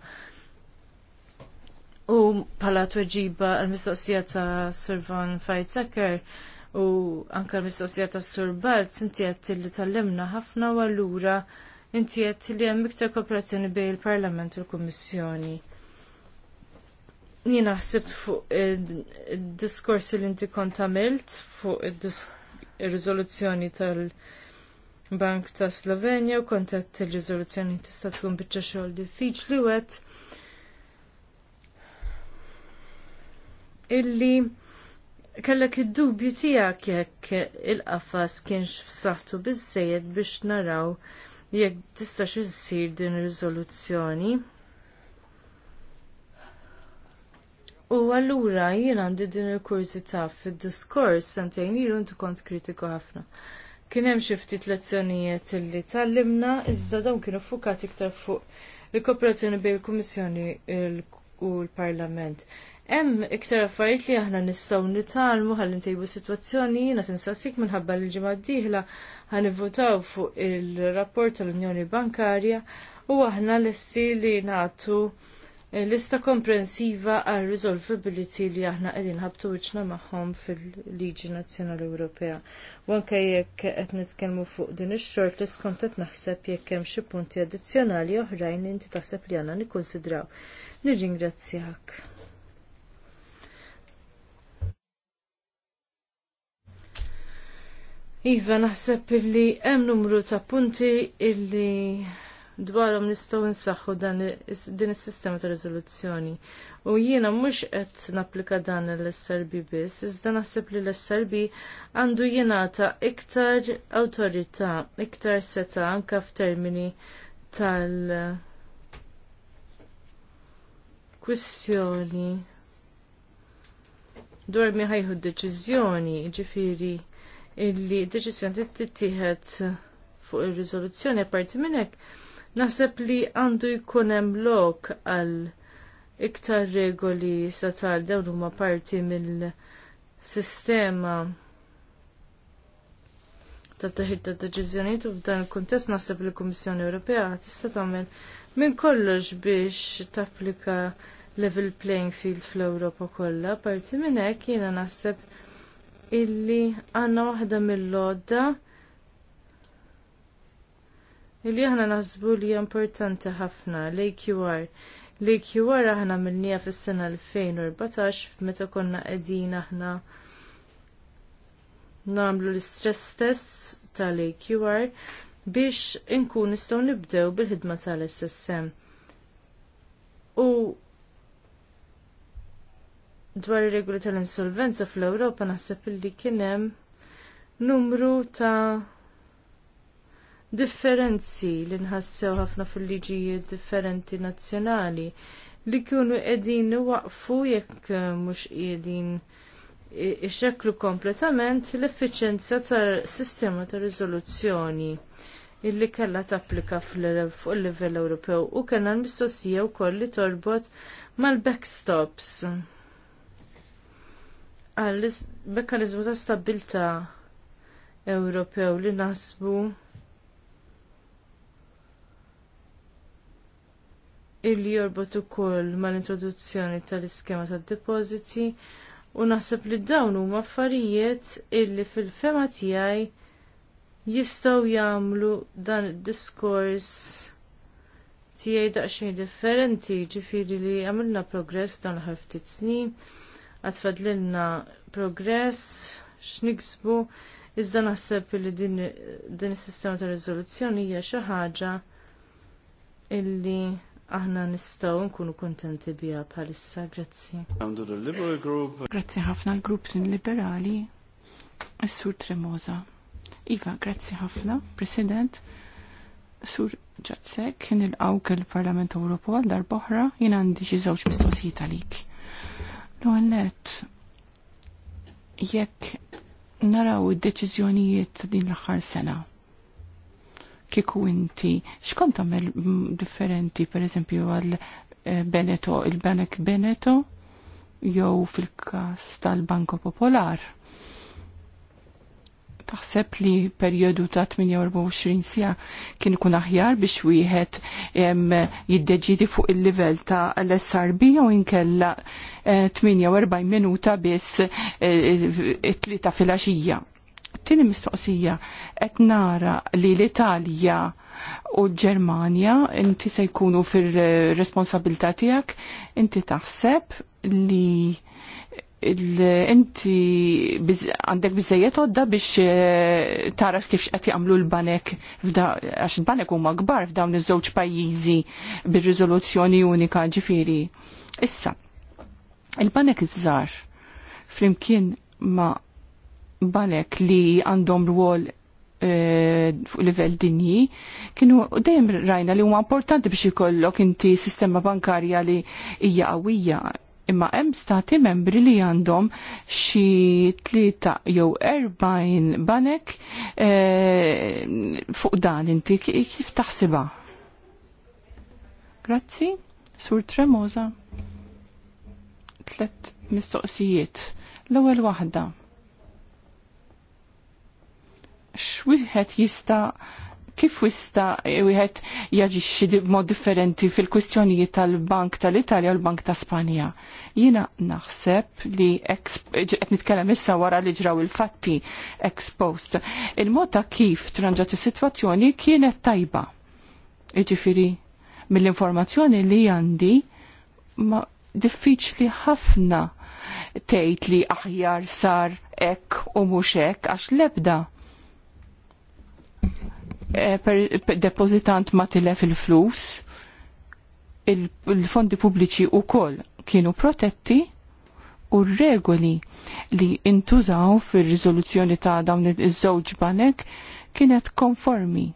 U bħala tweġiba l-mistoqsija ta' Sirvan Fajtaker, u anka mistoqsija ta' surbalt inti għed li tallimna ħafna u allura inti għed li hemm iktar kooperazzjoni bejn il-Parlament u l-Kummissjoni. Jiena ħsib fuq id-diskorsi li inti kont għamilt fuq ir-riżoluzzjoni tal- Bank ta' Slovenja u kontet il-rizoluzzjoni tista' tkun biċċa xogħol diffiċli wet illi kellek id-dubju tiegħek jekk il-qafas kienx f'saħħtu biżżejjed biex naraw jekk tistax issir din riżoluzzjoni. U allura jien għandi din il-kurzità fid-diskors sentejn ilu inti kont kritiku ħafna. Kien hemm xi ftit lezzjonijiet illi tallimna iżda dawn kienu fukati iktar fuq il-kooperazzjoni bejn il-Kummissjoni u l-Parlament. Hemm iktar affarijiet li aħna nistgħu nitalmu ħalli ntejbu sitwazzjoni jiena tinsassik minħabba li ġimgħa d-dieħla ħanivvutaw fuq il-rapport tal-Unjoni Bankarja u aħna lesti li nagħtu lista komprensiva għal resolvability li aħna qegħdin ħabtu wiċċna magħhom fil-Liġi Nazzjonali Ewropea. U anke jekk qed nitkellmu fuq din ix-xort li skont qed naħseb jekk hemm xi punti addizzjonali oħrajn li inti taħseb li għandna nikkunsidraw. Nirringrazzjak. Iva, naħseb illi hemm numru ta' punti illi dwarhom nistgħu nsaħħu din is-sistema ta' riżoluzzjoni. U jiena mhux qed napplika dan l-SRB biss, iżda naħseb li l-SRB għandu jingħata iktar awtorità, iktar seta' anke f'termini tal- kwistjoni dwar mi ħajħu d-deċiżjoni, ġifiri illi deċiżjoni tittieħed fuq ir-riżoluzzjoni apparti minn hekk naħseb li għandu jkun hemm lok għal iktar regoli statal dawn huma parti mill-sistema ta' taħid ta' deċiżjonijiet u f'dan il-kuntest naħseb li l-Kummissjoni Ewropea tista' tagħmel minn kollox biex tapplika level playing field fl-Ewropa kollha, parti minn hekk jiena naħseb illi għanna waħda mill-lodda illi aħna naħsbu li hija importanti ħafna l-AQR. L-AQR aħna minnija fis-sena 2014 meta konna qegħdin aħna nagħmlu l-istress test tal-AQR biex inkun nistgħu nibdew bil-ħidma tal-SSM. U dwar ir-regoli tal-insolvenza fl-Ewropa naħseb illi kien hemm numru ta' differenzi li nħassew ħafna fil-liġijiet differenti nazzjonali li kienu qegħdin waqfu jekk eh, mhux qiegħdin ixekklu kompletament l-effiċenza tal-sistema ta' riżoluzzjoni illi kellha tapplika fuq il livell Ewropew u kellha mistoqsija wkoll li torbot mal-backstops għall mekkaniżmu ta' stabilta Ewropew li nasbu illi jorbot ukoll mal-introduzzjoni tal-iskema tad-depożiti u naħseb li dawn huma affarijiet illi fil-fema tiegħi jistgħu jagħmlu dan id-diskors tiegħi daqsxejn differenti, ġifieri li għamilna progress f'dan l-ħar ftit snin għatfadlilna progress, x'niksbu, iżda naħseb li din is-sistema ta' riżoluzzjoni hija xi ħaġa illi aħna nistgħu nkunu kuntenti biha bħalissa, grazzi. Grazzi ħafna l-grupp liberali, is-Sur Tremosa. Iva, grazzi ħafna, President. Sur ġazzek, il għawk il-Parlament Ewropew għal boħra, jien għandi xi żewġ mistoqsijiet għalik. Noħannet, jekk naraw id-deċizjonijiet din l-axar sena, kiku inti, xkont għamil differenti, per eżempju, għal eh, Beneto, il-Banek Beneto, jew fil-kas tal-Banko Popolar? taħseb li periodu ta' 28 sija kien ikun aħjar biex wieħed jiddeġidi fuq il-livell ta' l-SRB u inkella 48 eh, minuta biss eh, eh, it-tlieta filgħaxija. Tieni mistoqsija qed nara li l-Italja u l-Ġermanja inti se jkunu fir-responsabilità tiegħek, inti taħseb li inti għandek bizzejiet għodda biex eh, tara kif qed jagħmlu l-banek għax il-banek huma kbar f'dawn iż-żewġ pajjiżi bir-riżoluzzjoni unika ġifieri. Issa, il-banek iż-żar flimkien ma banek li għandhom rwol eh, fuq livell dinji, kienu dejjem rajna li huwa importanti biex ikollok inti sistema bankarja li hija qawwija imma hemm stati membri li għandhom xi tlieta jew erbajn banek eh, fuq dan inti kif taħsibha? Grazzi, Sur Tremosa. Tlet mistoqsijiet. L-ewwel waħda. X'wieħed jista' kif wista e, wieħed jaġixxi mod differenti fil-kwistjonijiet tal-Bank tal-Italja u l-Bank ta' Spanja. Jiena naħseb li qed nitkellem issa wara li ġraw il-fatti exposed. Il-mod ta' kif tranġat is-sitwazzjoni kienet tajba. Jiġifieri mill-informazzjoni li għandi ma diffiċli ħafna tgħid li aħjar sar ek u mhux hekk għax lebda Eh, depozitant ma tilef il-flus, il-fondi pubbliċi u koll kienu protetti u regoli li intużaw fil-rizoluzzjoni ta' dawn iż-żewġ banek kienet konformi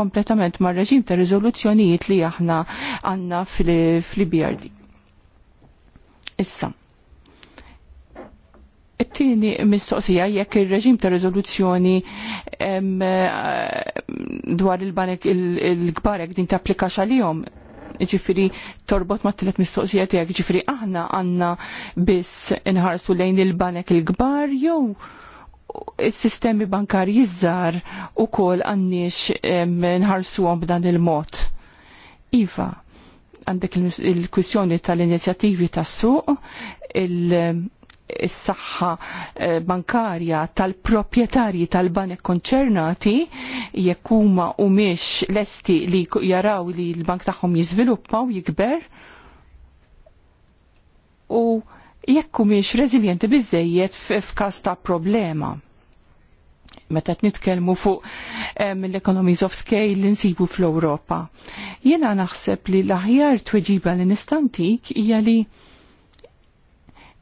kompletament ma' reġim ta' rizoluzzjonijiet li aħna għanna fil-BRD. Issa, Tini mistoqsija jekk il-reġim ta' rezoluzzjoni eh, dwar il-banek il-gbarek din ta' applika xalijom ġifiri torbot ma' t-tlet mistoqsija tijak ġifiri aħna għanna biss inħarsu lejn il-banek il-gbar jew il-sistemi bankar jizzar u kol għannix għom b'dan il-mod. Iva, għandek il-kwistjoni tal-inizjativi tas-suq, il s-saħħa eh, bankarja tal proprjetarji tal-banek konċernati jekk huma u miex lesti li jaraw li l-bank tagħhom jiżviluppa u jikber u jekk u miex reżiljenti biżejjed f'każ ta' problema meta nitkellmu fuq eh, l-economies of scale li nsibu fl-Ewropa. Jiena naħseb li l-aħjar tweġiba li nistantik hija li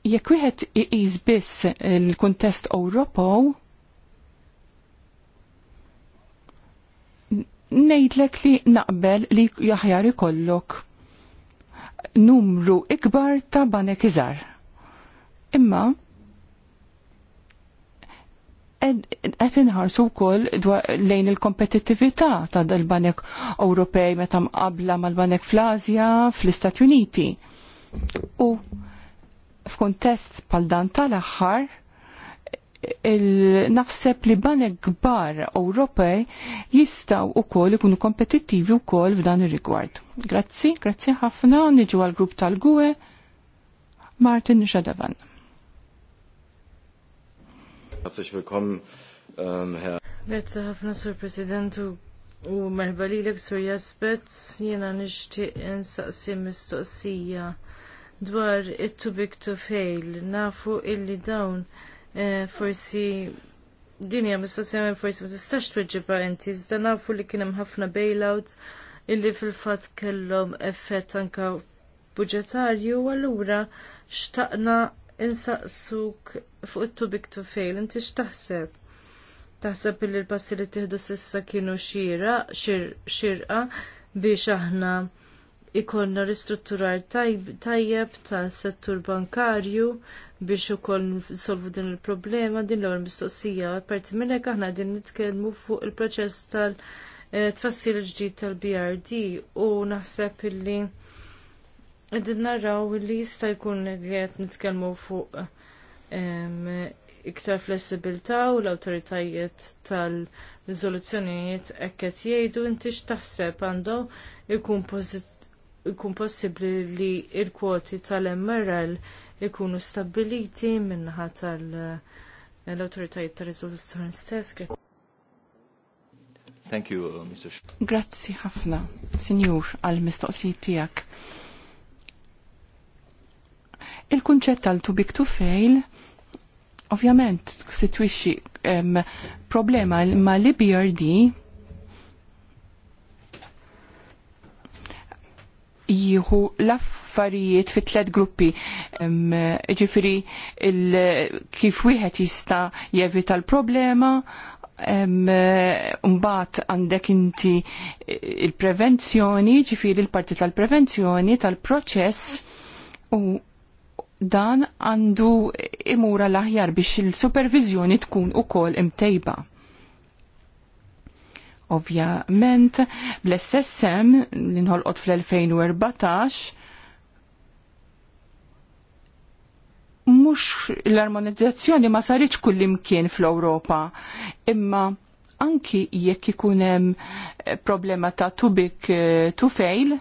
jekk wieħed iqis biss il-kuntest Ewropew, ngħidlek li naqbel li jaħjar ikollok numru ikbar ta' banek iżar. Imma qed inħarsu wkoll lejn il-kompetittività ta' dal-banek Ewropej meta mqabla mal-banek fl-Asja, fl-Istati Uniti. U f'kuntest pal dan tal-aħħar naħseb li banek kbar Ewropej jistaw u kol ikunu kompetittivi u kol f'dan ir-rigward. Grazzi, grazzi ħafna, niġu għal-grupp tal gwe Martin Xadavan. Herzlich willkommen, ähm, Herr. Grazzi ħafna, Sur President, u merba li l-ek Sur Jaspet, jena nishtiq insaqsi mistoqsija dwar it too big to fail. Nafu illi dawn eh, forsi din hija mistoqsija forsi ma tistax tweġiba inti, iżda nafu li kien hemm ħafna bailouts illi fil-fatt kellhom effett anke budġetarju u allura xtaqna insaqsuk fuq it too big to fail. Inti x'taħseb? Taħseb illi l-passi li tieħdu sissa kienu xira, xirqa biex aħna ikonna ristrutturar tajjeb tas settur bankarju biex ukoll nsolvu din il-problema din l-ewwel mistoqsija. Apparti minn hekk aħna din nitkellmu fuq il-proċess tal eh, il ġdid tal-BRD u naħseb illi qegħdin naraw li jista' jkun qed nitkellmu fuq iktar flessibilità u l-awtoritajiet tal-riżoluzzjonijiet hekk qed jgħidu inti x'taħseb għandhom ikun pożittiv ikun possibbli li l kwoti tal-MRL ikunu stabiliti minnaħa tal-autoritajiet tal-rizoluzzjoni stess. Thank you, uh, Mr. Grazzi ħafna, Sinjur, għal mistoqsijiet tiegħek. Il-kunċett tal to big to fail ovvjament situixi um, problema ma li BRD jieħu l-affarijiet fi tlet gruppi. Ġifiri, kif wieħed jista jevita l-problema, Mbagħad għandek inti il-prevenzjoni, ġifiri il-parti tal-prevenzjoni tal-proċess u dan għandu imura l-aħjar biex il-supervizjoni tkun ukoll imtejba Ovvjament, bl-SSM li nħolqot fl-2014 mux l-armonizzazzjoni ma sarriċ kullimkien fl-Europa, imma anki jekk ikunem eh, problema ta' tubik eh, to fail,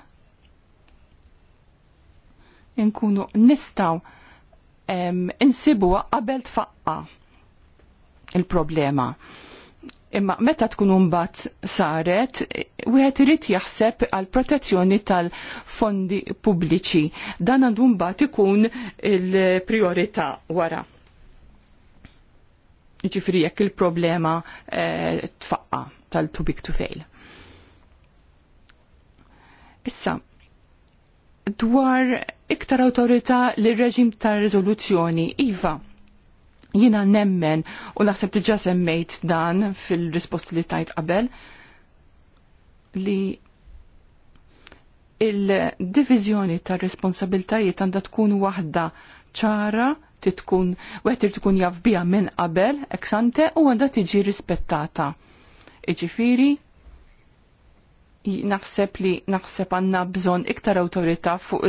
nkunu nistaw um, qabel tfaqqa il-problema. Imma meta tkun mbagħad saret, wieħed irid jaħseb għal protezzjoni tal-fondi pubbliċi. Dan għandu mbagħad ikun il-priorità wara. Ġifieri jekk il-problema eh, tfaqqa tal-too big to fail. Issa, dwar iktar awtorità l reġim tar riżoluzzjoni iva, Jina nemmen u naħseb diġa semmejt dan fil-rispost li tajt qabel li il-divizjoni ta' responsabiltajiet għandha tkun waħda ċara titkun weħt tkun jaf biha minn qabel eksante u għandha tiġi rispettata. Iġifiri, naħseb li naħseb għanna bżon iktar autorita fuq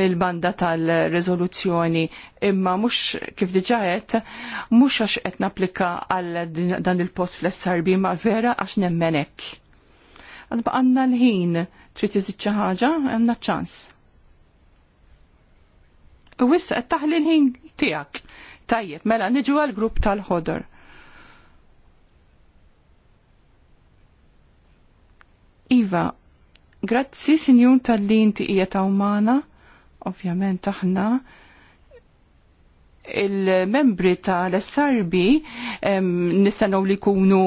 il-banda il tal-rezoluzzjoni imma mux kif diġaħet mux għax qed naplika għal dan il-post fl-SRB ma vera għax nemmenek. Għadba għanna l-ħin trid iżid xi ħaġa għandna ċans. U wissa qed taħli l-ħin tiegħek. Tajjeb, mela niġu għal grupp tal-ħodor. Iva, grazzi sinjun tal-li inti hija ta' umana, ovvjament aħna il-membri tal-SRB nistanaw li kunu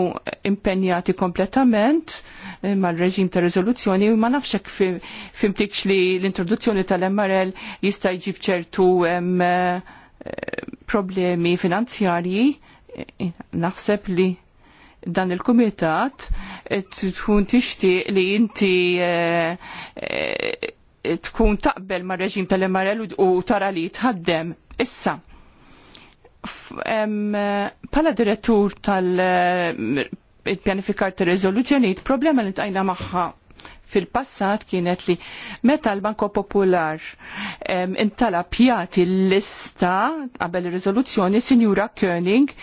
impenjati kompletament eh, mal-reġim ta' rezoluzzjoni ma nafxek fimtikx li l-introduzzjoni tal-MRL jista' jġib ċertu eh, problemi finanzjarji eh, naħseb li dan il-kumitat eh, tkun tixtieq li inti eh, eh, tkun taqbel mar reġim tal-MRL u tara li tħaddem. Issa, pala direttur tal-pjanifikar tal-rezoluzjoniet, problema li tajna maħħa fil-passat kienet li meta l-Banko Popolar intalab jagħti l-lista qabel ir-riżoluzzjoni Sinjura Koenig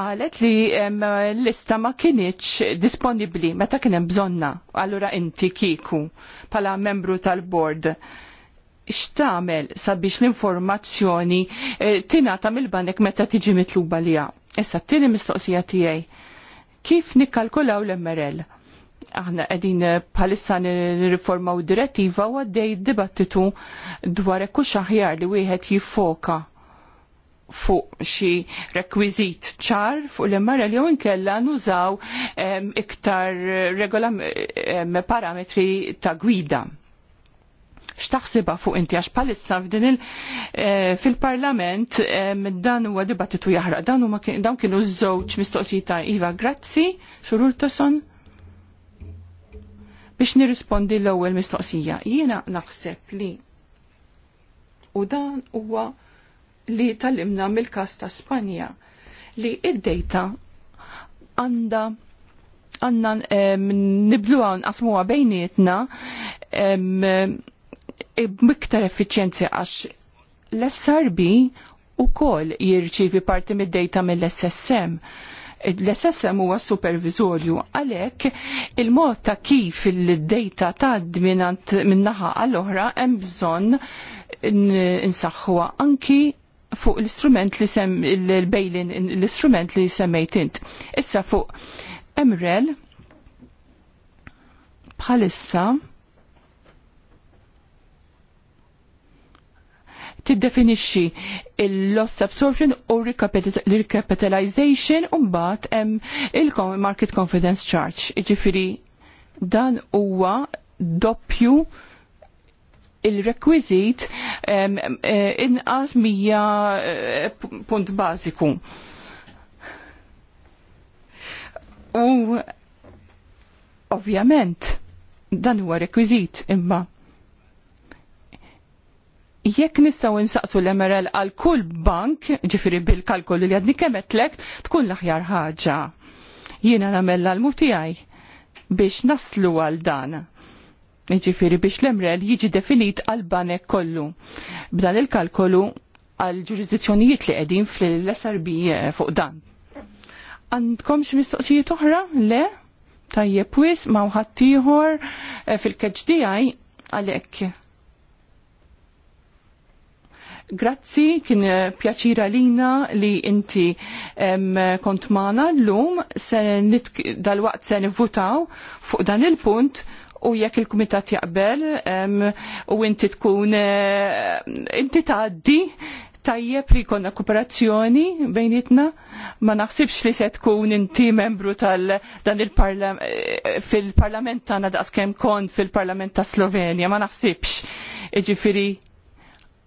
qalet li l-lista ma kienieċ disponibbli meta kien hemm bżonna. Allura inti kiku bħala membru tal-bord x'tamel sabiex l-informazzjoni eh, tingħata mill-banek meta tiġi mitluba liha. Issa t-tieni mistoqsija tiegħi kif nikkalkulaw l-MRL? aħna qegħdin eh, bħalissa nirriformaw direttiva u għaddej dibattitu dwar hekk hux aħjar li wieħed jiffoka fuq xi rekwiżit ċar fuq li immara li jew inkella nużaw iktar parametri ta' gwida xtaħsiba fuq inti għax palissa f'din il eh, parlament dan huwa dibattitu jahra dan u dawn kienu żewġ mistoqsijiet ta' Iva Grazzi, Sur Urtason. Biex nirrispondi l-ewwel mistoqsija, jiena naħseb li u dan huwa li tal-imna mill-kas ta' Spanja li id-dejta għanda għanna niblu għan asmuwa bejnietna miktar effiċjenzi għax l-SRB u kol jirċivi parti mid-dejta mill-SSM l-SSM huwa supervizorju għalhekk il-mod ta' kif il-data tgħaddi minn naħa għall-oħra hemm bżonn nsaħħuha anki fuq l-istrument li sem il-bejlin l-istrument li semmejt int. Issa fuq Emrel bħalissa tiddefinixxi il-loss absorption u recapitalization u mbagħad hemm il-market confidence charge. Jiġifieri dan huwa doppju il-requisit eh, inqas mija eh, punt bażiku. U ovvjament dan huwa rekwiżit imma jekk nistgħu insaqsu l-MRL għal kull bank, ġifiri bil kalkoli li għadni lek, tkun l-aħjar ħaġa. Jiena nagħmel l-mutijaj biex naslu għal dan. Ġifiri biex l-emrel jiġi definit għal banek kollu. B'dan il-kalkolu għal ġurisdizzjonijiet li qegħdin fl-SRB eh, fuq dan. Għandkom mistoqsijiet oħra? Le? Tajjeb wis ma' ħaddieħor eh, fil-keġdijaj għalhekk Grazzi, kien eh, pjaċira lina li inti kont mana l-lum, dal-waqt se nivvutaw fuq dan il-punt u jekk il-kumitat jaqbel u inti tkun eh, inti tgħaddi tajjeb li konna kooperazzjoni bejnietna ma naħsibx li se tkun inti membru tal dan il-parlament eh, fil-parlament tagħna daqskemm kont fil-parlament ta' Slovenja ma naħsibx. Ġifieri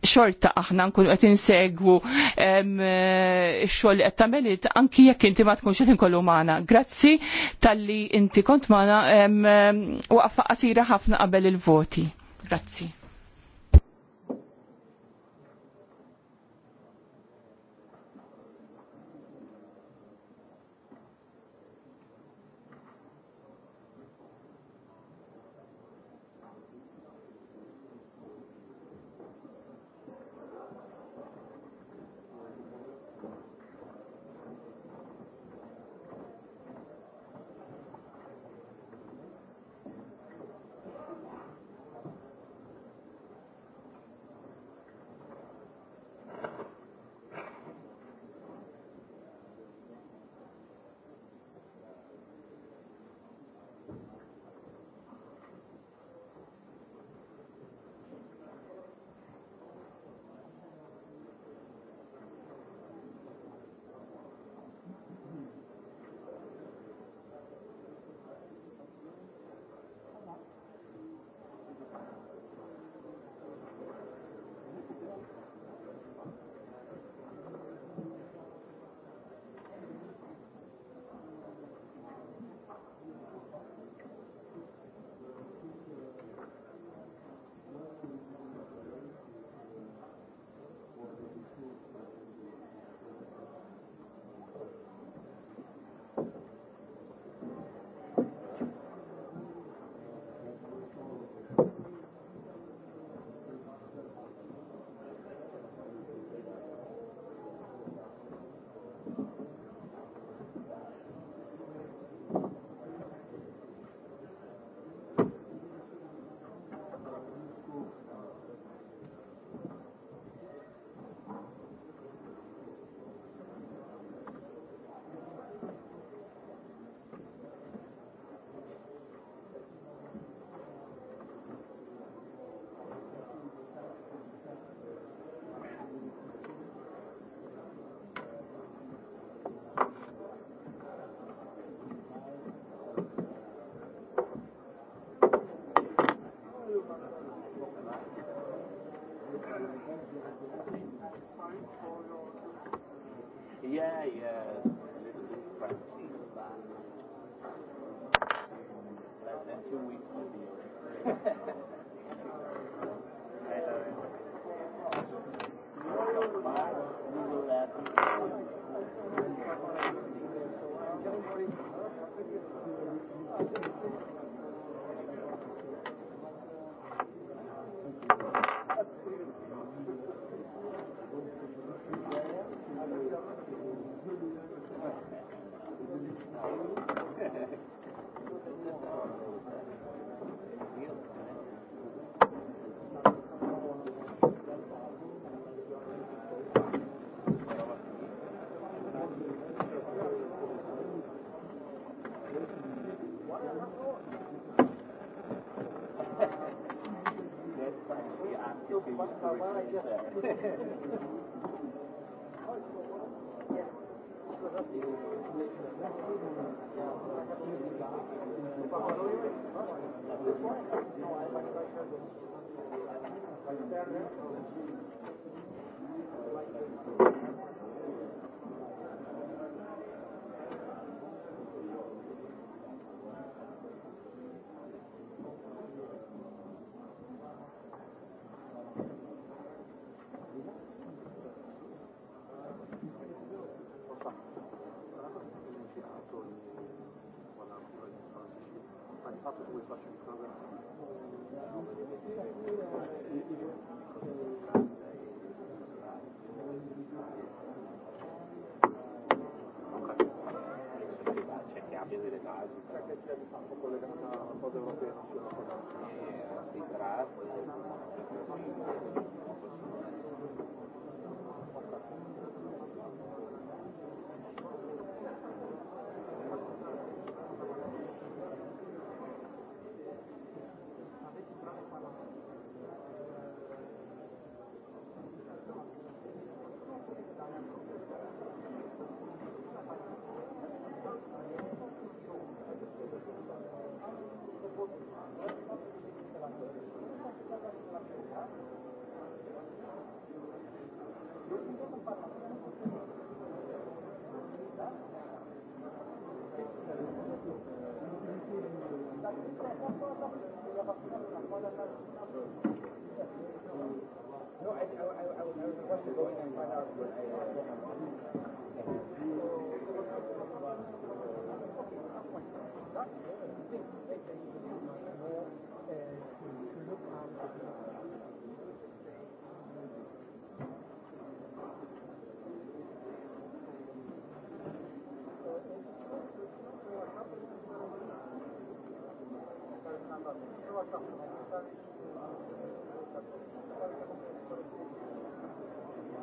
xorta aħna nkunu qed insegwu x-xogħol eh, li qed tagħmel anki jekk inti ma tkunx qed inkollu magħna. Grazzi talli inti kont magħna eh, waqfa qasira ħafna qabel il-voti. Grazzi. Grazie.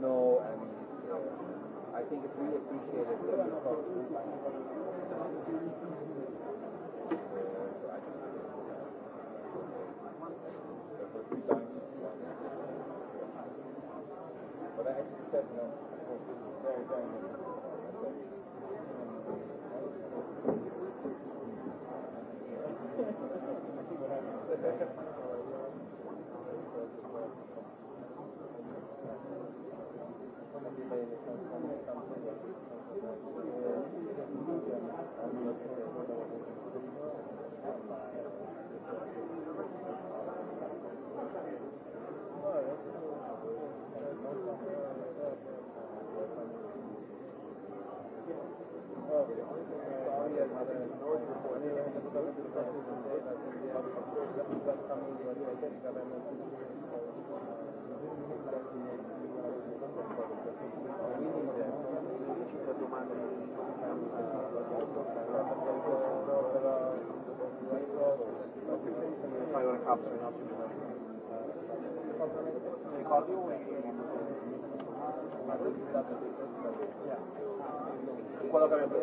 No, I mean, it's, uh, I think it's really appreciated that you Okay.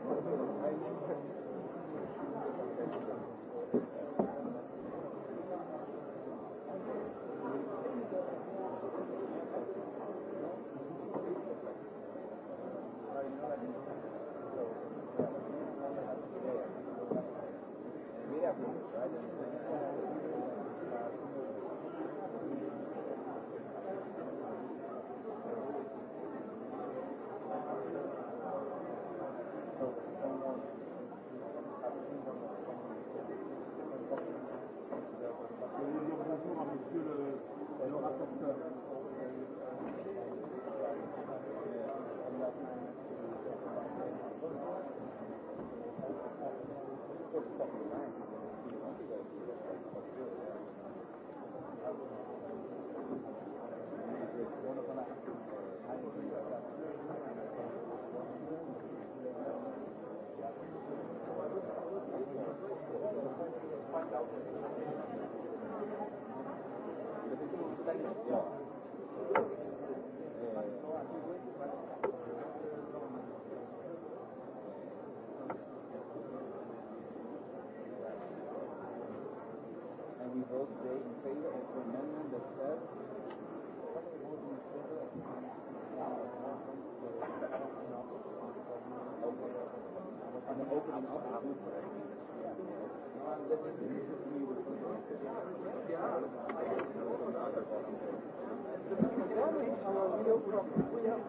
We have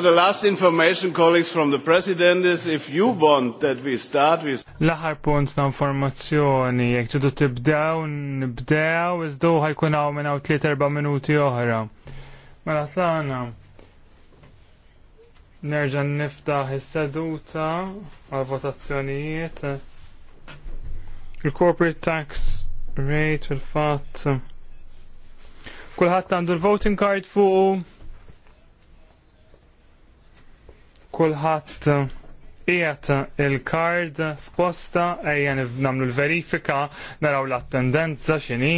the last information, colleagues, from the President is if you want that we start with... L-aħar punt ta' informazzjoni, jek ġudu tibdew, nibdew, iżdu ħajkun għaw minn għaw 3-4 minuti oħra. Mela sana, nerġa niftaħ is-seduta għal-votazzjonijiet. Il-corporate tax rate fil-fat. Kulħadd għandu l-voting card fuq kulħadd eh, qiegħed il-kard f'posta ejja nagħmlu l-verifika naraw l-attendenza xini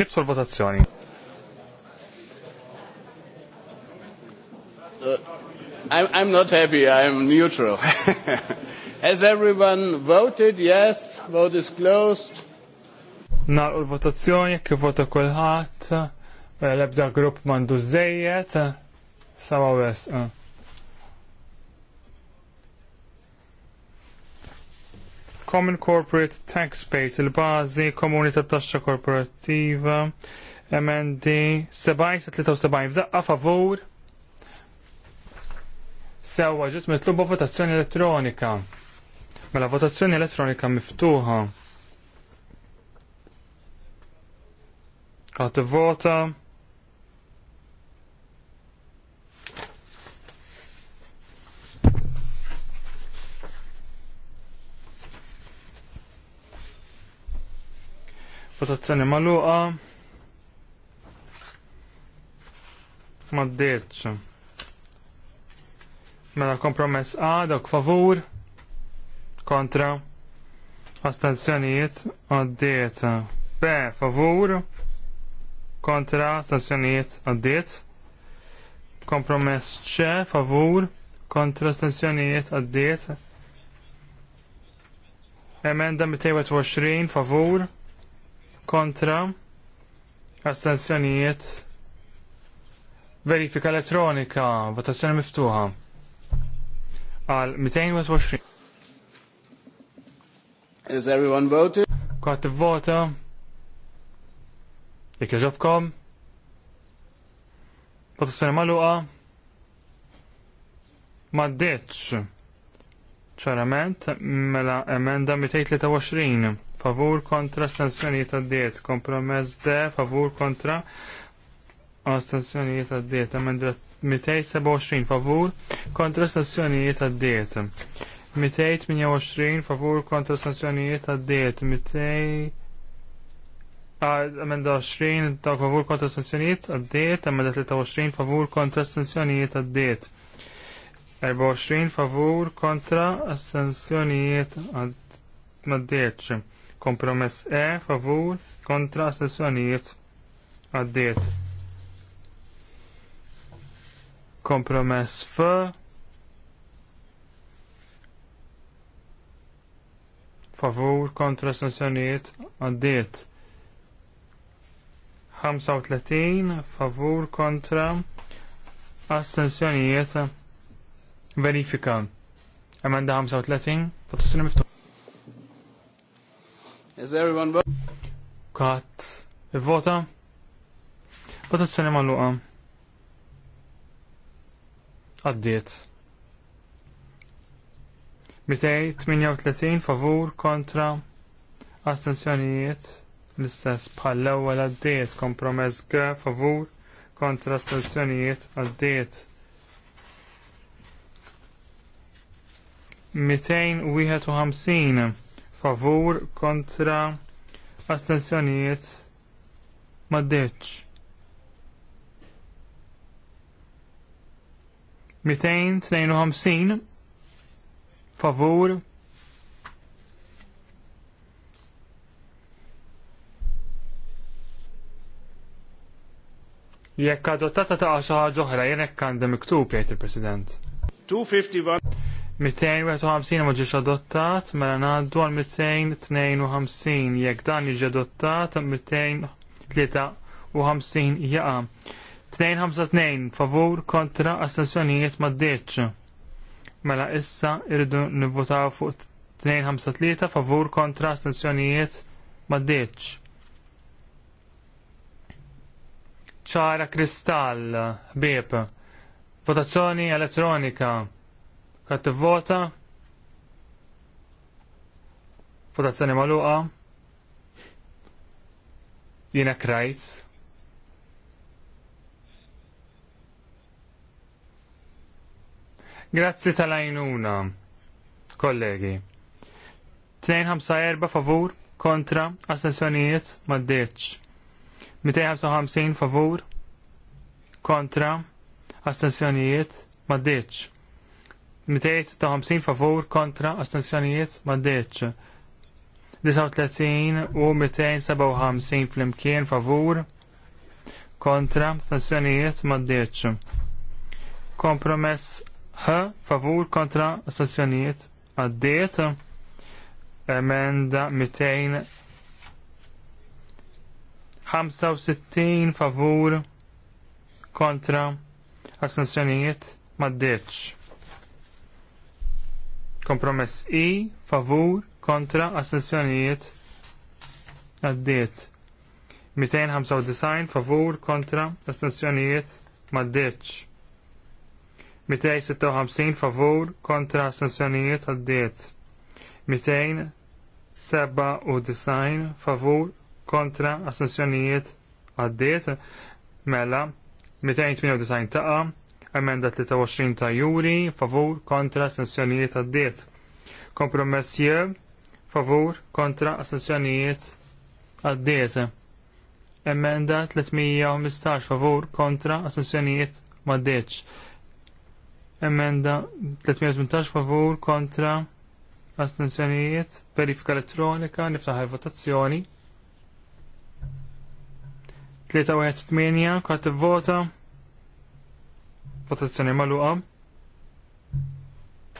nifsu l-votazzjoni. Uh, I'm, I'm not happy, I'm neutral. *laughs* Has everyone voted? Yes, vote is closed. Naraw l-votazzjoni kif vota kulħadd, eh, l-ebda grupp mandu żejjed, eh, sawa wes. Uh. Common Corporate Tax Base, il-bazi komuni ta' taxxa korporattiva, MND 7.73, 73 f'daqqa favur. Sewa ġiet mitluba votazzjoni elettronika. Mela votazzjoni elettronika miftuħa. Għat vota. Votazzjoni maluqa. Ma ddeċ. Mela kompromess A, dok favur, kontra, astenzjonijiet, għaddiet. B, favur, kontra, astenzjonijiet, għaddiet. Kompromess C, favur, kontra, astenzjonijiet, għaddiet. Emenda 220, favur, kontra astensjonijiet verifika elettronika votazzjoni miftuħa għal 220 Is everyone voted? Kot vota Ikkeġobkom Votazzjoni maluqa Maddeċ ċarament mela emenda 223 favur kontra stazzjonijiet ta' diet, kompromess de favur kontra stazzjonijiet ta' diet, emenda 227 favur kontra stazzjonijiet ta' diet. 228 favur kontra stazzjonijiet ta' diet, 200 Amenda 20 ta' favur kontra sanzjonijiet għaddiet, amenda 23 favur kontra sanzjonijiet għaddiet. 24 favur kontra astensjonijiet għaddiet. Kompromess E, favur, kontra sessjonijiet għaddiet. Kompromess F, favur, kontra sessjonijiet għaddiet. 35 favur kontra ascensjonijiet. verifika. Emenda 35, votazzjoni miftuħ. Is everyone vote? Kat, vota? Votazzjoni magħluqa. Għaddiet. 238 favur kontra astensjonijiet l-istess bħal ewwel għaddiet kompromess g favur kontra astensjonijiet għaddiet 251 favur kontra astensjonijiet maddeċ. 252 favur Jekk adottata ta' xi ħaġa oħra jien hekk miktub jgħid il-President. 251 251 ma ġiex adottat, mela ngħaddu għal 252 jekk dan jiġi adottat 253 jaqa. 252 favur kontra astensjonijiet ma ddeċ. Mela issa irridu nivvotaw fuq 253 favur kontra astensjonijiet ma ddeċ. ċara kristall, bieb. Votazzjoni elettronika. Kat vota Votazzjoni magħluqa. Jiena krajt. Grazzi tal-għajnuna, kollegi. 254 favur, kontra, astensjonijiet, maddeċ. 255 favur, kontra, astensjonijiet, maddeċ. 250 favur kontra astensjonijiet maddeċ. 39 u 257 flimkien favur kontra astensjonijiet maddeċ. Kompromess H favur kontra astensjonijiet għaddiet. Emenda 265 favur kontra astensjonijiet maddeċ. Kompromess I, favur, kontra, assenzjonijiet, għaddiet. 295 favur, kontra, assenzjonijiet, maddeċ. 256 favur, kontra, assenzjonijiet, għaddiet. 297 favur, kontra, assenzjonijiet, għaddiet. Mela, 298 taqa, emenda 23 ta' juri, favur, kontra, astensjonijiet għaddiet. Kompromess jew, favur, kontra, astensjonijiet diet. Emenda 315, favur, kontra, astensjonijiet diet. Emenda 318, favur, kontra, astensjonijiet, verifika elettronika, niftaħ il-votazzjoni. 318, kart vota. Votazzjoni maluqa.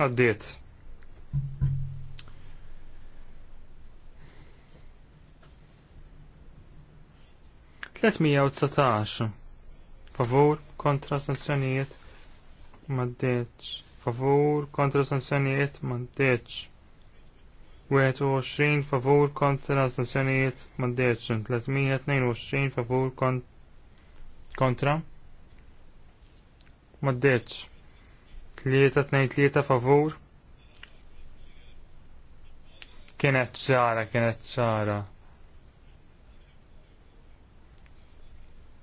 Għaddiet. Tletmija u tsatax. Favur kontra sanzjonijiet maddeċ. Favur kontra sanzjonijiet maddeċ. 21 favur kontra sanzjonijiet maddeċ. 322 favur kontra maddeċ. Tlieta tnejn tlieta favur. Kienet ċara, kienet ċara.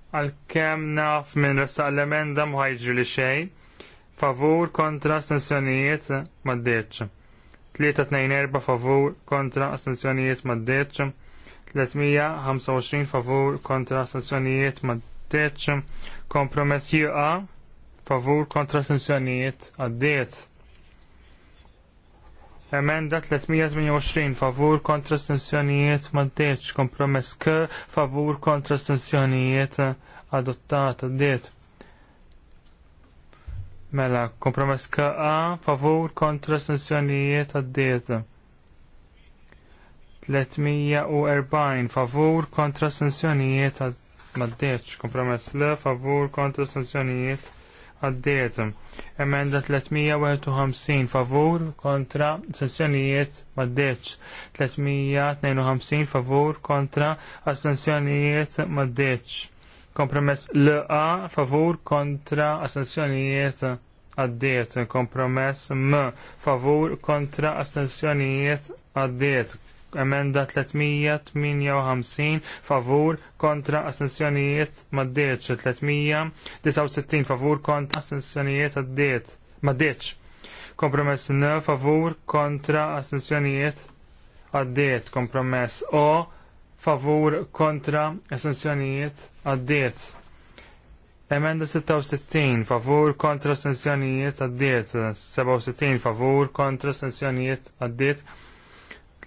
Għal-kem naf minn resta l-emenda mħajġu li xejn. Favur kontra astensjonijiet maddeċ. erba favur kontra astensjonijiet maddeċ. 325 favur kontra astensjonijiet maddeċ. Kompromess juqa' favur kontra astensjonijiet għaddiet. Emenda 328 favur kontra astensjonijiet maddeċ kompromess k favur kontra adottat. adottata għaddiet. Mela, kompromess k a favur kontra astensjonijiet għaddiet. 340 favur kontra astensjonijiet maddeċ kompromess l favur kontra astensjonijiet għaddietum. Emenda 351 favur kontra sessjonijiet maddeċ. 352 favur kontra assenzjonijiet maddeċ. Kompromess a favur kontra assenzjonijiet għaddiet. Kompromess M favur kontra assenzjonijiet għaddiet emenda 358 favur kontra astensjonijiet maddeċ 369 favur kontra astensjonijiet maddeċ kompromess n favur kontra assenzjonijiet għaddeċ kompromess o favur kontra assenzjonijiet addiet. Emenda 66 favur kontra astensjonijiet għaddiet, 67 favur kontra astensjonijiet għaddiet,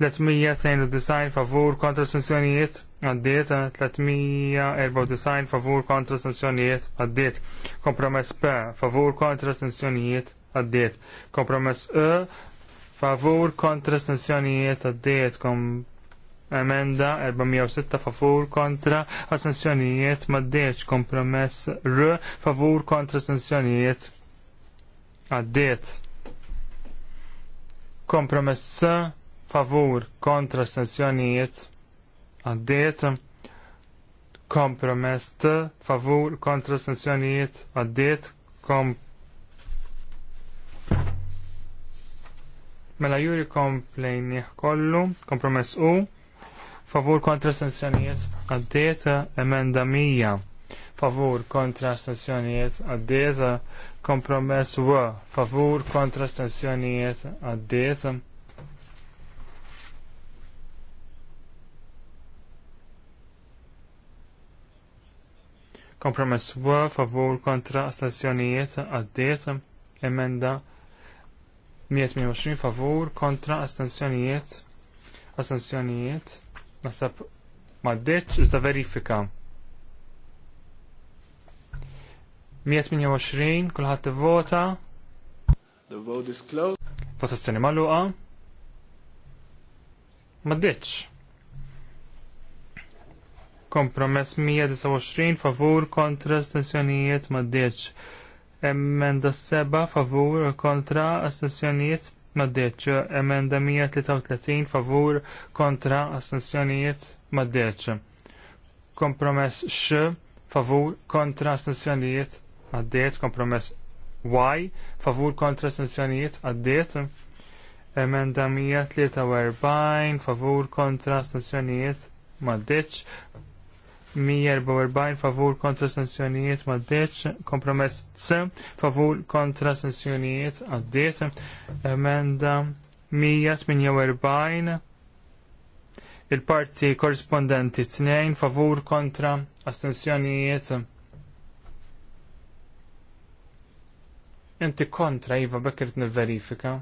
392 favur kontra sanzjonijiet għaddiet, 394 eh, favur kontra sanzjonijiet għaddiet, kompromess P favur kontra sanzjonijiet għaddiet, kompromess E favur kontra sanzjonijiet għaddiet, kom emenda 406 favur kontra sanzjonijiet maddiet, kompromess R favur kontra sanzjonijiet għaddiet. Kompromess favur kontra sanzjonijiet għaddiet kompromess t favur kontra sanzjonijiet għaddiet kom Mela juri komplejni kollu, kompromess u, favur kontra sanzjonijiet għaddiet emenda mija, favur kontra sanzjonijiet għaddiet kompromess u, favur kontra sanzjonijiet għaddiet Kompromess wa favur kontra astensjonijiet għaddiet. Emenda 120 favur kontra astensjonijiet. Astensjonijiet. Nasab maddeċ iżda verifika. 128 kulħadd vota The vote is closed. Votazzjoni maluqa Maddeċ. Kompromess 129 favur kontra astensjonijiet maddeċ. Emenda 7 favur kontra astensjonijiet maddeċ. Emenda 133 favur kontra astensjonijiet maddeċ. Kompromess x favur kontra astensjonijiet maddeċ. Kompromess Y, favur kontra sanzjonijiet għaddiet. Emenda 143, favur kontra sanzjonijiet maddiċ. 144 favur kontra sanzjonijiet ma deċ, kompromess C favur kontra sanzjonijiet għaddiet, emenda 148 il-parti korrispondenti 2 favur kontra astensjonijiet Inti kontra, Iva, bekkert nil-verifika.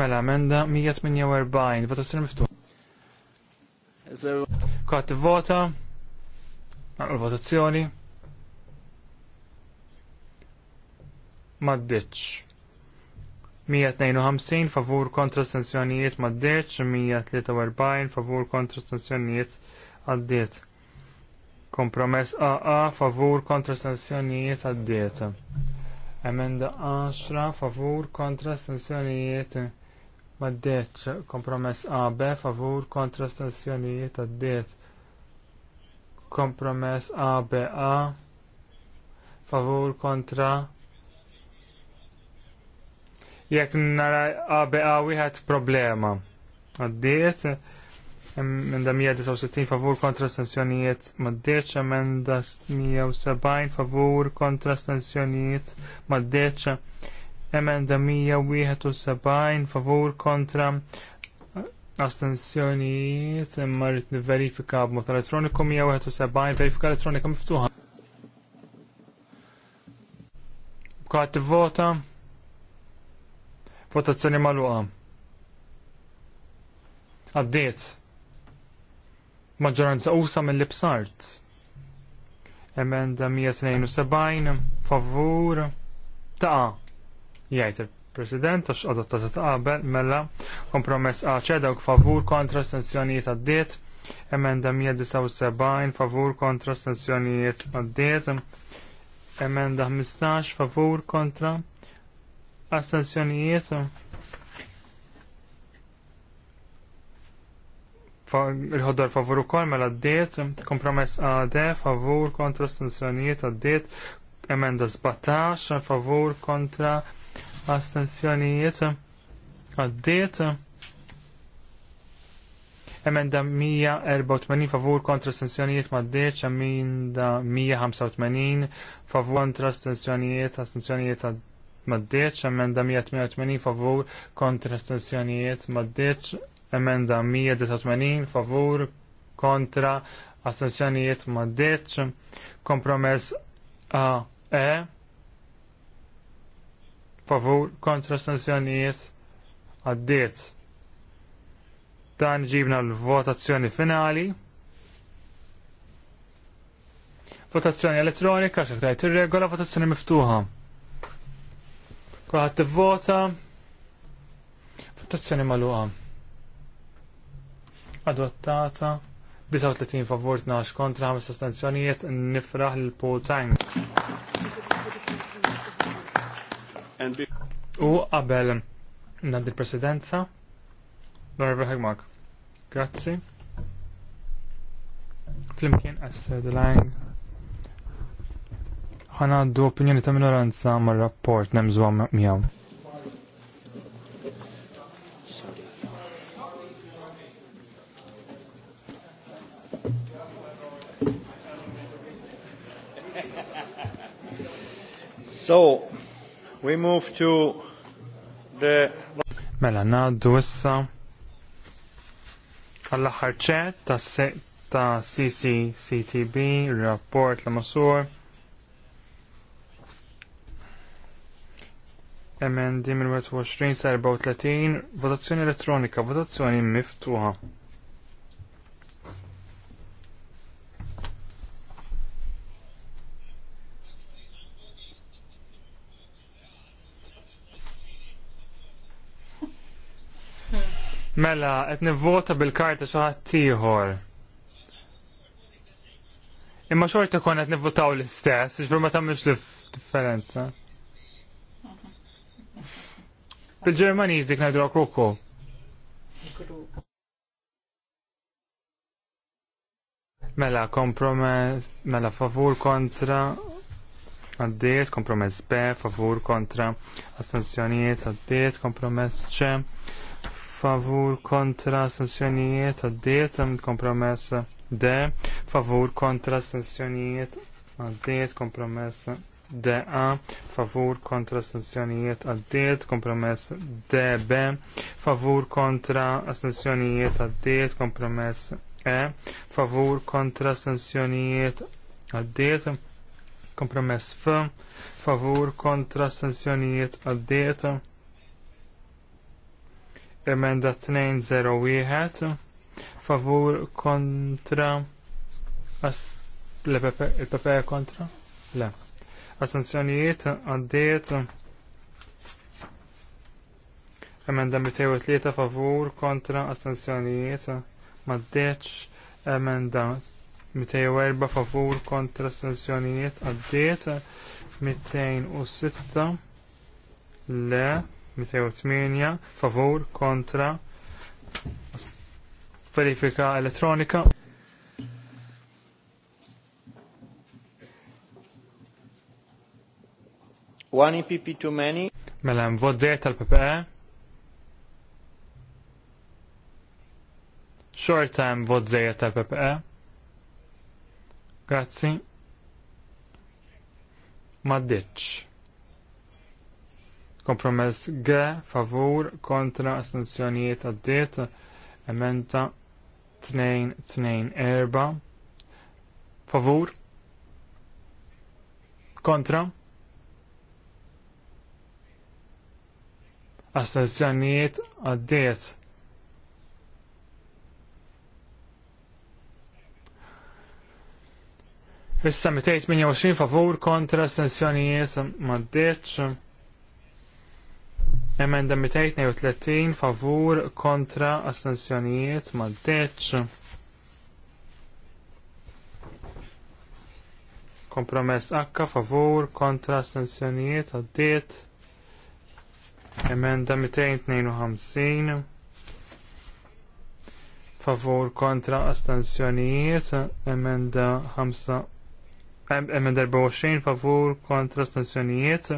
Mela, emenda 148, votazzjoni miftuħ kat vota naqru l-votazzjoni. maddeċ 152 favur kontra stensjonijiet maddeċ 143 favur kontra stensjonijiet għaddiet. Kompromess AA favur kontra stensjonijiet għaddiet. Emenda 10 favur kontra stensjonijiet maddeċ Kompromess AB favur kontra stensjonijiet għaddiet kompromess ABA favur kontra jekk nara ABA wieħed problema. Għaddiet emenda 169 favur kontra stensjonijiet maddeċ, emenda 170 favur kontra stensjonijiet maddeċ, emenda 171 favur kontra astensjonijiet imma rrit verifika b'mod elettroniku 171 verifika elettronika miftuħa. Bqgħet tivvota. Votazzjoni maluqa. Għaddiet. Maġġoranza usa mill bsart. Emenda 172 favur ta' jgħid President, għax adottata t-taqabel mela kompromess għaċe dawk favur kontra sanzjonijiet għaddiet, emenda 179 favur kontra sanzjonijiet għaddiet, emenda 15 favur kontra sanzjonijiet il-ħoddar favur u kol mela għaddiet kompromess għad, favur kontra sanzjonijiet għaddiet emenda 17, favur kontra astensjonijiet għaddiet emenda 184 favur kontra astensjonijiet maddiċ emenda 185 favur kontra astensjonijiet astensjonijiet maddiċ emenda 188 favur kontra astensjonijiet maddiċ emenda 189 favur kontra astensjonijiet maddeċ kompromess A E favur kontra sanzjonijiet għaddiet. Dan ġibna l-votazzjoni finali. Votazzjoni elettronika, xektajt ir-regola, votazzjoni miftuħa. t tivvota. Votazzjoni magħluqa. Adottata. 39 favur 12 kontra 5 sanzjonijiet, nifraħ l-Paul tank. U qabel nad il-presidenza, Lorva Hegmark. Grazzi. Flimkien as delang ħana għaddu opinjoni ta' minoranza ma' rapport nemżu miegħu. So, We move to the... Mela naddu issa għall-aħħar ċert ta' ta' CCCTB, rapport la' masur. Emendi minn 21 34, votazzjoni elettronika, votazzjoni miftuħa. Mela, qed nivvota bil-karta xi ħadd ieħor. Imma xorta kon qed nivvotaw l-istess, ġifier ma tagħmilx differenza. *laughs* Bil-Ġermaniż dik ngħidu kruku. Mela kompromess, mela favur kontra għaddiet, kompromess B, favur kontra astensjonijiet, għaddiet, kompromess C, favur kontra astensjonijiet għaddiet kompromessa D favur kontra astensjonijiet għaddiet D. A. favur kontra astensjonijiet għaddiet D. B. favur kontra astensjonijiet għaddiet kompromessa E favur kontra astensjonijiet għaddiet kompromessa F favur kontra astensjonijiet għaddiet emenda 201 favur kontra as il-PP kontra? Le. Astenzjonijiet għaddiet emenda 203 favur kontra astenzjonijiet maddeċ emenda 204 favur kontra astenzjonijiet għaddiet 206 le 208 favur kontra verifika elettronika. One EPP too many. Mela vot tal-PPE. Short time vot tal-PPE. Grazzi. Ma ditx. Kompromess G favur kontra astenzjonijiet għaddiet. Emenda 224 favur kontra astenzjonijiet għaddiet. Issa 228 favur kontra astenzjonijiet maddeċ. Emenda 230, favur kontra astensjonijiet maddeċ. Kompromess H favur kontra astensjonijiet għaddiet. Emenda 252 favur kontra astensjonijiet. Emenda 5 Emenda 24 favur kontra astensjonijiet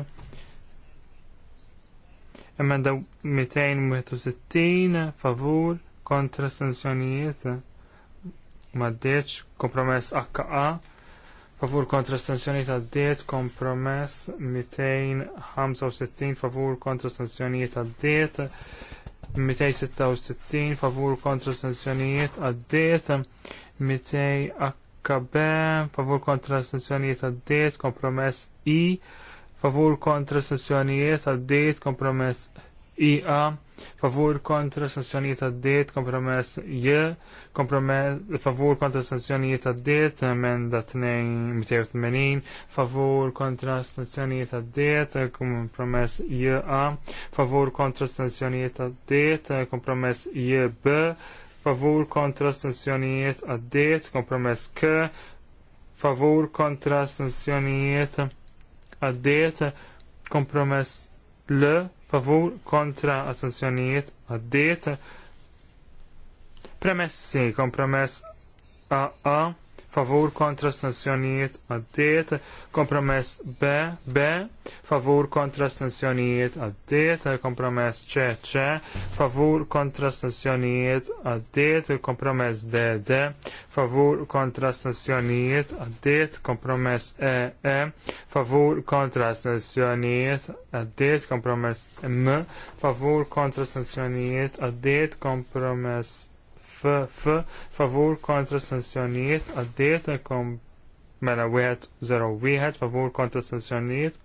Emenda 261 favur kontra stenzjonijiet maddeċ kompromess HA favur kontra stenzjonijiet għaddiet kompromess 265 favur kontra stenzjonijiet għaddiet 266 favur kontra stenzjonijiet għaddiet 200 HB favur kontra stenzjonijiet għaddiet kompromess I favur kontra sanzjonijiet għaddiet kompromess IA, favur kontra sanzjonijiet għaddiet kompromess J, favur kontra sanzjonijiet għaddiet emenda 280, favur kontra sanzjonijiet għaddiet kompromess JA, favur kontra sanzjonijiet għaddiet kompromess JB, favur kontra sanzjonijiet għaddiet kompromess K, favur kontra sanzjonijiet għaddiet kompromess l favur kontra astensjonijiet għaddiet premessi kompromess -a favur kontra stanzjonijiet għaddiet, kompromess B, B, favur kontra stanzjonijiet għaddiet, kompromess C, C, favur kontra stanzjonijiet għaddiet, kompromess D, D, favur kontra stanzjonijiet għaddiet, kompromess E, E, favur kontra stanzjonijiet għaddiet, kompromess M, favur kontra stanzjonijiet għaddiet, kompromess FF favur kontra sanzjonijiet għaddiet kom mela 101 favur kontra sanzjonijiet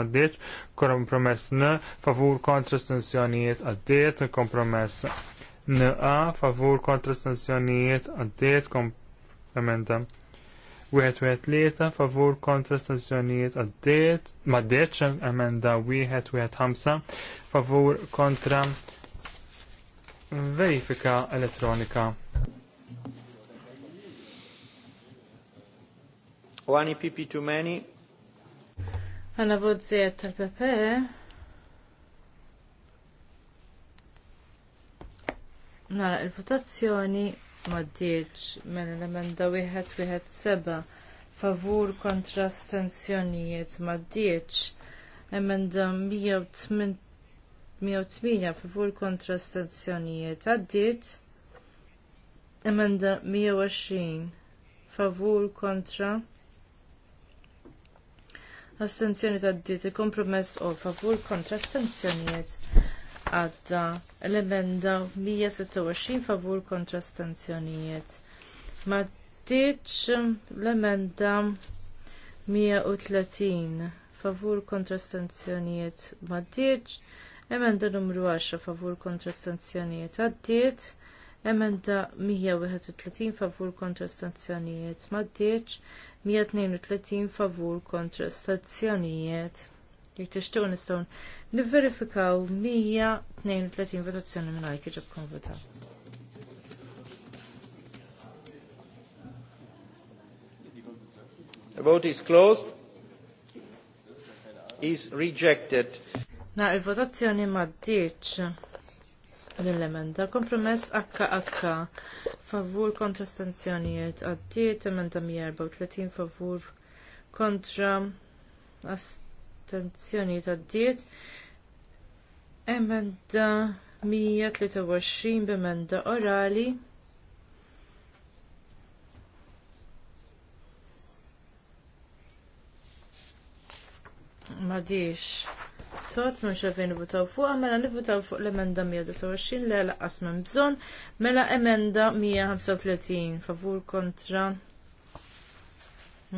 maddiet kompromess n favur kontra sanzjonijiet għaddiet kompromess n a favur kontra sanzjonijiet għaddiet komplementa wieħed wieħed tlieta favur kontra sanzjonijiet għaddiet maddiet emenda wieħed wieħed ħamsa favur kontra verifika elettronika. One EPP too many. Għana vot tal-PPE. Nara il-votazzjoni maddieċ minn l-emenda wieħed wieħed seba favur kontra stenzjonijiet maddieċ emenda 108 favur kontra astenzjonijiet għaddiet. Emenda 120 favur kontra astenzjoni ta' d il kompromess o favur kontra astenzjonijiet għadda l-emenda 126 favur kontra astenzjonijiet. Ma ditx l-emenda 130 favur kontra astenzjonijiet. Ma ditx Emenda numru 10 favur kontra stanzjonijiet għaddiet. Emenda 131 favur kontra stanzjonijiet maddiet. 132 favur kontra stanzjonijiet. Jek tixtiqu nistgħu nivverifikaw 132 votazzjoni minn għajk iġib konvota. The vote is closed. Is rejected. Na il-votazzjoni ma ddiċ l-emenda. Kompromess akka. favur kontra stanzjonijiet għaddiet emenda 134 favur kontra astenzjonijiet għaddiet emenda 123 b'emenda orali ma diex sot, ma xafin nivutaw fuq, mela nivutaw fuq l-emenda 129 li laqqas minn bżon, mela emenda 135 favur kontra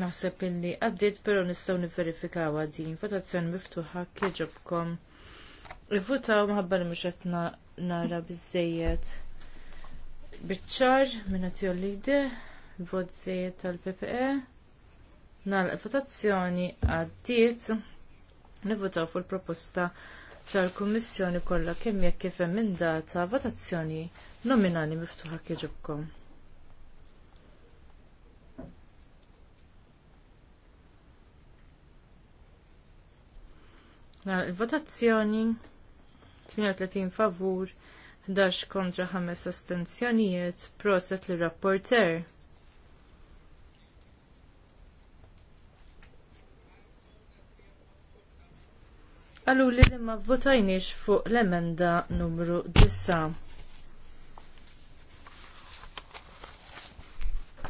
naħseb illi għaddit pero nistaw niverifikaw għadin, votazzjoni miftuħa kieġobkom. Ivvotaw maħabba li mux nara bizzejiet. Bitċar minna tiju l-lide, vot tal-PPE, nal votazzjoni għaddit nivvotaw fuq il-proposta tal-Kummissjoni kollha kemm jekk kif hemm data votazzjoni nominali miftuħa kieġibkom. Il-votazzjoni 38 favur, 11 kontra 5 astenzjonijiet, proset li rapporter. Għallu li li ma votajniex fuq l-emenda numru 9.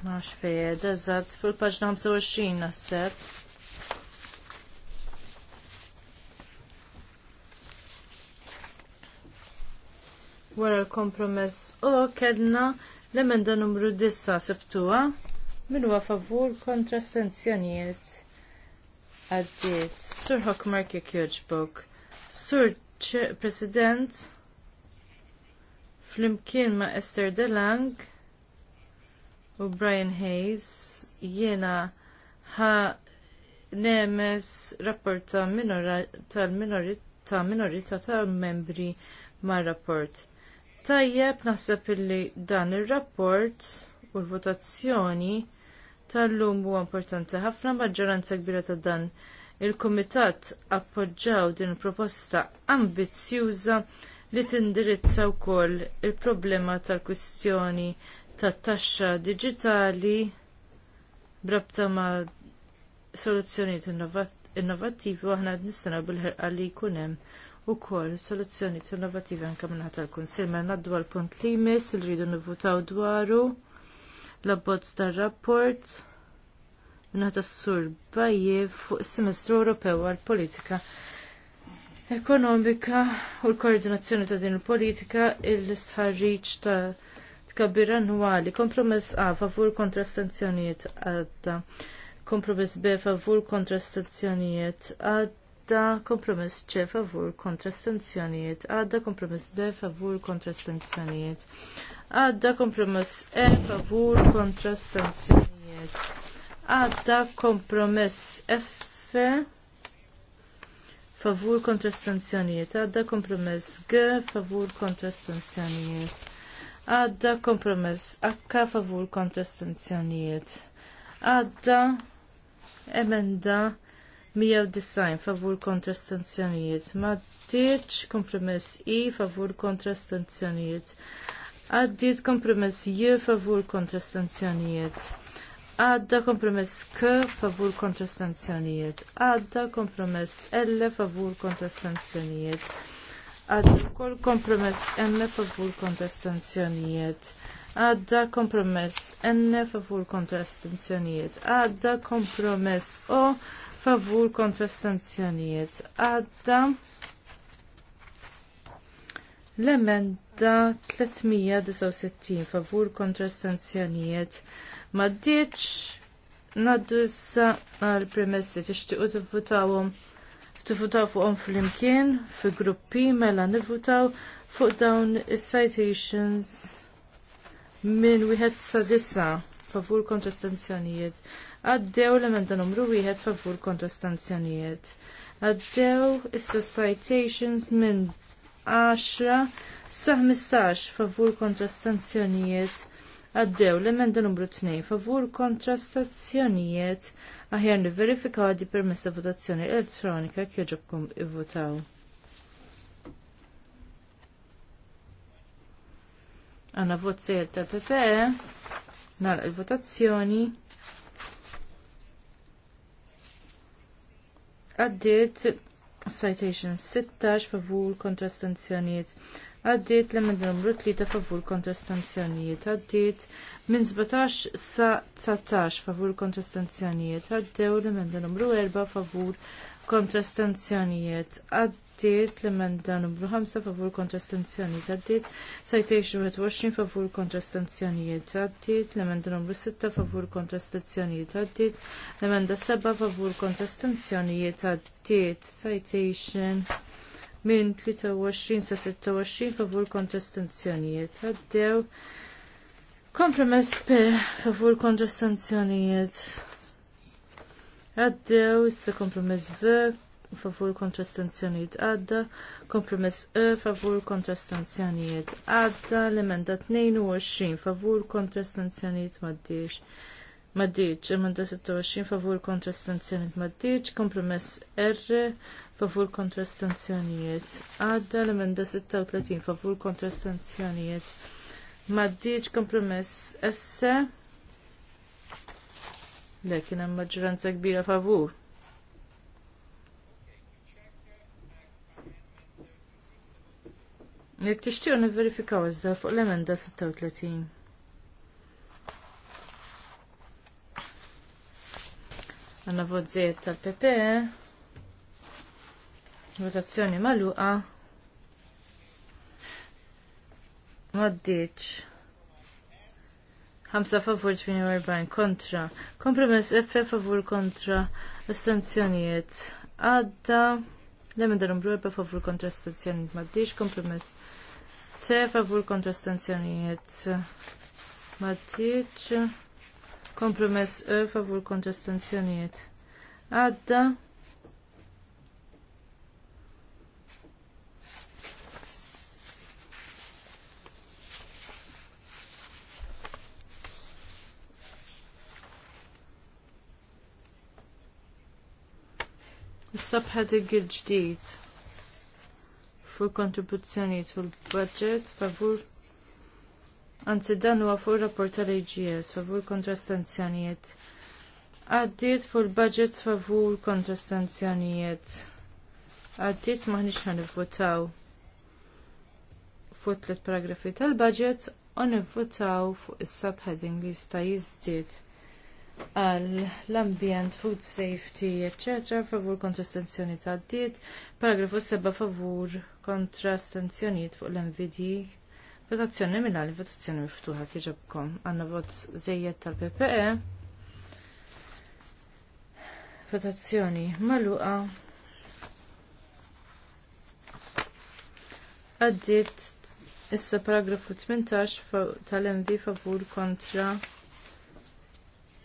Max feje, dazzat fuq paġna 25 Wara l-kompromess, u kedna l-emenda numru 9 sebtuwa. Minu favur kontra stenzjonijiet għaddiet, Sur Hokmark jek jogħġbok. Sur President, flimkien ma' Esther DeLang u Brian Hayes, jiena ħa nemes rapport ta' minorita minorita ta' membri ma' rapport. Tajjeb naħseb illi dan ir rapport u l-votazzjoni tal-lum huwa importanti ħafna maġġoranza kbira ta' dan il-Kumitat appoġġaw din proposta ambizzjuża li tindirizza wkoll il-problema tal-kwistjoni tat-taxxa diġitali brabta ma' soluzzjonijiet innovattivi u aħna nistana bil-ħerqa li jkun hemm ukoll soluzzjonijiet innovattivi anke minħata tal-Kunsill ma ngħaddu għall punt li jmiss li rridu nivvutaw dwaru l-abbozz tar-rapport minħata s-sur bajje fuq semestru Ewropew għal-politika ekonomika u l-koordinazzjoni ta' din il-politika il-istħarriċ ta' tkabbir annwali, kompromess A favur kontra għadda, kompromess B favur kontra sanzjonijiet għadda, kompromess C favur kontra għadda, kompromess D favur kontra għadda kompromess E favur kontra stanzjonijiet. Għadda kompromess F favur kontra stanzjonijiet. Għadda kompromess G favur kontra stanzjonijiet. Għadda kompromess H favur kontra stanzjonijiet. Għadda emenda 190 favur kontra stanzjonijiet. Ma tiċ kompromess I favur kontra stanzjonijiet għaddiet kompromess J favur kontra sanzjonijiet. Għadda kompromess K favur kontra sanzjonijiet. Għadda kompromess L favur kontra sanzjonijiet. Għadda kol kompromess M favur kontra sanzjonijiet. Għadda kompromess N favur kontra sanzjonijiet. Għadda kompromess O favur kontra sanzjonijiet. Għadda l-emend Emenda 369 favur kontra stanzjonijiet. Ma ditx naddu issa għal premessi tixtiqu tivvutawhom tivvutaw fuqhom flimkien fi gruppi mela nivvutaw fuq dawn is-citations minn wieħed sa disa favur kontra stanzjonijiet. Għaddew l-emenda numru wieħed favur kontra stanzjonijiet. Għaddew issa citations minn 10 sa 15 favur kontra stanzjonijiet għaddew l-emenda numru 2 favur kontra stazzjonijiet aħjar li verifikaw għaddi permessa votazzjoni elettronika kjoġobkom i-votaw. Għanna vot sejl ta' PP, nar il-votazzjoni. Għaddit Citation 16 favur kontra stanzjonijiet għaddiet l-emend numru 3 favur kontra stanzjonijiet għaddiet minn 17 sa 19 favur kontra stanzjonijiet għaddew l-emend numru 4 favur kontra stanzjonijiet għaddiet għaddiet l-emenda numru 5 favur kontra stanzjonijiet għaddiet, citation 21 favur kontra stanzjonijiet għaddiet, l-emenda numru 6 favur kontra stanzjonijiet għaddiet, l-emenda 7 favur kontra stanzjonijiet għaddiet, citation minn 23 sa 26 favur kontra stanzjonijiet għaddew, kompromess per favur kontra stanzjonijiet għaddew, issa kompromess vek, favur kontra stanzjonijiet għadda, kompromess E favur kontra stanzjonijiet għadda, l-emenda 22 favur kontra stanzjonijiet maddiċ. Maddiċ, emenda 26 favur kontra stanzjonijiet maddiċ, kompromess R favur kontra stanzjonijiet għadda, l-emenda 36 favur kontra stanzjonijiet maddiċ, kompromess S. Lekin hemm maġġoranza kbira favur Jek tixtiju niverifikaw iżda fuq l-emenda 36. Għanna vot zejt tal-PP. E. Votazzjoni maluqa. Maddiċ. 5 favur 48 kontra. Kompromess F favur kontra. Estenzjonijiet. Għadda. L-emenda numru 4 favur kontra astenzjonijiet maddix. Kompromess C favur kontra astenzjonijiet maddix. Kompromess E favur kontra astenzjonijiet. Għadda. is sabħa il-ġdid fuq kontribuzzjonijiet fil budget favur anzi dan huwa fuq rapport tal-AGS favur kontra stanzjonijiet. Għaddiet fuq il-budget favur kontra stanzjonijiet. Għaddiet maħniex ħanivvotaw fuq tliet paragrafi tal-budget u nivvotaw fuq is-subheading li jista' jiżdied għal l-ambjent, food safety, etc. favur kontra sanzjoni ta' diet, paragrafu 7 favur kontra fuq l mvd votazzjoni mingħajr votazzjoni miftuħa kieġabkom, għanna vot żejjed tal-PPE, votazzjoni maluqa, għaddit issa paragrafu 18 tal mv favur kontra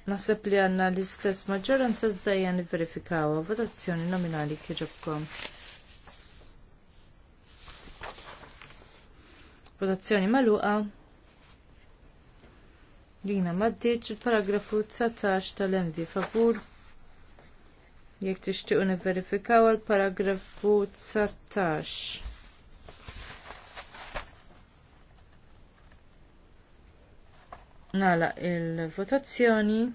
Naħseb li għandna l-istess maġġoranza zdajja niverifikaw votazzjoni nominali kieġobkom. Votazzjoni magħluqa. Dina maddiċ il-paragrafu 19 tal-envi favur. Jekk tixtiequ nivverifikaw għal-paragrafu 19. Nala il-votazzjoni.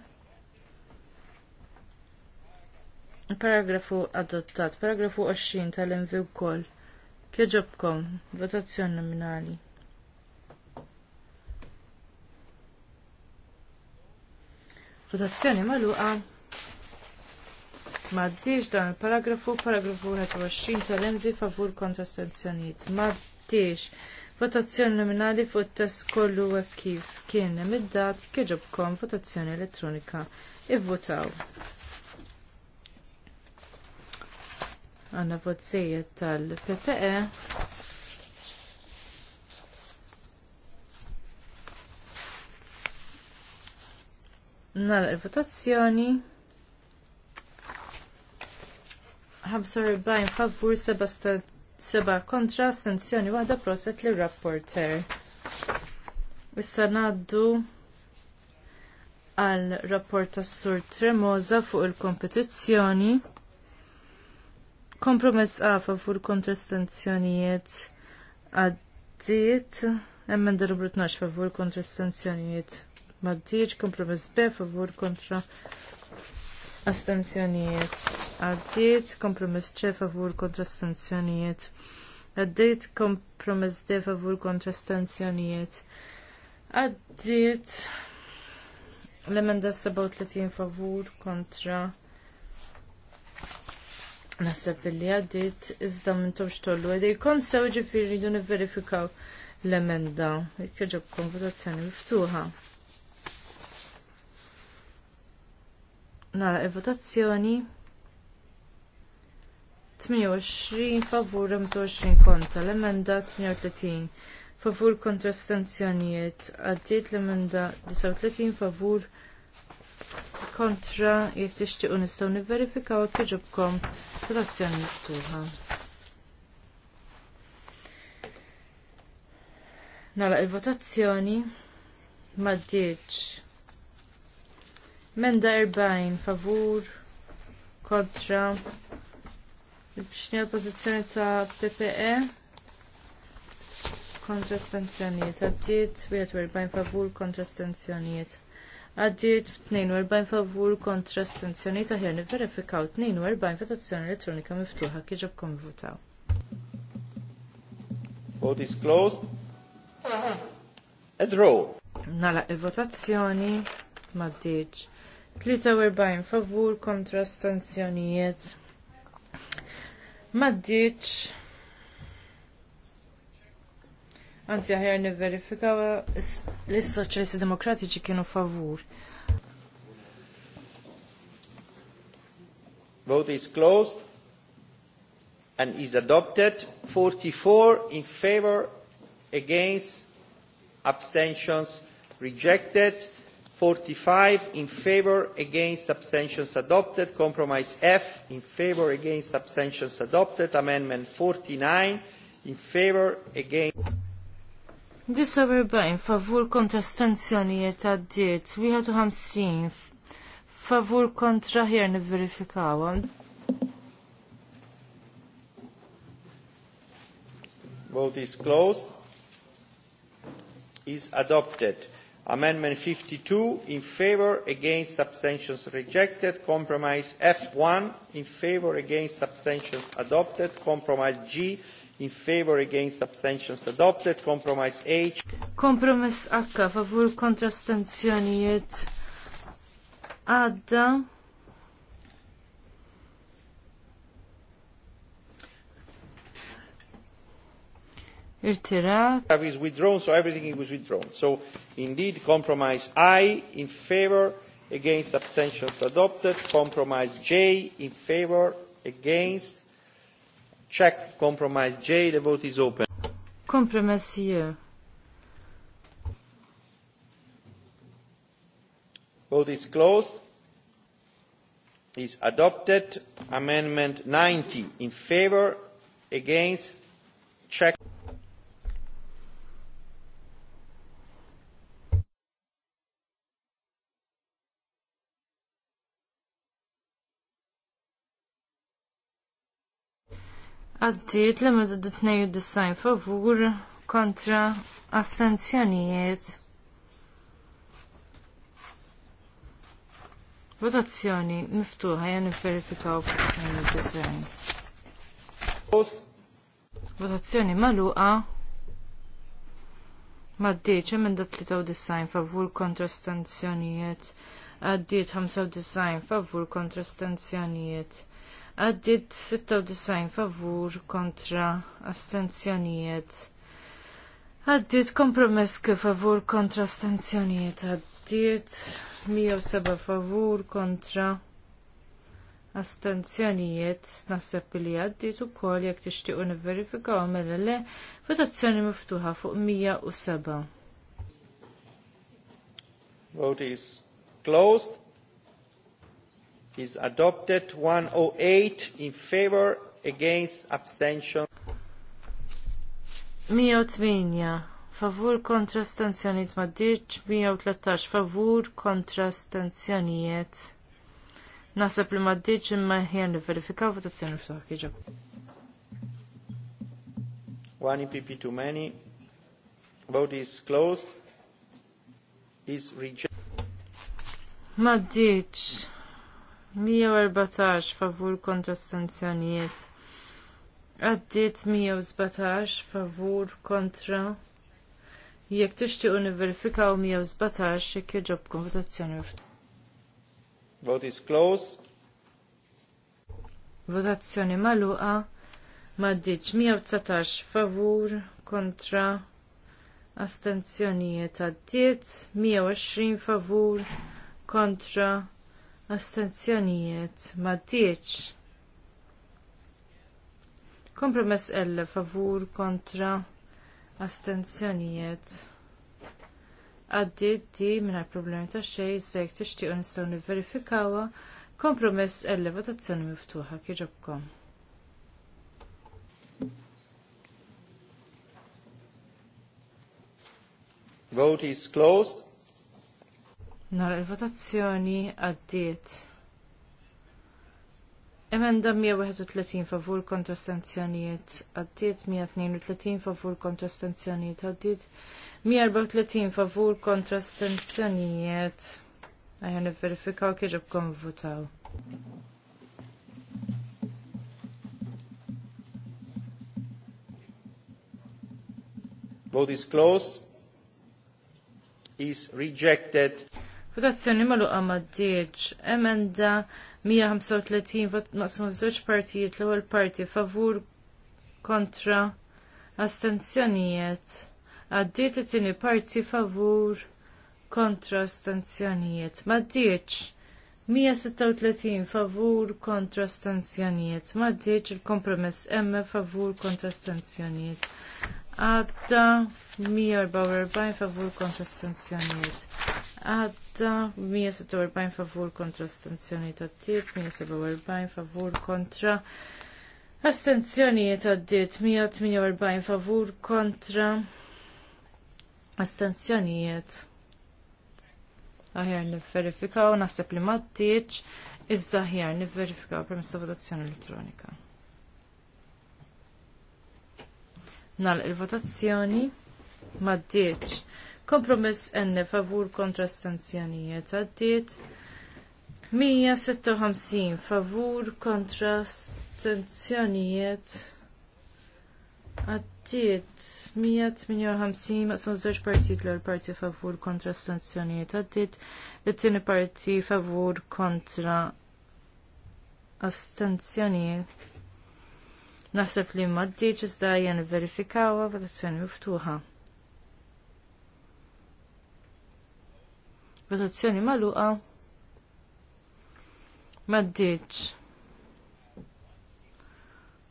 Paragrafu adottat. Paragrafu 20 tal-MV wkoll. Kieġobkom, votazzjoni nominali. Votazzjoni magħluqa. diġ dan il-paragrafu, paragrafu 21 tal-MD favur kontra sanzjoniet. diġ. Votazzjoni nominali fuq test kollu kif kien hemm id-dat kieġobkom votazzjoni elettronika ivvotaw. Għanna votzijiet tal-PPE Nara il-votazzjoni. 45 favur, seba kontra astenzjoni waħda proset li rapporter. Issa ngħaddu għal rapport tas sur Tremosa fuq il-kompetizzjoni. Kompromess għafa fuq il-kontrastanzjonijiet għaddiet, emmen darbu 12 favur kontrastanzjonijiet maddiċ, kompromess B favur kontra astenzjonijiet għaddiet, kompromess ċe favur kontra astenzjonijiet għaddiet, kompromess de favur kontra astenzjonijiet għaddiet, l-emenda 37 favur kontra Nasab li għaddit, iżda mintomx tollu kom sewġi ġifiri dun verifikaw l-emenda. Kħeġobkom votazzjoni miftuħa. nara il-votazzjoni 28 favur 25 kontra l-emenda 38 favur kontra stanzjonijiet għaddiet l-emenda 39 favur kontra jekk tixtiequ nistgħu nivverifikaw jekk iġobkom votazzjoni miftuħa. Nara il-votazzjoni ma' Menda 40 favur kontra xini l-pozizjoni ta' PPE kontra stanzjoniet. Għaddit 41 favur kontra stanzjoniet. Għaddit 42 favur kontra stanzjoniet. Aħjar u 42 votazzjoni elettronika miftuħa kieġob kom votaw. Vote is closed. A draw. Nala il-votazzjoni maddiġ. 43 favur kontra stanzjonijiet. Maddiċ. Anzi, ħajar niverifikaw l-Soċjalisti Demokratiċi kienu favur. Vote is closed and is adopted. 44 in favor, against, abstentions, rejected 45 in favour against abstentions adopted compromise f in favour against abstentions adopted amendment 49 in favour against Disa in favur kontra stanzjonijiet għaddiet, 51 favur kontra ħjar nivverifikawa. Vote is closed. Is adopted. Amendment 52 in favor against abstentions rejected. Compromise F1 in favor against abstentions adopted. Compromise G in favor against abstentions adopted. Compromise H. Compromise H favur kontra astensjonijiet għadda. Irtirat. Is withdrawn, so everything was withdrawn. So indeed, compromise I in favor, against abstentions adopted. Compromise J in favor, against. Check compromise J. The vote is open. Compromise J. Vote is closed. Is adopted. Amendment 90 in favor, against. Check. Għaddiet l-emenda d-tnejju design favur kontra astenzjonijiet. Votazzjoni miftuħa jgħan verifikaw fuq design. Post. Votazzjoni maluqa. Maddiċ, emenda 93 favur kontra stanzjonijiet. Għaddiet 95 favur kontra astenzjonijiet għaddit 96 favur kontra astenzjonijiet. Għaddit kompromess kif favur kontra astenzjonijiet. Għaddit 107 favur kontra astenzjonijiet. Nasseb li għaddit u kol jek tixtiqu niverifikaw għamela le votazzjoni miftuħa fuq 107. Vote is closed is adopted 108 in favor against abstention 108 favur kontra stanzjoniet ma dirċ 113 favur kontra stanzjoniet Nasab li ma dirċ imma ħjar niverifikaw votazzjoni f'saħħ kieġa. One EPP too many. Vote is closed. Is rejected. Ma dirċ. 114 favur kontra sanzjonijiet. Għaddit 117 favur kontra. Jekk tixtiequ u 117 jekk jogħġobkom votazzjoni Vote is close? Votazzjoni magħluqa Maddiċ 119 favur kontra astenzjonijiet għaddiet 120 favur kontra astenzjonijiet ma maddieċ. Kompromess L favur kontra astenzjonijiet. Għaddit di minna problemi ta' xej, zdejk nistgħu nistaw niverifikawa. Kompromess L votazzjoni miftuħa kieġobkom. Vote is closed. Nara il-votazzjoni għaddiet. Emenda 131 favur kontra għaddiet 132 favur kontra stanzjonijiet, għaddiet 134 favur kontra stanzjonijiet. Għajan verifikaw kieġab kon votaw. Vote is closed. Is rejected. Votazzjoni maluqa ma d-dieċ. Emenda 135 vot naqsmu żewġ partijiet l-ewwel parti favur kontra astenzjonijiet. Għaddiet it-tieni parti favur kontra astenzjonijiet. Ma d-dieċ. 136 favur kontra stanzjonijiet. dieċ il-kompromess emme favur kontra astenzjonijiet. Għadda 144 favur kontra stanzjonijiet. Għadda waħda 146 e favur kontra astenzjoni ta' tiet, 147 favur kontra astenzjoni ta' tiet, 148 favur kontra astenzjonijiet. Aħjar niverifikaw, naħseb li ma' tiet, iżda aħjar niverifikaw permessa votazzjoni elettronika. Nal il-votazzjoni ma' tiet. Kompromess enne favur kontra stanzjonijiet għaddiet. 156 favur kontra stanzjonijiet għaddiet. 158 maqsum żewġ partit l parti favur kontra stanzjonijiet għaddiet. L-tieni parti favur kontra astenzjonijiet. Naħseb li maddiċ iżda jen verifikawa votazzjoni miftuħa. votazzjoni maluqa maddiċ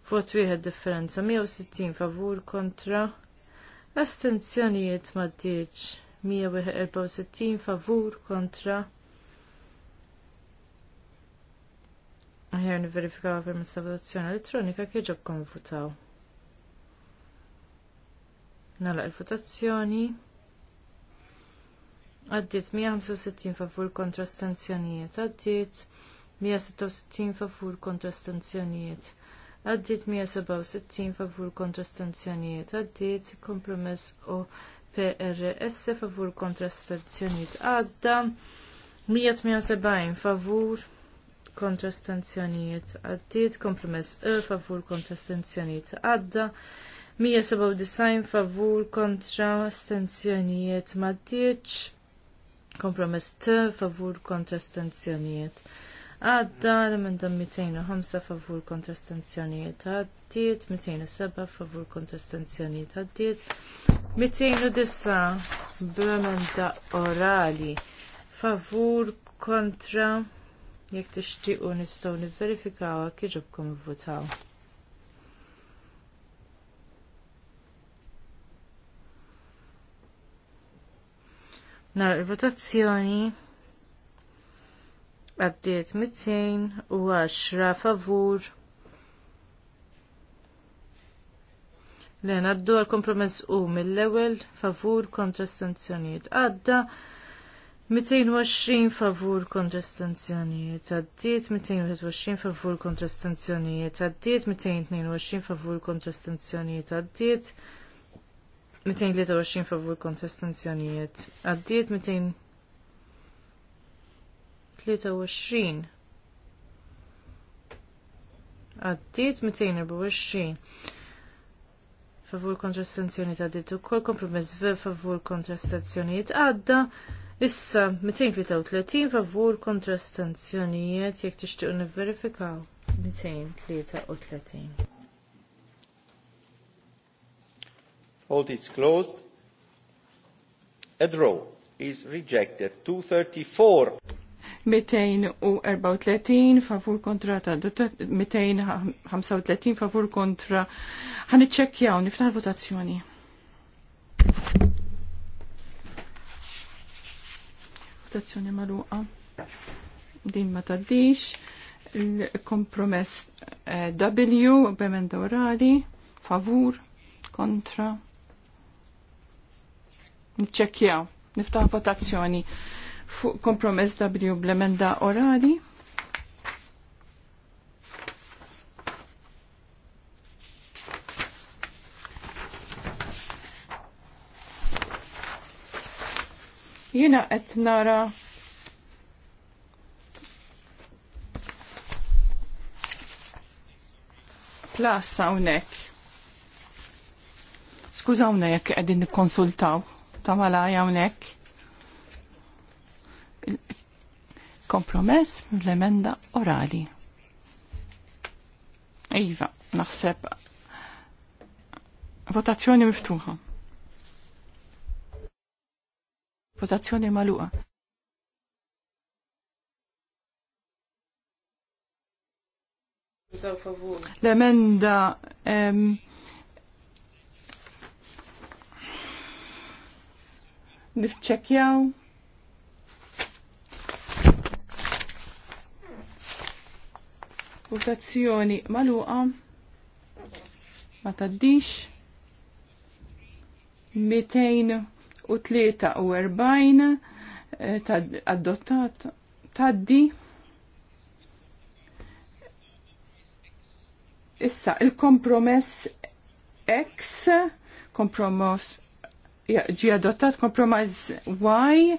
vot wieħed differenza 160 favur kontra astenzjonijiet maddiċ 164 favur kontra Aħjar niverifikaw per messa votazzjoni elettronika kieġob votaw. Nalaq il-votazzjoni. Għaddit 165 favur kontra stanzjonijiet. Għaddit 166 favur kontra stanzjonijiet. Għaddit 167 favur kontra stanzjonijiet. Għaddit kompromess u PRS favur kontra stanzjonijiet. Għadda 178 favur kontra stanzjonijiet. Għaddit kompromess E favur kontra stanzjonijiet. Għadda 197 favur kontra stanzjonijiet. Maddiċ Kompromess T favur kontra stanzjonijiet. Għadda l-emenda 205 favur kontra stanzjonijiet. Għaddiet 207 favur kontra stanzjonijiet. Għaddiet 209 b'emenda orali favur kontra jekk tixtiequ nistgħu nivverifikaw kieġobkom votaw. Nar il-votazzjoni għaddiet 210 favur. Lena għaddu għal-kompromess u mill-ewel favur kontra stanzjoniet. Għadda 220 favur kontra stanzjoniet. Għaddiet 220 favur kontra stanzjoniet. Għaddiet 222 favur kontra stanzjoniet. Għaddiet 223 favur kontestanzjonijiet. Għaddiet 223. Għaddiet 224. Favur kontestanzjonijiet. għaddiet u kol kompromess ver favur kontestanzjonijiet. għadda. Issa 233 favur kontestanzjonijiet. jek t-ixtiqni verifikaw. 233. Vote is closed. A draw is rejected. 234. 234 favur kontra ta' 235 favur kontra ħan iċċekkjaw niftaħ votazzjoni. Votazzjoni magħluqa. Din ma taddix. Il-kompromess eh, W b'emenda orali favur kontra Niċċekkjaw, niftaħ votazzjoni fuq kompromess W bl-emenda orali. Jiena qed nara plus hawnhekk. Skużawna jekk qegħdin nikkonsultaw mala jawnek. Kompromess l-emenda orali. Iva, naħseb votazzjoni miftuħa. Votazzjoni maluqa. L-emenda nifċekjaw. Votazzjoni maluqa ma taddix 243 eh, tad adottat taddi issa il-kompromess X kompromess ġi adottat kompromiss Y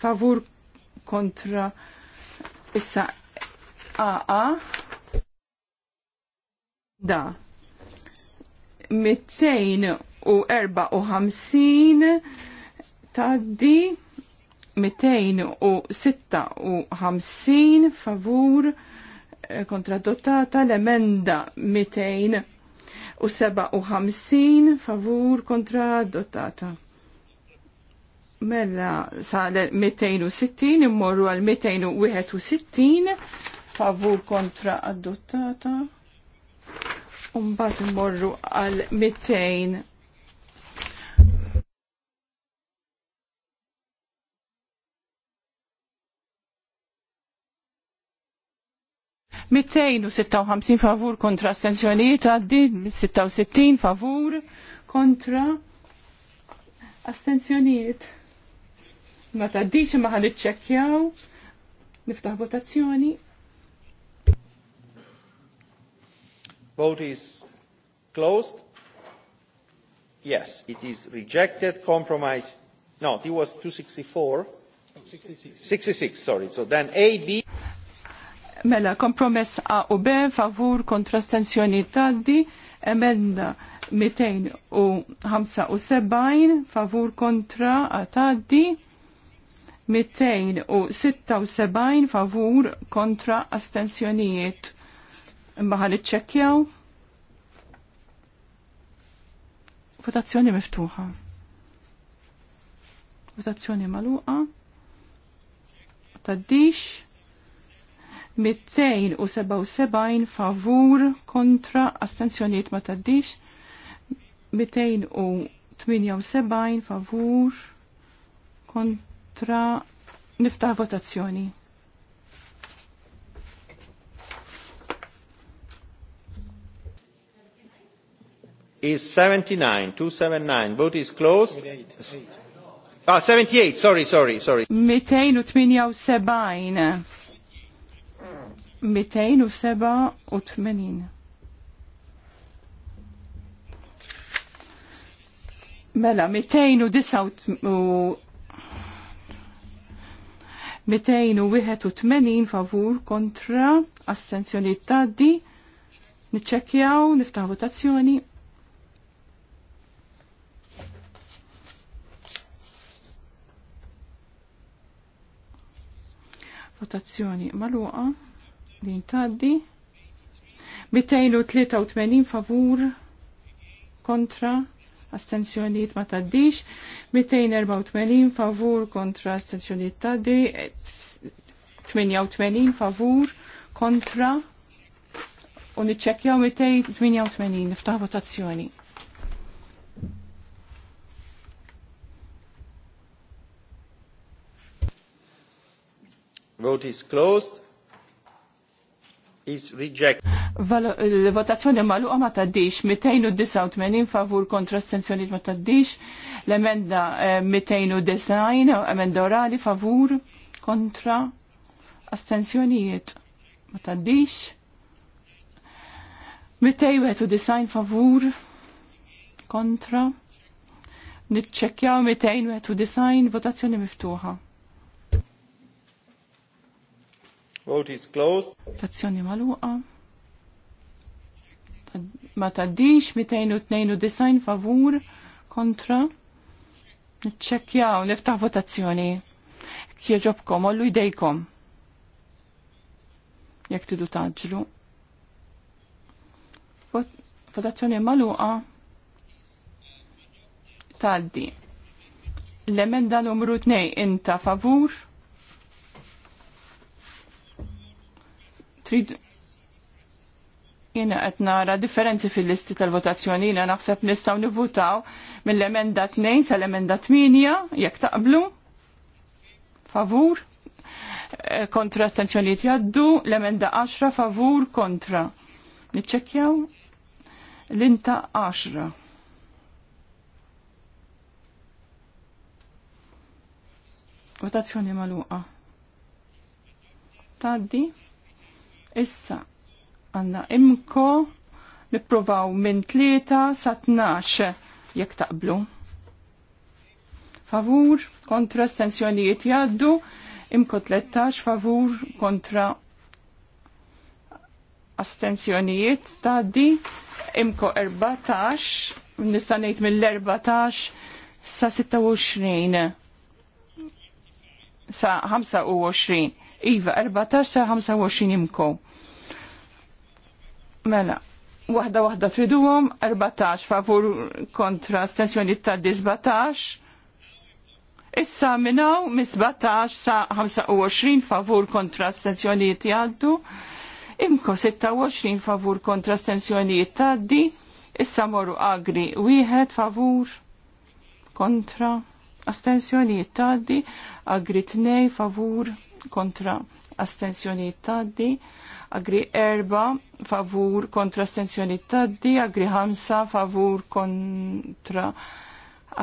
favur kontra issa AA da 254 taddi u u 256 eh, favur kontra dotata l-emenda u u 257 favur kontra dotata Mela sa 260 immorru għal 261 favur kontra adottata. un bat immorru għal 200 256 favur kontra astensjonijiet għaddi 66 favur kontra astensjonijiet ma taddix imma ħan iċċekkjaw. Niftaħ votazzjoni. Vote is closed. Yes, it is rejected. Compromise. No, it was 264. 66. 66, sorry. So then A, B. Mela, kompromess A u B, favur kontra stanzjoni taddi, emenda 275, favur kontra taddi, 276 favur kontra astensjonijiet. Mbaħal iċċekjaw. Votazzjoni miftuħa. Votazzjoni maluqa. Taddix. 277 favur kontra astensjonijiet ma taddix. 278 favur kontra kontra niftaħ votazzjoni. Is 79, 279, vote is closed. Ah, 78, sorry, sorry, sorry. 278. 287. Mela, 289 281 favur kontra astenzjoni taddi. Niċċekjaw, niftaħ votazzjoni. Votazzjoni maluqa li ntaddi. 283 favur kontra astenzjoniet ma taddix, 284 favur kontra astenzjoniet taddi, 88 favur kontra u niċċekjaw 288 niftaħ votazzjoni. Vote is closed is reject. Il-votazzjoni maluqa ma taddix 289 favur kontra astensjoniet ma taddix, l-emenda 209, eh, emenda orali favur kontra astensjonijiet ma taddix. 291 favur kontra. Nitċekjaw 291 votazzjoni miftuħa. Vote is closed. Tazzjoni maluqa. Ma taddix 292 favur kontra. Nċekjaw, niftaħ votazzjoni. Kieġobkom, ollu idejkom. Jek tidu taġlu. Votazzjoni maluqa. Taddi. L-emenda numru 2 inta favur Trid jena qed nara differenzi fil-listi tal-votazzjoni jena naħseb nistgħu nivvutaw mill-emenda 2 sal-emenda 8 jekk taqblu. Favur eh, kontra stanzjoniet jaddu, l-emenda 10 favur kontra. Niċċekkjaw? l-inta 10. Votazzjoni maluqa. Taddi. Issa, għanna imko nipprovaw minn 3 sa 12 jekk taqblu. Favur kontra stensjonijiet jaddu, imko 13 favur kontra astensjonijiet taddi, imko 14, nistanejt mill-14 sa 26 sa 25. Iva, 14 sa 25 imkom. Mela, wahda wahda triduhom, 14 favur kontra stenzjoni ta' 17. Issa minnaw mis 17 sa 25 favur kontra stenzjonijiet jgħaddu. Imko 26 favur kontra stenzjonijiet taddi. Issa moru agri wieħed favur kontra astensjonijiet taddi. Agri Tnej favur kontra astensjonijiet taddi agri erba favur kontra astensjoniet taddi, agri ħamsa favur kontra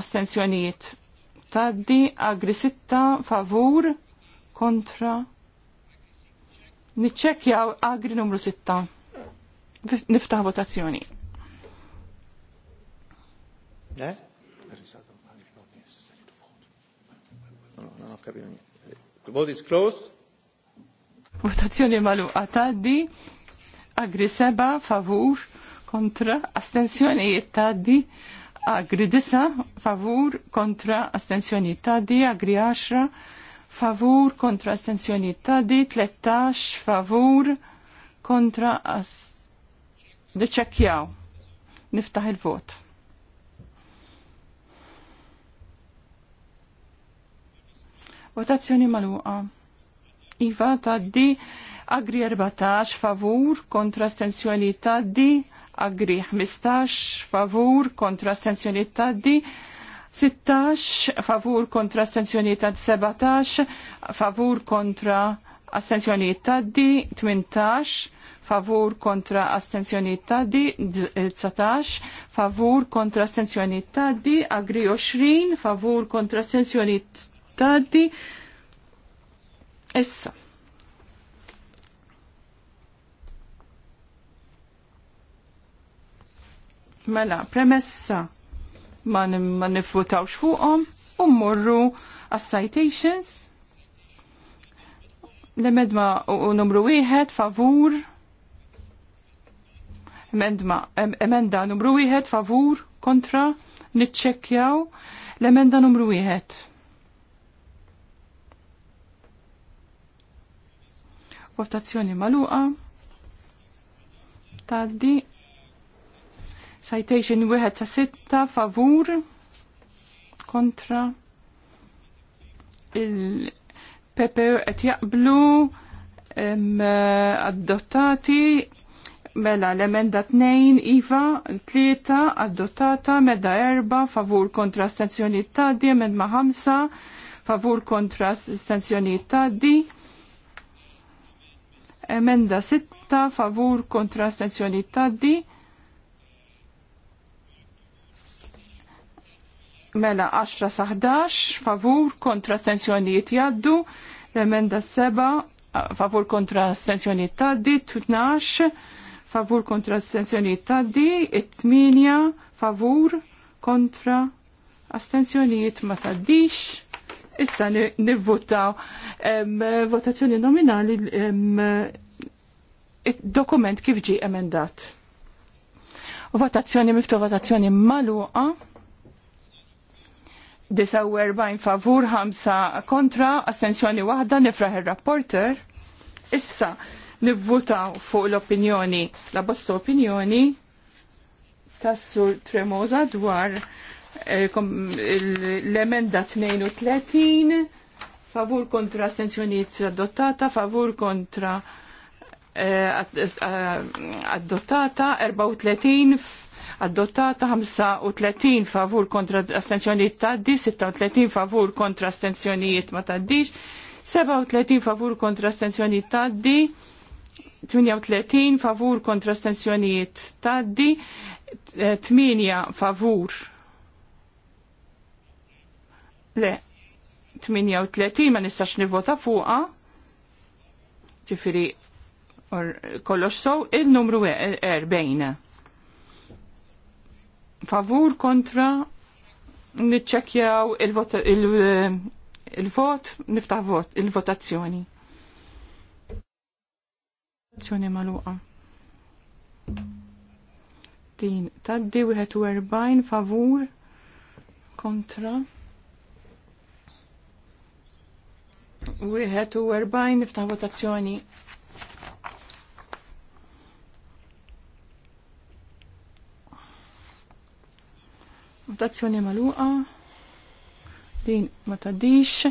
astensjoniet taddi, agri sitta favur kontra Niċċekjaw agri numru sitta. Niftaħ votazzjoni. The vote is closed. Votazzjoni maluqa taddi. Agri seba favur kontra astensjonijiet taddi. Agri disa favur kontra astensjoni taddi. Agri asra, favur kontra astensjoni taddi. tlettax, favur kontra astensjonijiet Niftaħ il-vot. Votazzjoni maluqa. Iva taddi agri 14 favur kontra stenzjoni taddi agri 15 favur kontra stenzjoni taddi 16 favur kontra stenzjoni taddi 17 favur kontra astenzjoni taddi 18 favur kontra astenzjoni taddi 19, favur kontra astenzjoni taddi, agri 20, favur kontra astenzjoni taddi, Issa. Mela, premessa ma nifutawx fuqhom u mmorru għas-citations l-medma u numru wieħed favur emendma, emenda numru wieħed favur kontra niċċekkjaw l-emenda numru wieħed. Votazzjoni maluqa. Taddi. Citation wieħed sa' sitta favur kontra il-Pepe qed jaqblu adottati mela l-emenda 2 iva 3 adottata meda 4 favur kontra astenzjoni taddi emenda 5 favur kontra astenzjoni taddi Emenda 6 favur kontra astensjoni taddi. Mela 10 saħdax, favur kontra astensjonijiet jaddu. L-emenda 7 favur kontra astensjonijiet taddi. 12 favur kontra astensjonijiet taddi. 8 favur kontra astensjonijiet ma taddix issa nivvotaw votazzjoni nominali dokument kif ġi emendat. Votazzjoni miftu votazzjoni maluqa. 49 favur, 5 kontra, assenzjoni waħda, nifraħ il-rapporter. Issa nivvutaw fuq l-opinjoni, la bosta opinjoni tas-sur Tremosa dwar Eh, l-emenda 32 favur kontra astenzjoniet adottata, favur kontra eh, eh, adottata, 34 adottata, 35 favur kontra astenzjoniet taddi, 36 favur kontra astenzjoniet ma taddix, 37 favur kontra astenzjoniet taddi, 38 favur kontra astenzjoniet taddi, 8 favur Le, 38 ma nistax nivvota fuqa, ġifiri kollox sow, il-numru 40. E, er, favur kontra nitċekjaw il-vot, il-vot, niftaħ vot, il-votazzjoni. Votazzjoni maluqa. Din, taddi 41 favur kontra Wieħed u erbajn niftaħ votazzjoni. Votazzjoni maluqa din ma tadix.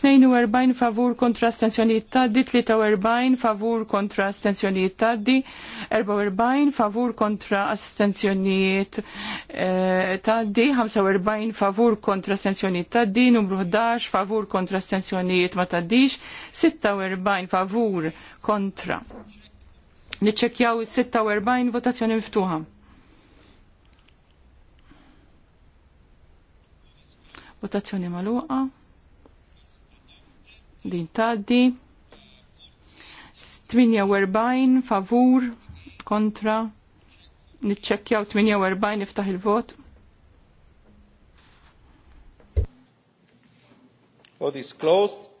42 favur kontra astensjonijiet taddi, 43 favur kontra astensjonijiet taddi, 44 favur kontra astensjonijiet eh, taddi, 45 favur kontra astensjonijiet taddi, numru 11 favur kontra astensjonijiet ma tadix, 46 favur kontra. Niċċekjaw is-46 votazzjoni miftuħa. Votazzjoni maluqa. Din taddi. 48 favur kontra. Niċċekkjaw 48 niftaħ il-vot. Vote is closed.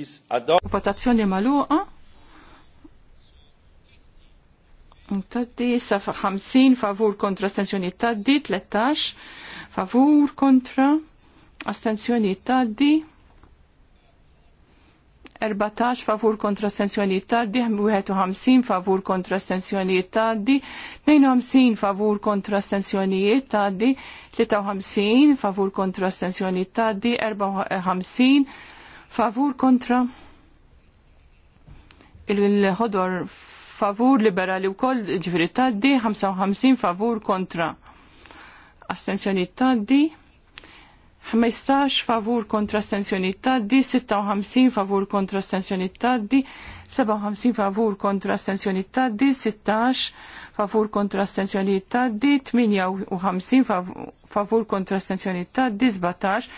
Is adopted. Votazzjoni maluqa. Taddi, 50 favur kontra stenzjoni taddi, 13 favur kontra astenzjoni taddi 14 favur kontra astensjonijiet taddi, 51 favur kontra astensjonijiet taddi, 52 favur kontra astensjonijiet taddi, 53 favur kontra astensjonijiet taddi, 54 favur kontra il-ħodor favur liberali u koll ġifiri taddi, 55 favur kontra astenzjoni taddi, 15 favur kontra astenzjoni taddi, 56 favur kontra astenzjoni taddi, 57 favur kontra astenzjoni taddi, 16 favur kontra astenzjoni taddi, 58 favur kontra astenzjoni taddi, 17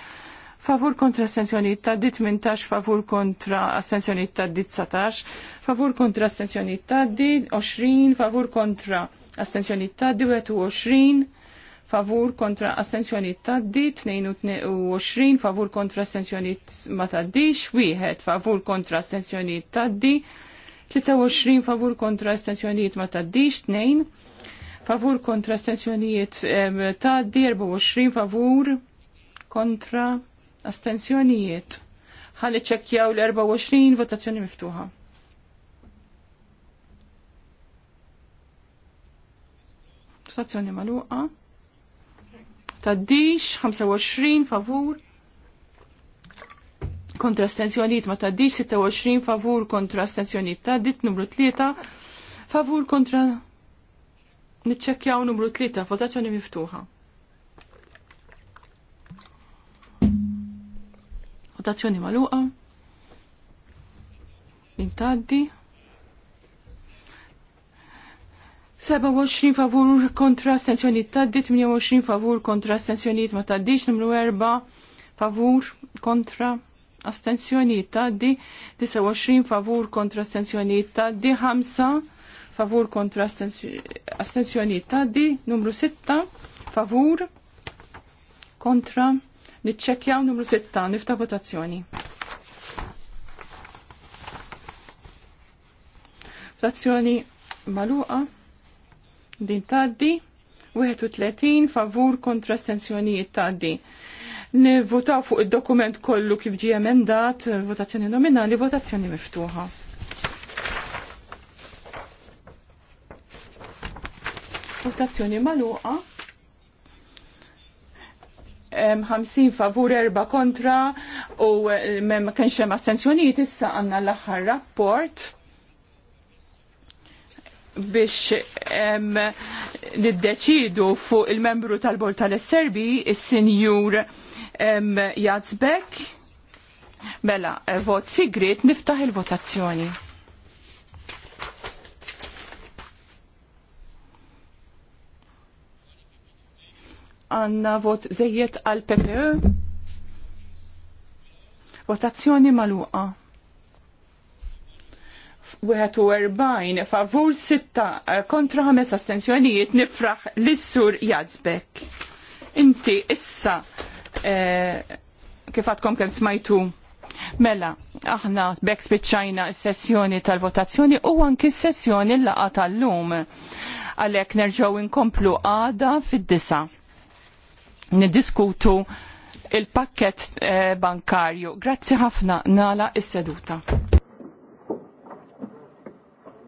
favur kontra astenzjoni taddi, 18 favur kontra astenzjoni taddi, 19 favur kontra astenzjoni taddi, 20 favur kontra astenzjoni taddi, 21 favur kontra astensjoniet taddi, 22 favur kontra astensjoniet ma taddix, wieħed favur kontra astensjoniet taddi, 23 favur kontra astensjoniet ma taddix, 2 favur kontra astensjoniet taddi, 24 favur kontra astensjoniet. Ħalli ċekjaw l-24 votazzjoni miftuħa. Votazzjoni maluqa taddix, 25 favur kontra stenzjoniet ma taddix, 26 favur kontra stenzjoniet taddit, numru 3 favur kontra nitċekjaw numru 3, votazzjoni miftuħa. Votazzjoni maluqa. Intaddi. 27 favur kontra stenzjoniet taddit, 28 favur kontra stenzjoniet ma taddix, numru 4 favur kontra astenzjoniet taddi, 29 favur kontra stenzjoniet taddi, 5 favur kontra astenzjoniet taddi, numru 6 favur kontra niċċekjaw numru 6 nifta votazzjoni. Votazzjoni maluqa din taddi, 31 favur kontra stenzjonijiet taddi. Nivvotaw fuq id-dokument kollu kif ġie emendat, votazzjoni nominali, votazzjoni miftuħa. Votazzjoni maluqa. 50 favur, 4 kontra u ma kienx hemm astensjonijiet issa għandna l-aħħar rapport biex niddeċidu fuq il-membru tal-Bord tal esserbi il-Sinjur Jazbek. Mela, vot sigrit, niftaħ il-votazzjoni. Għanna vot zejiet għal-PPE. Votazzjoni maluqa. 41 favur 6 eh, kontra 5 astensjonijiet nifraħ l-sur Jazbek. Inti issa eh, kif kifatkom kem smajtu mela aħna bek spiċċajna s-sessjoni tal-votazzjoni u anki s-sessjoni l-laqa tal-lum għalhekk nerġgħu inkomplu għada fid-disa. Niddiskutu il-pakket eh, bankarju. Grazzi ħafna nala is-seduta.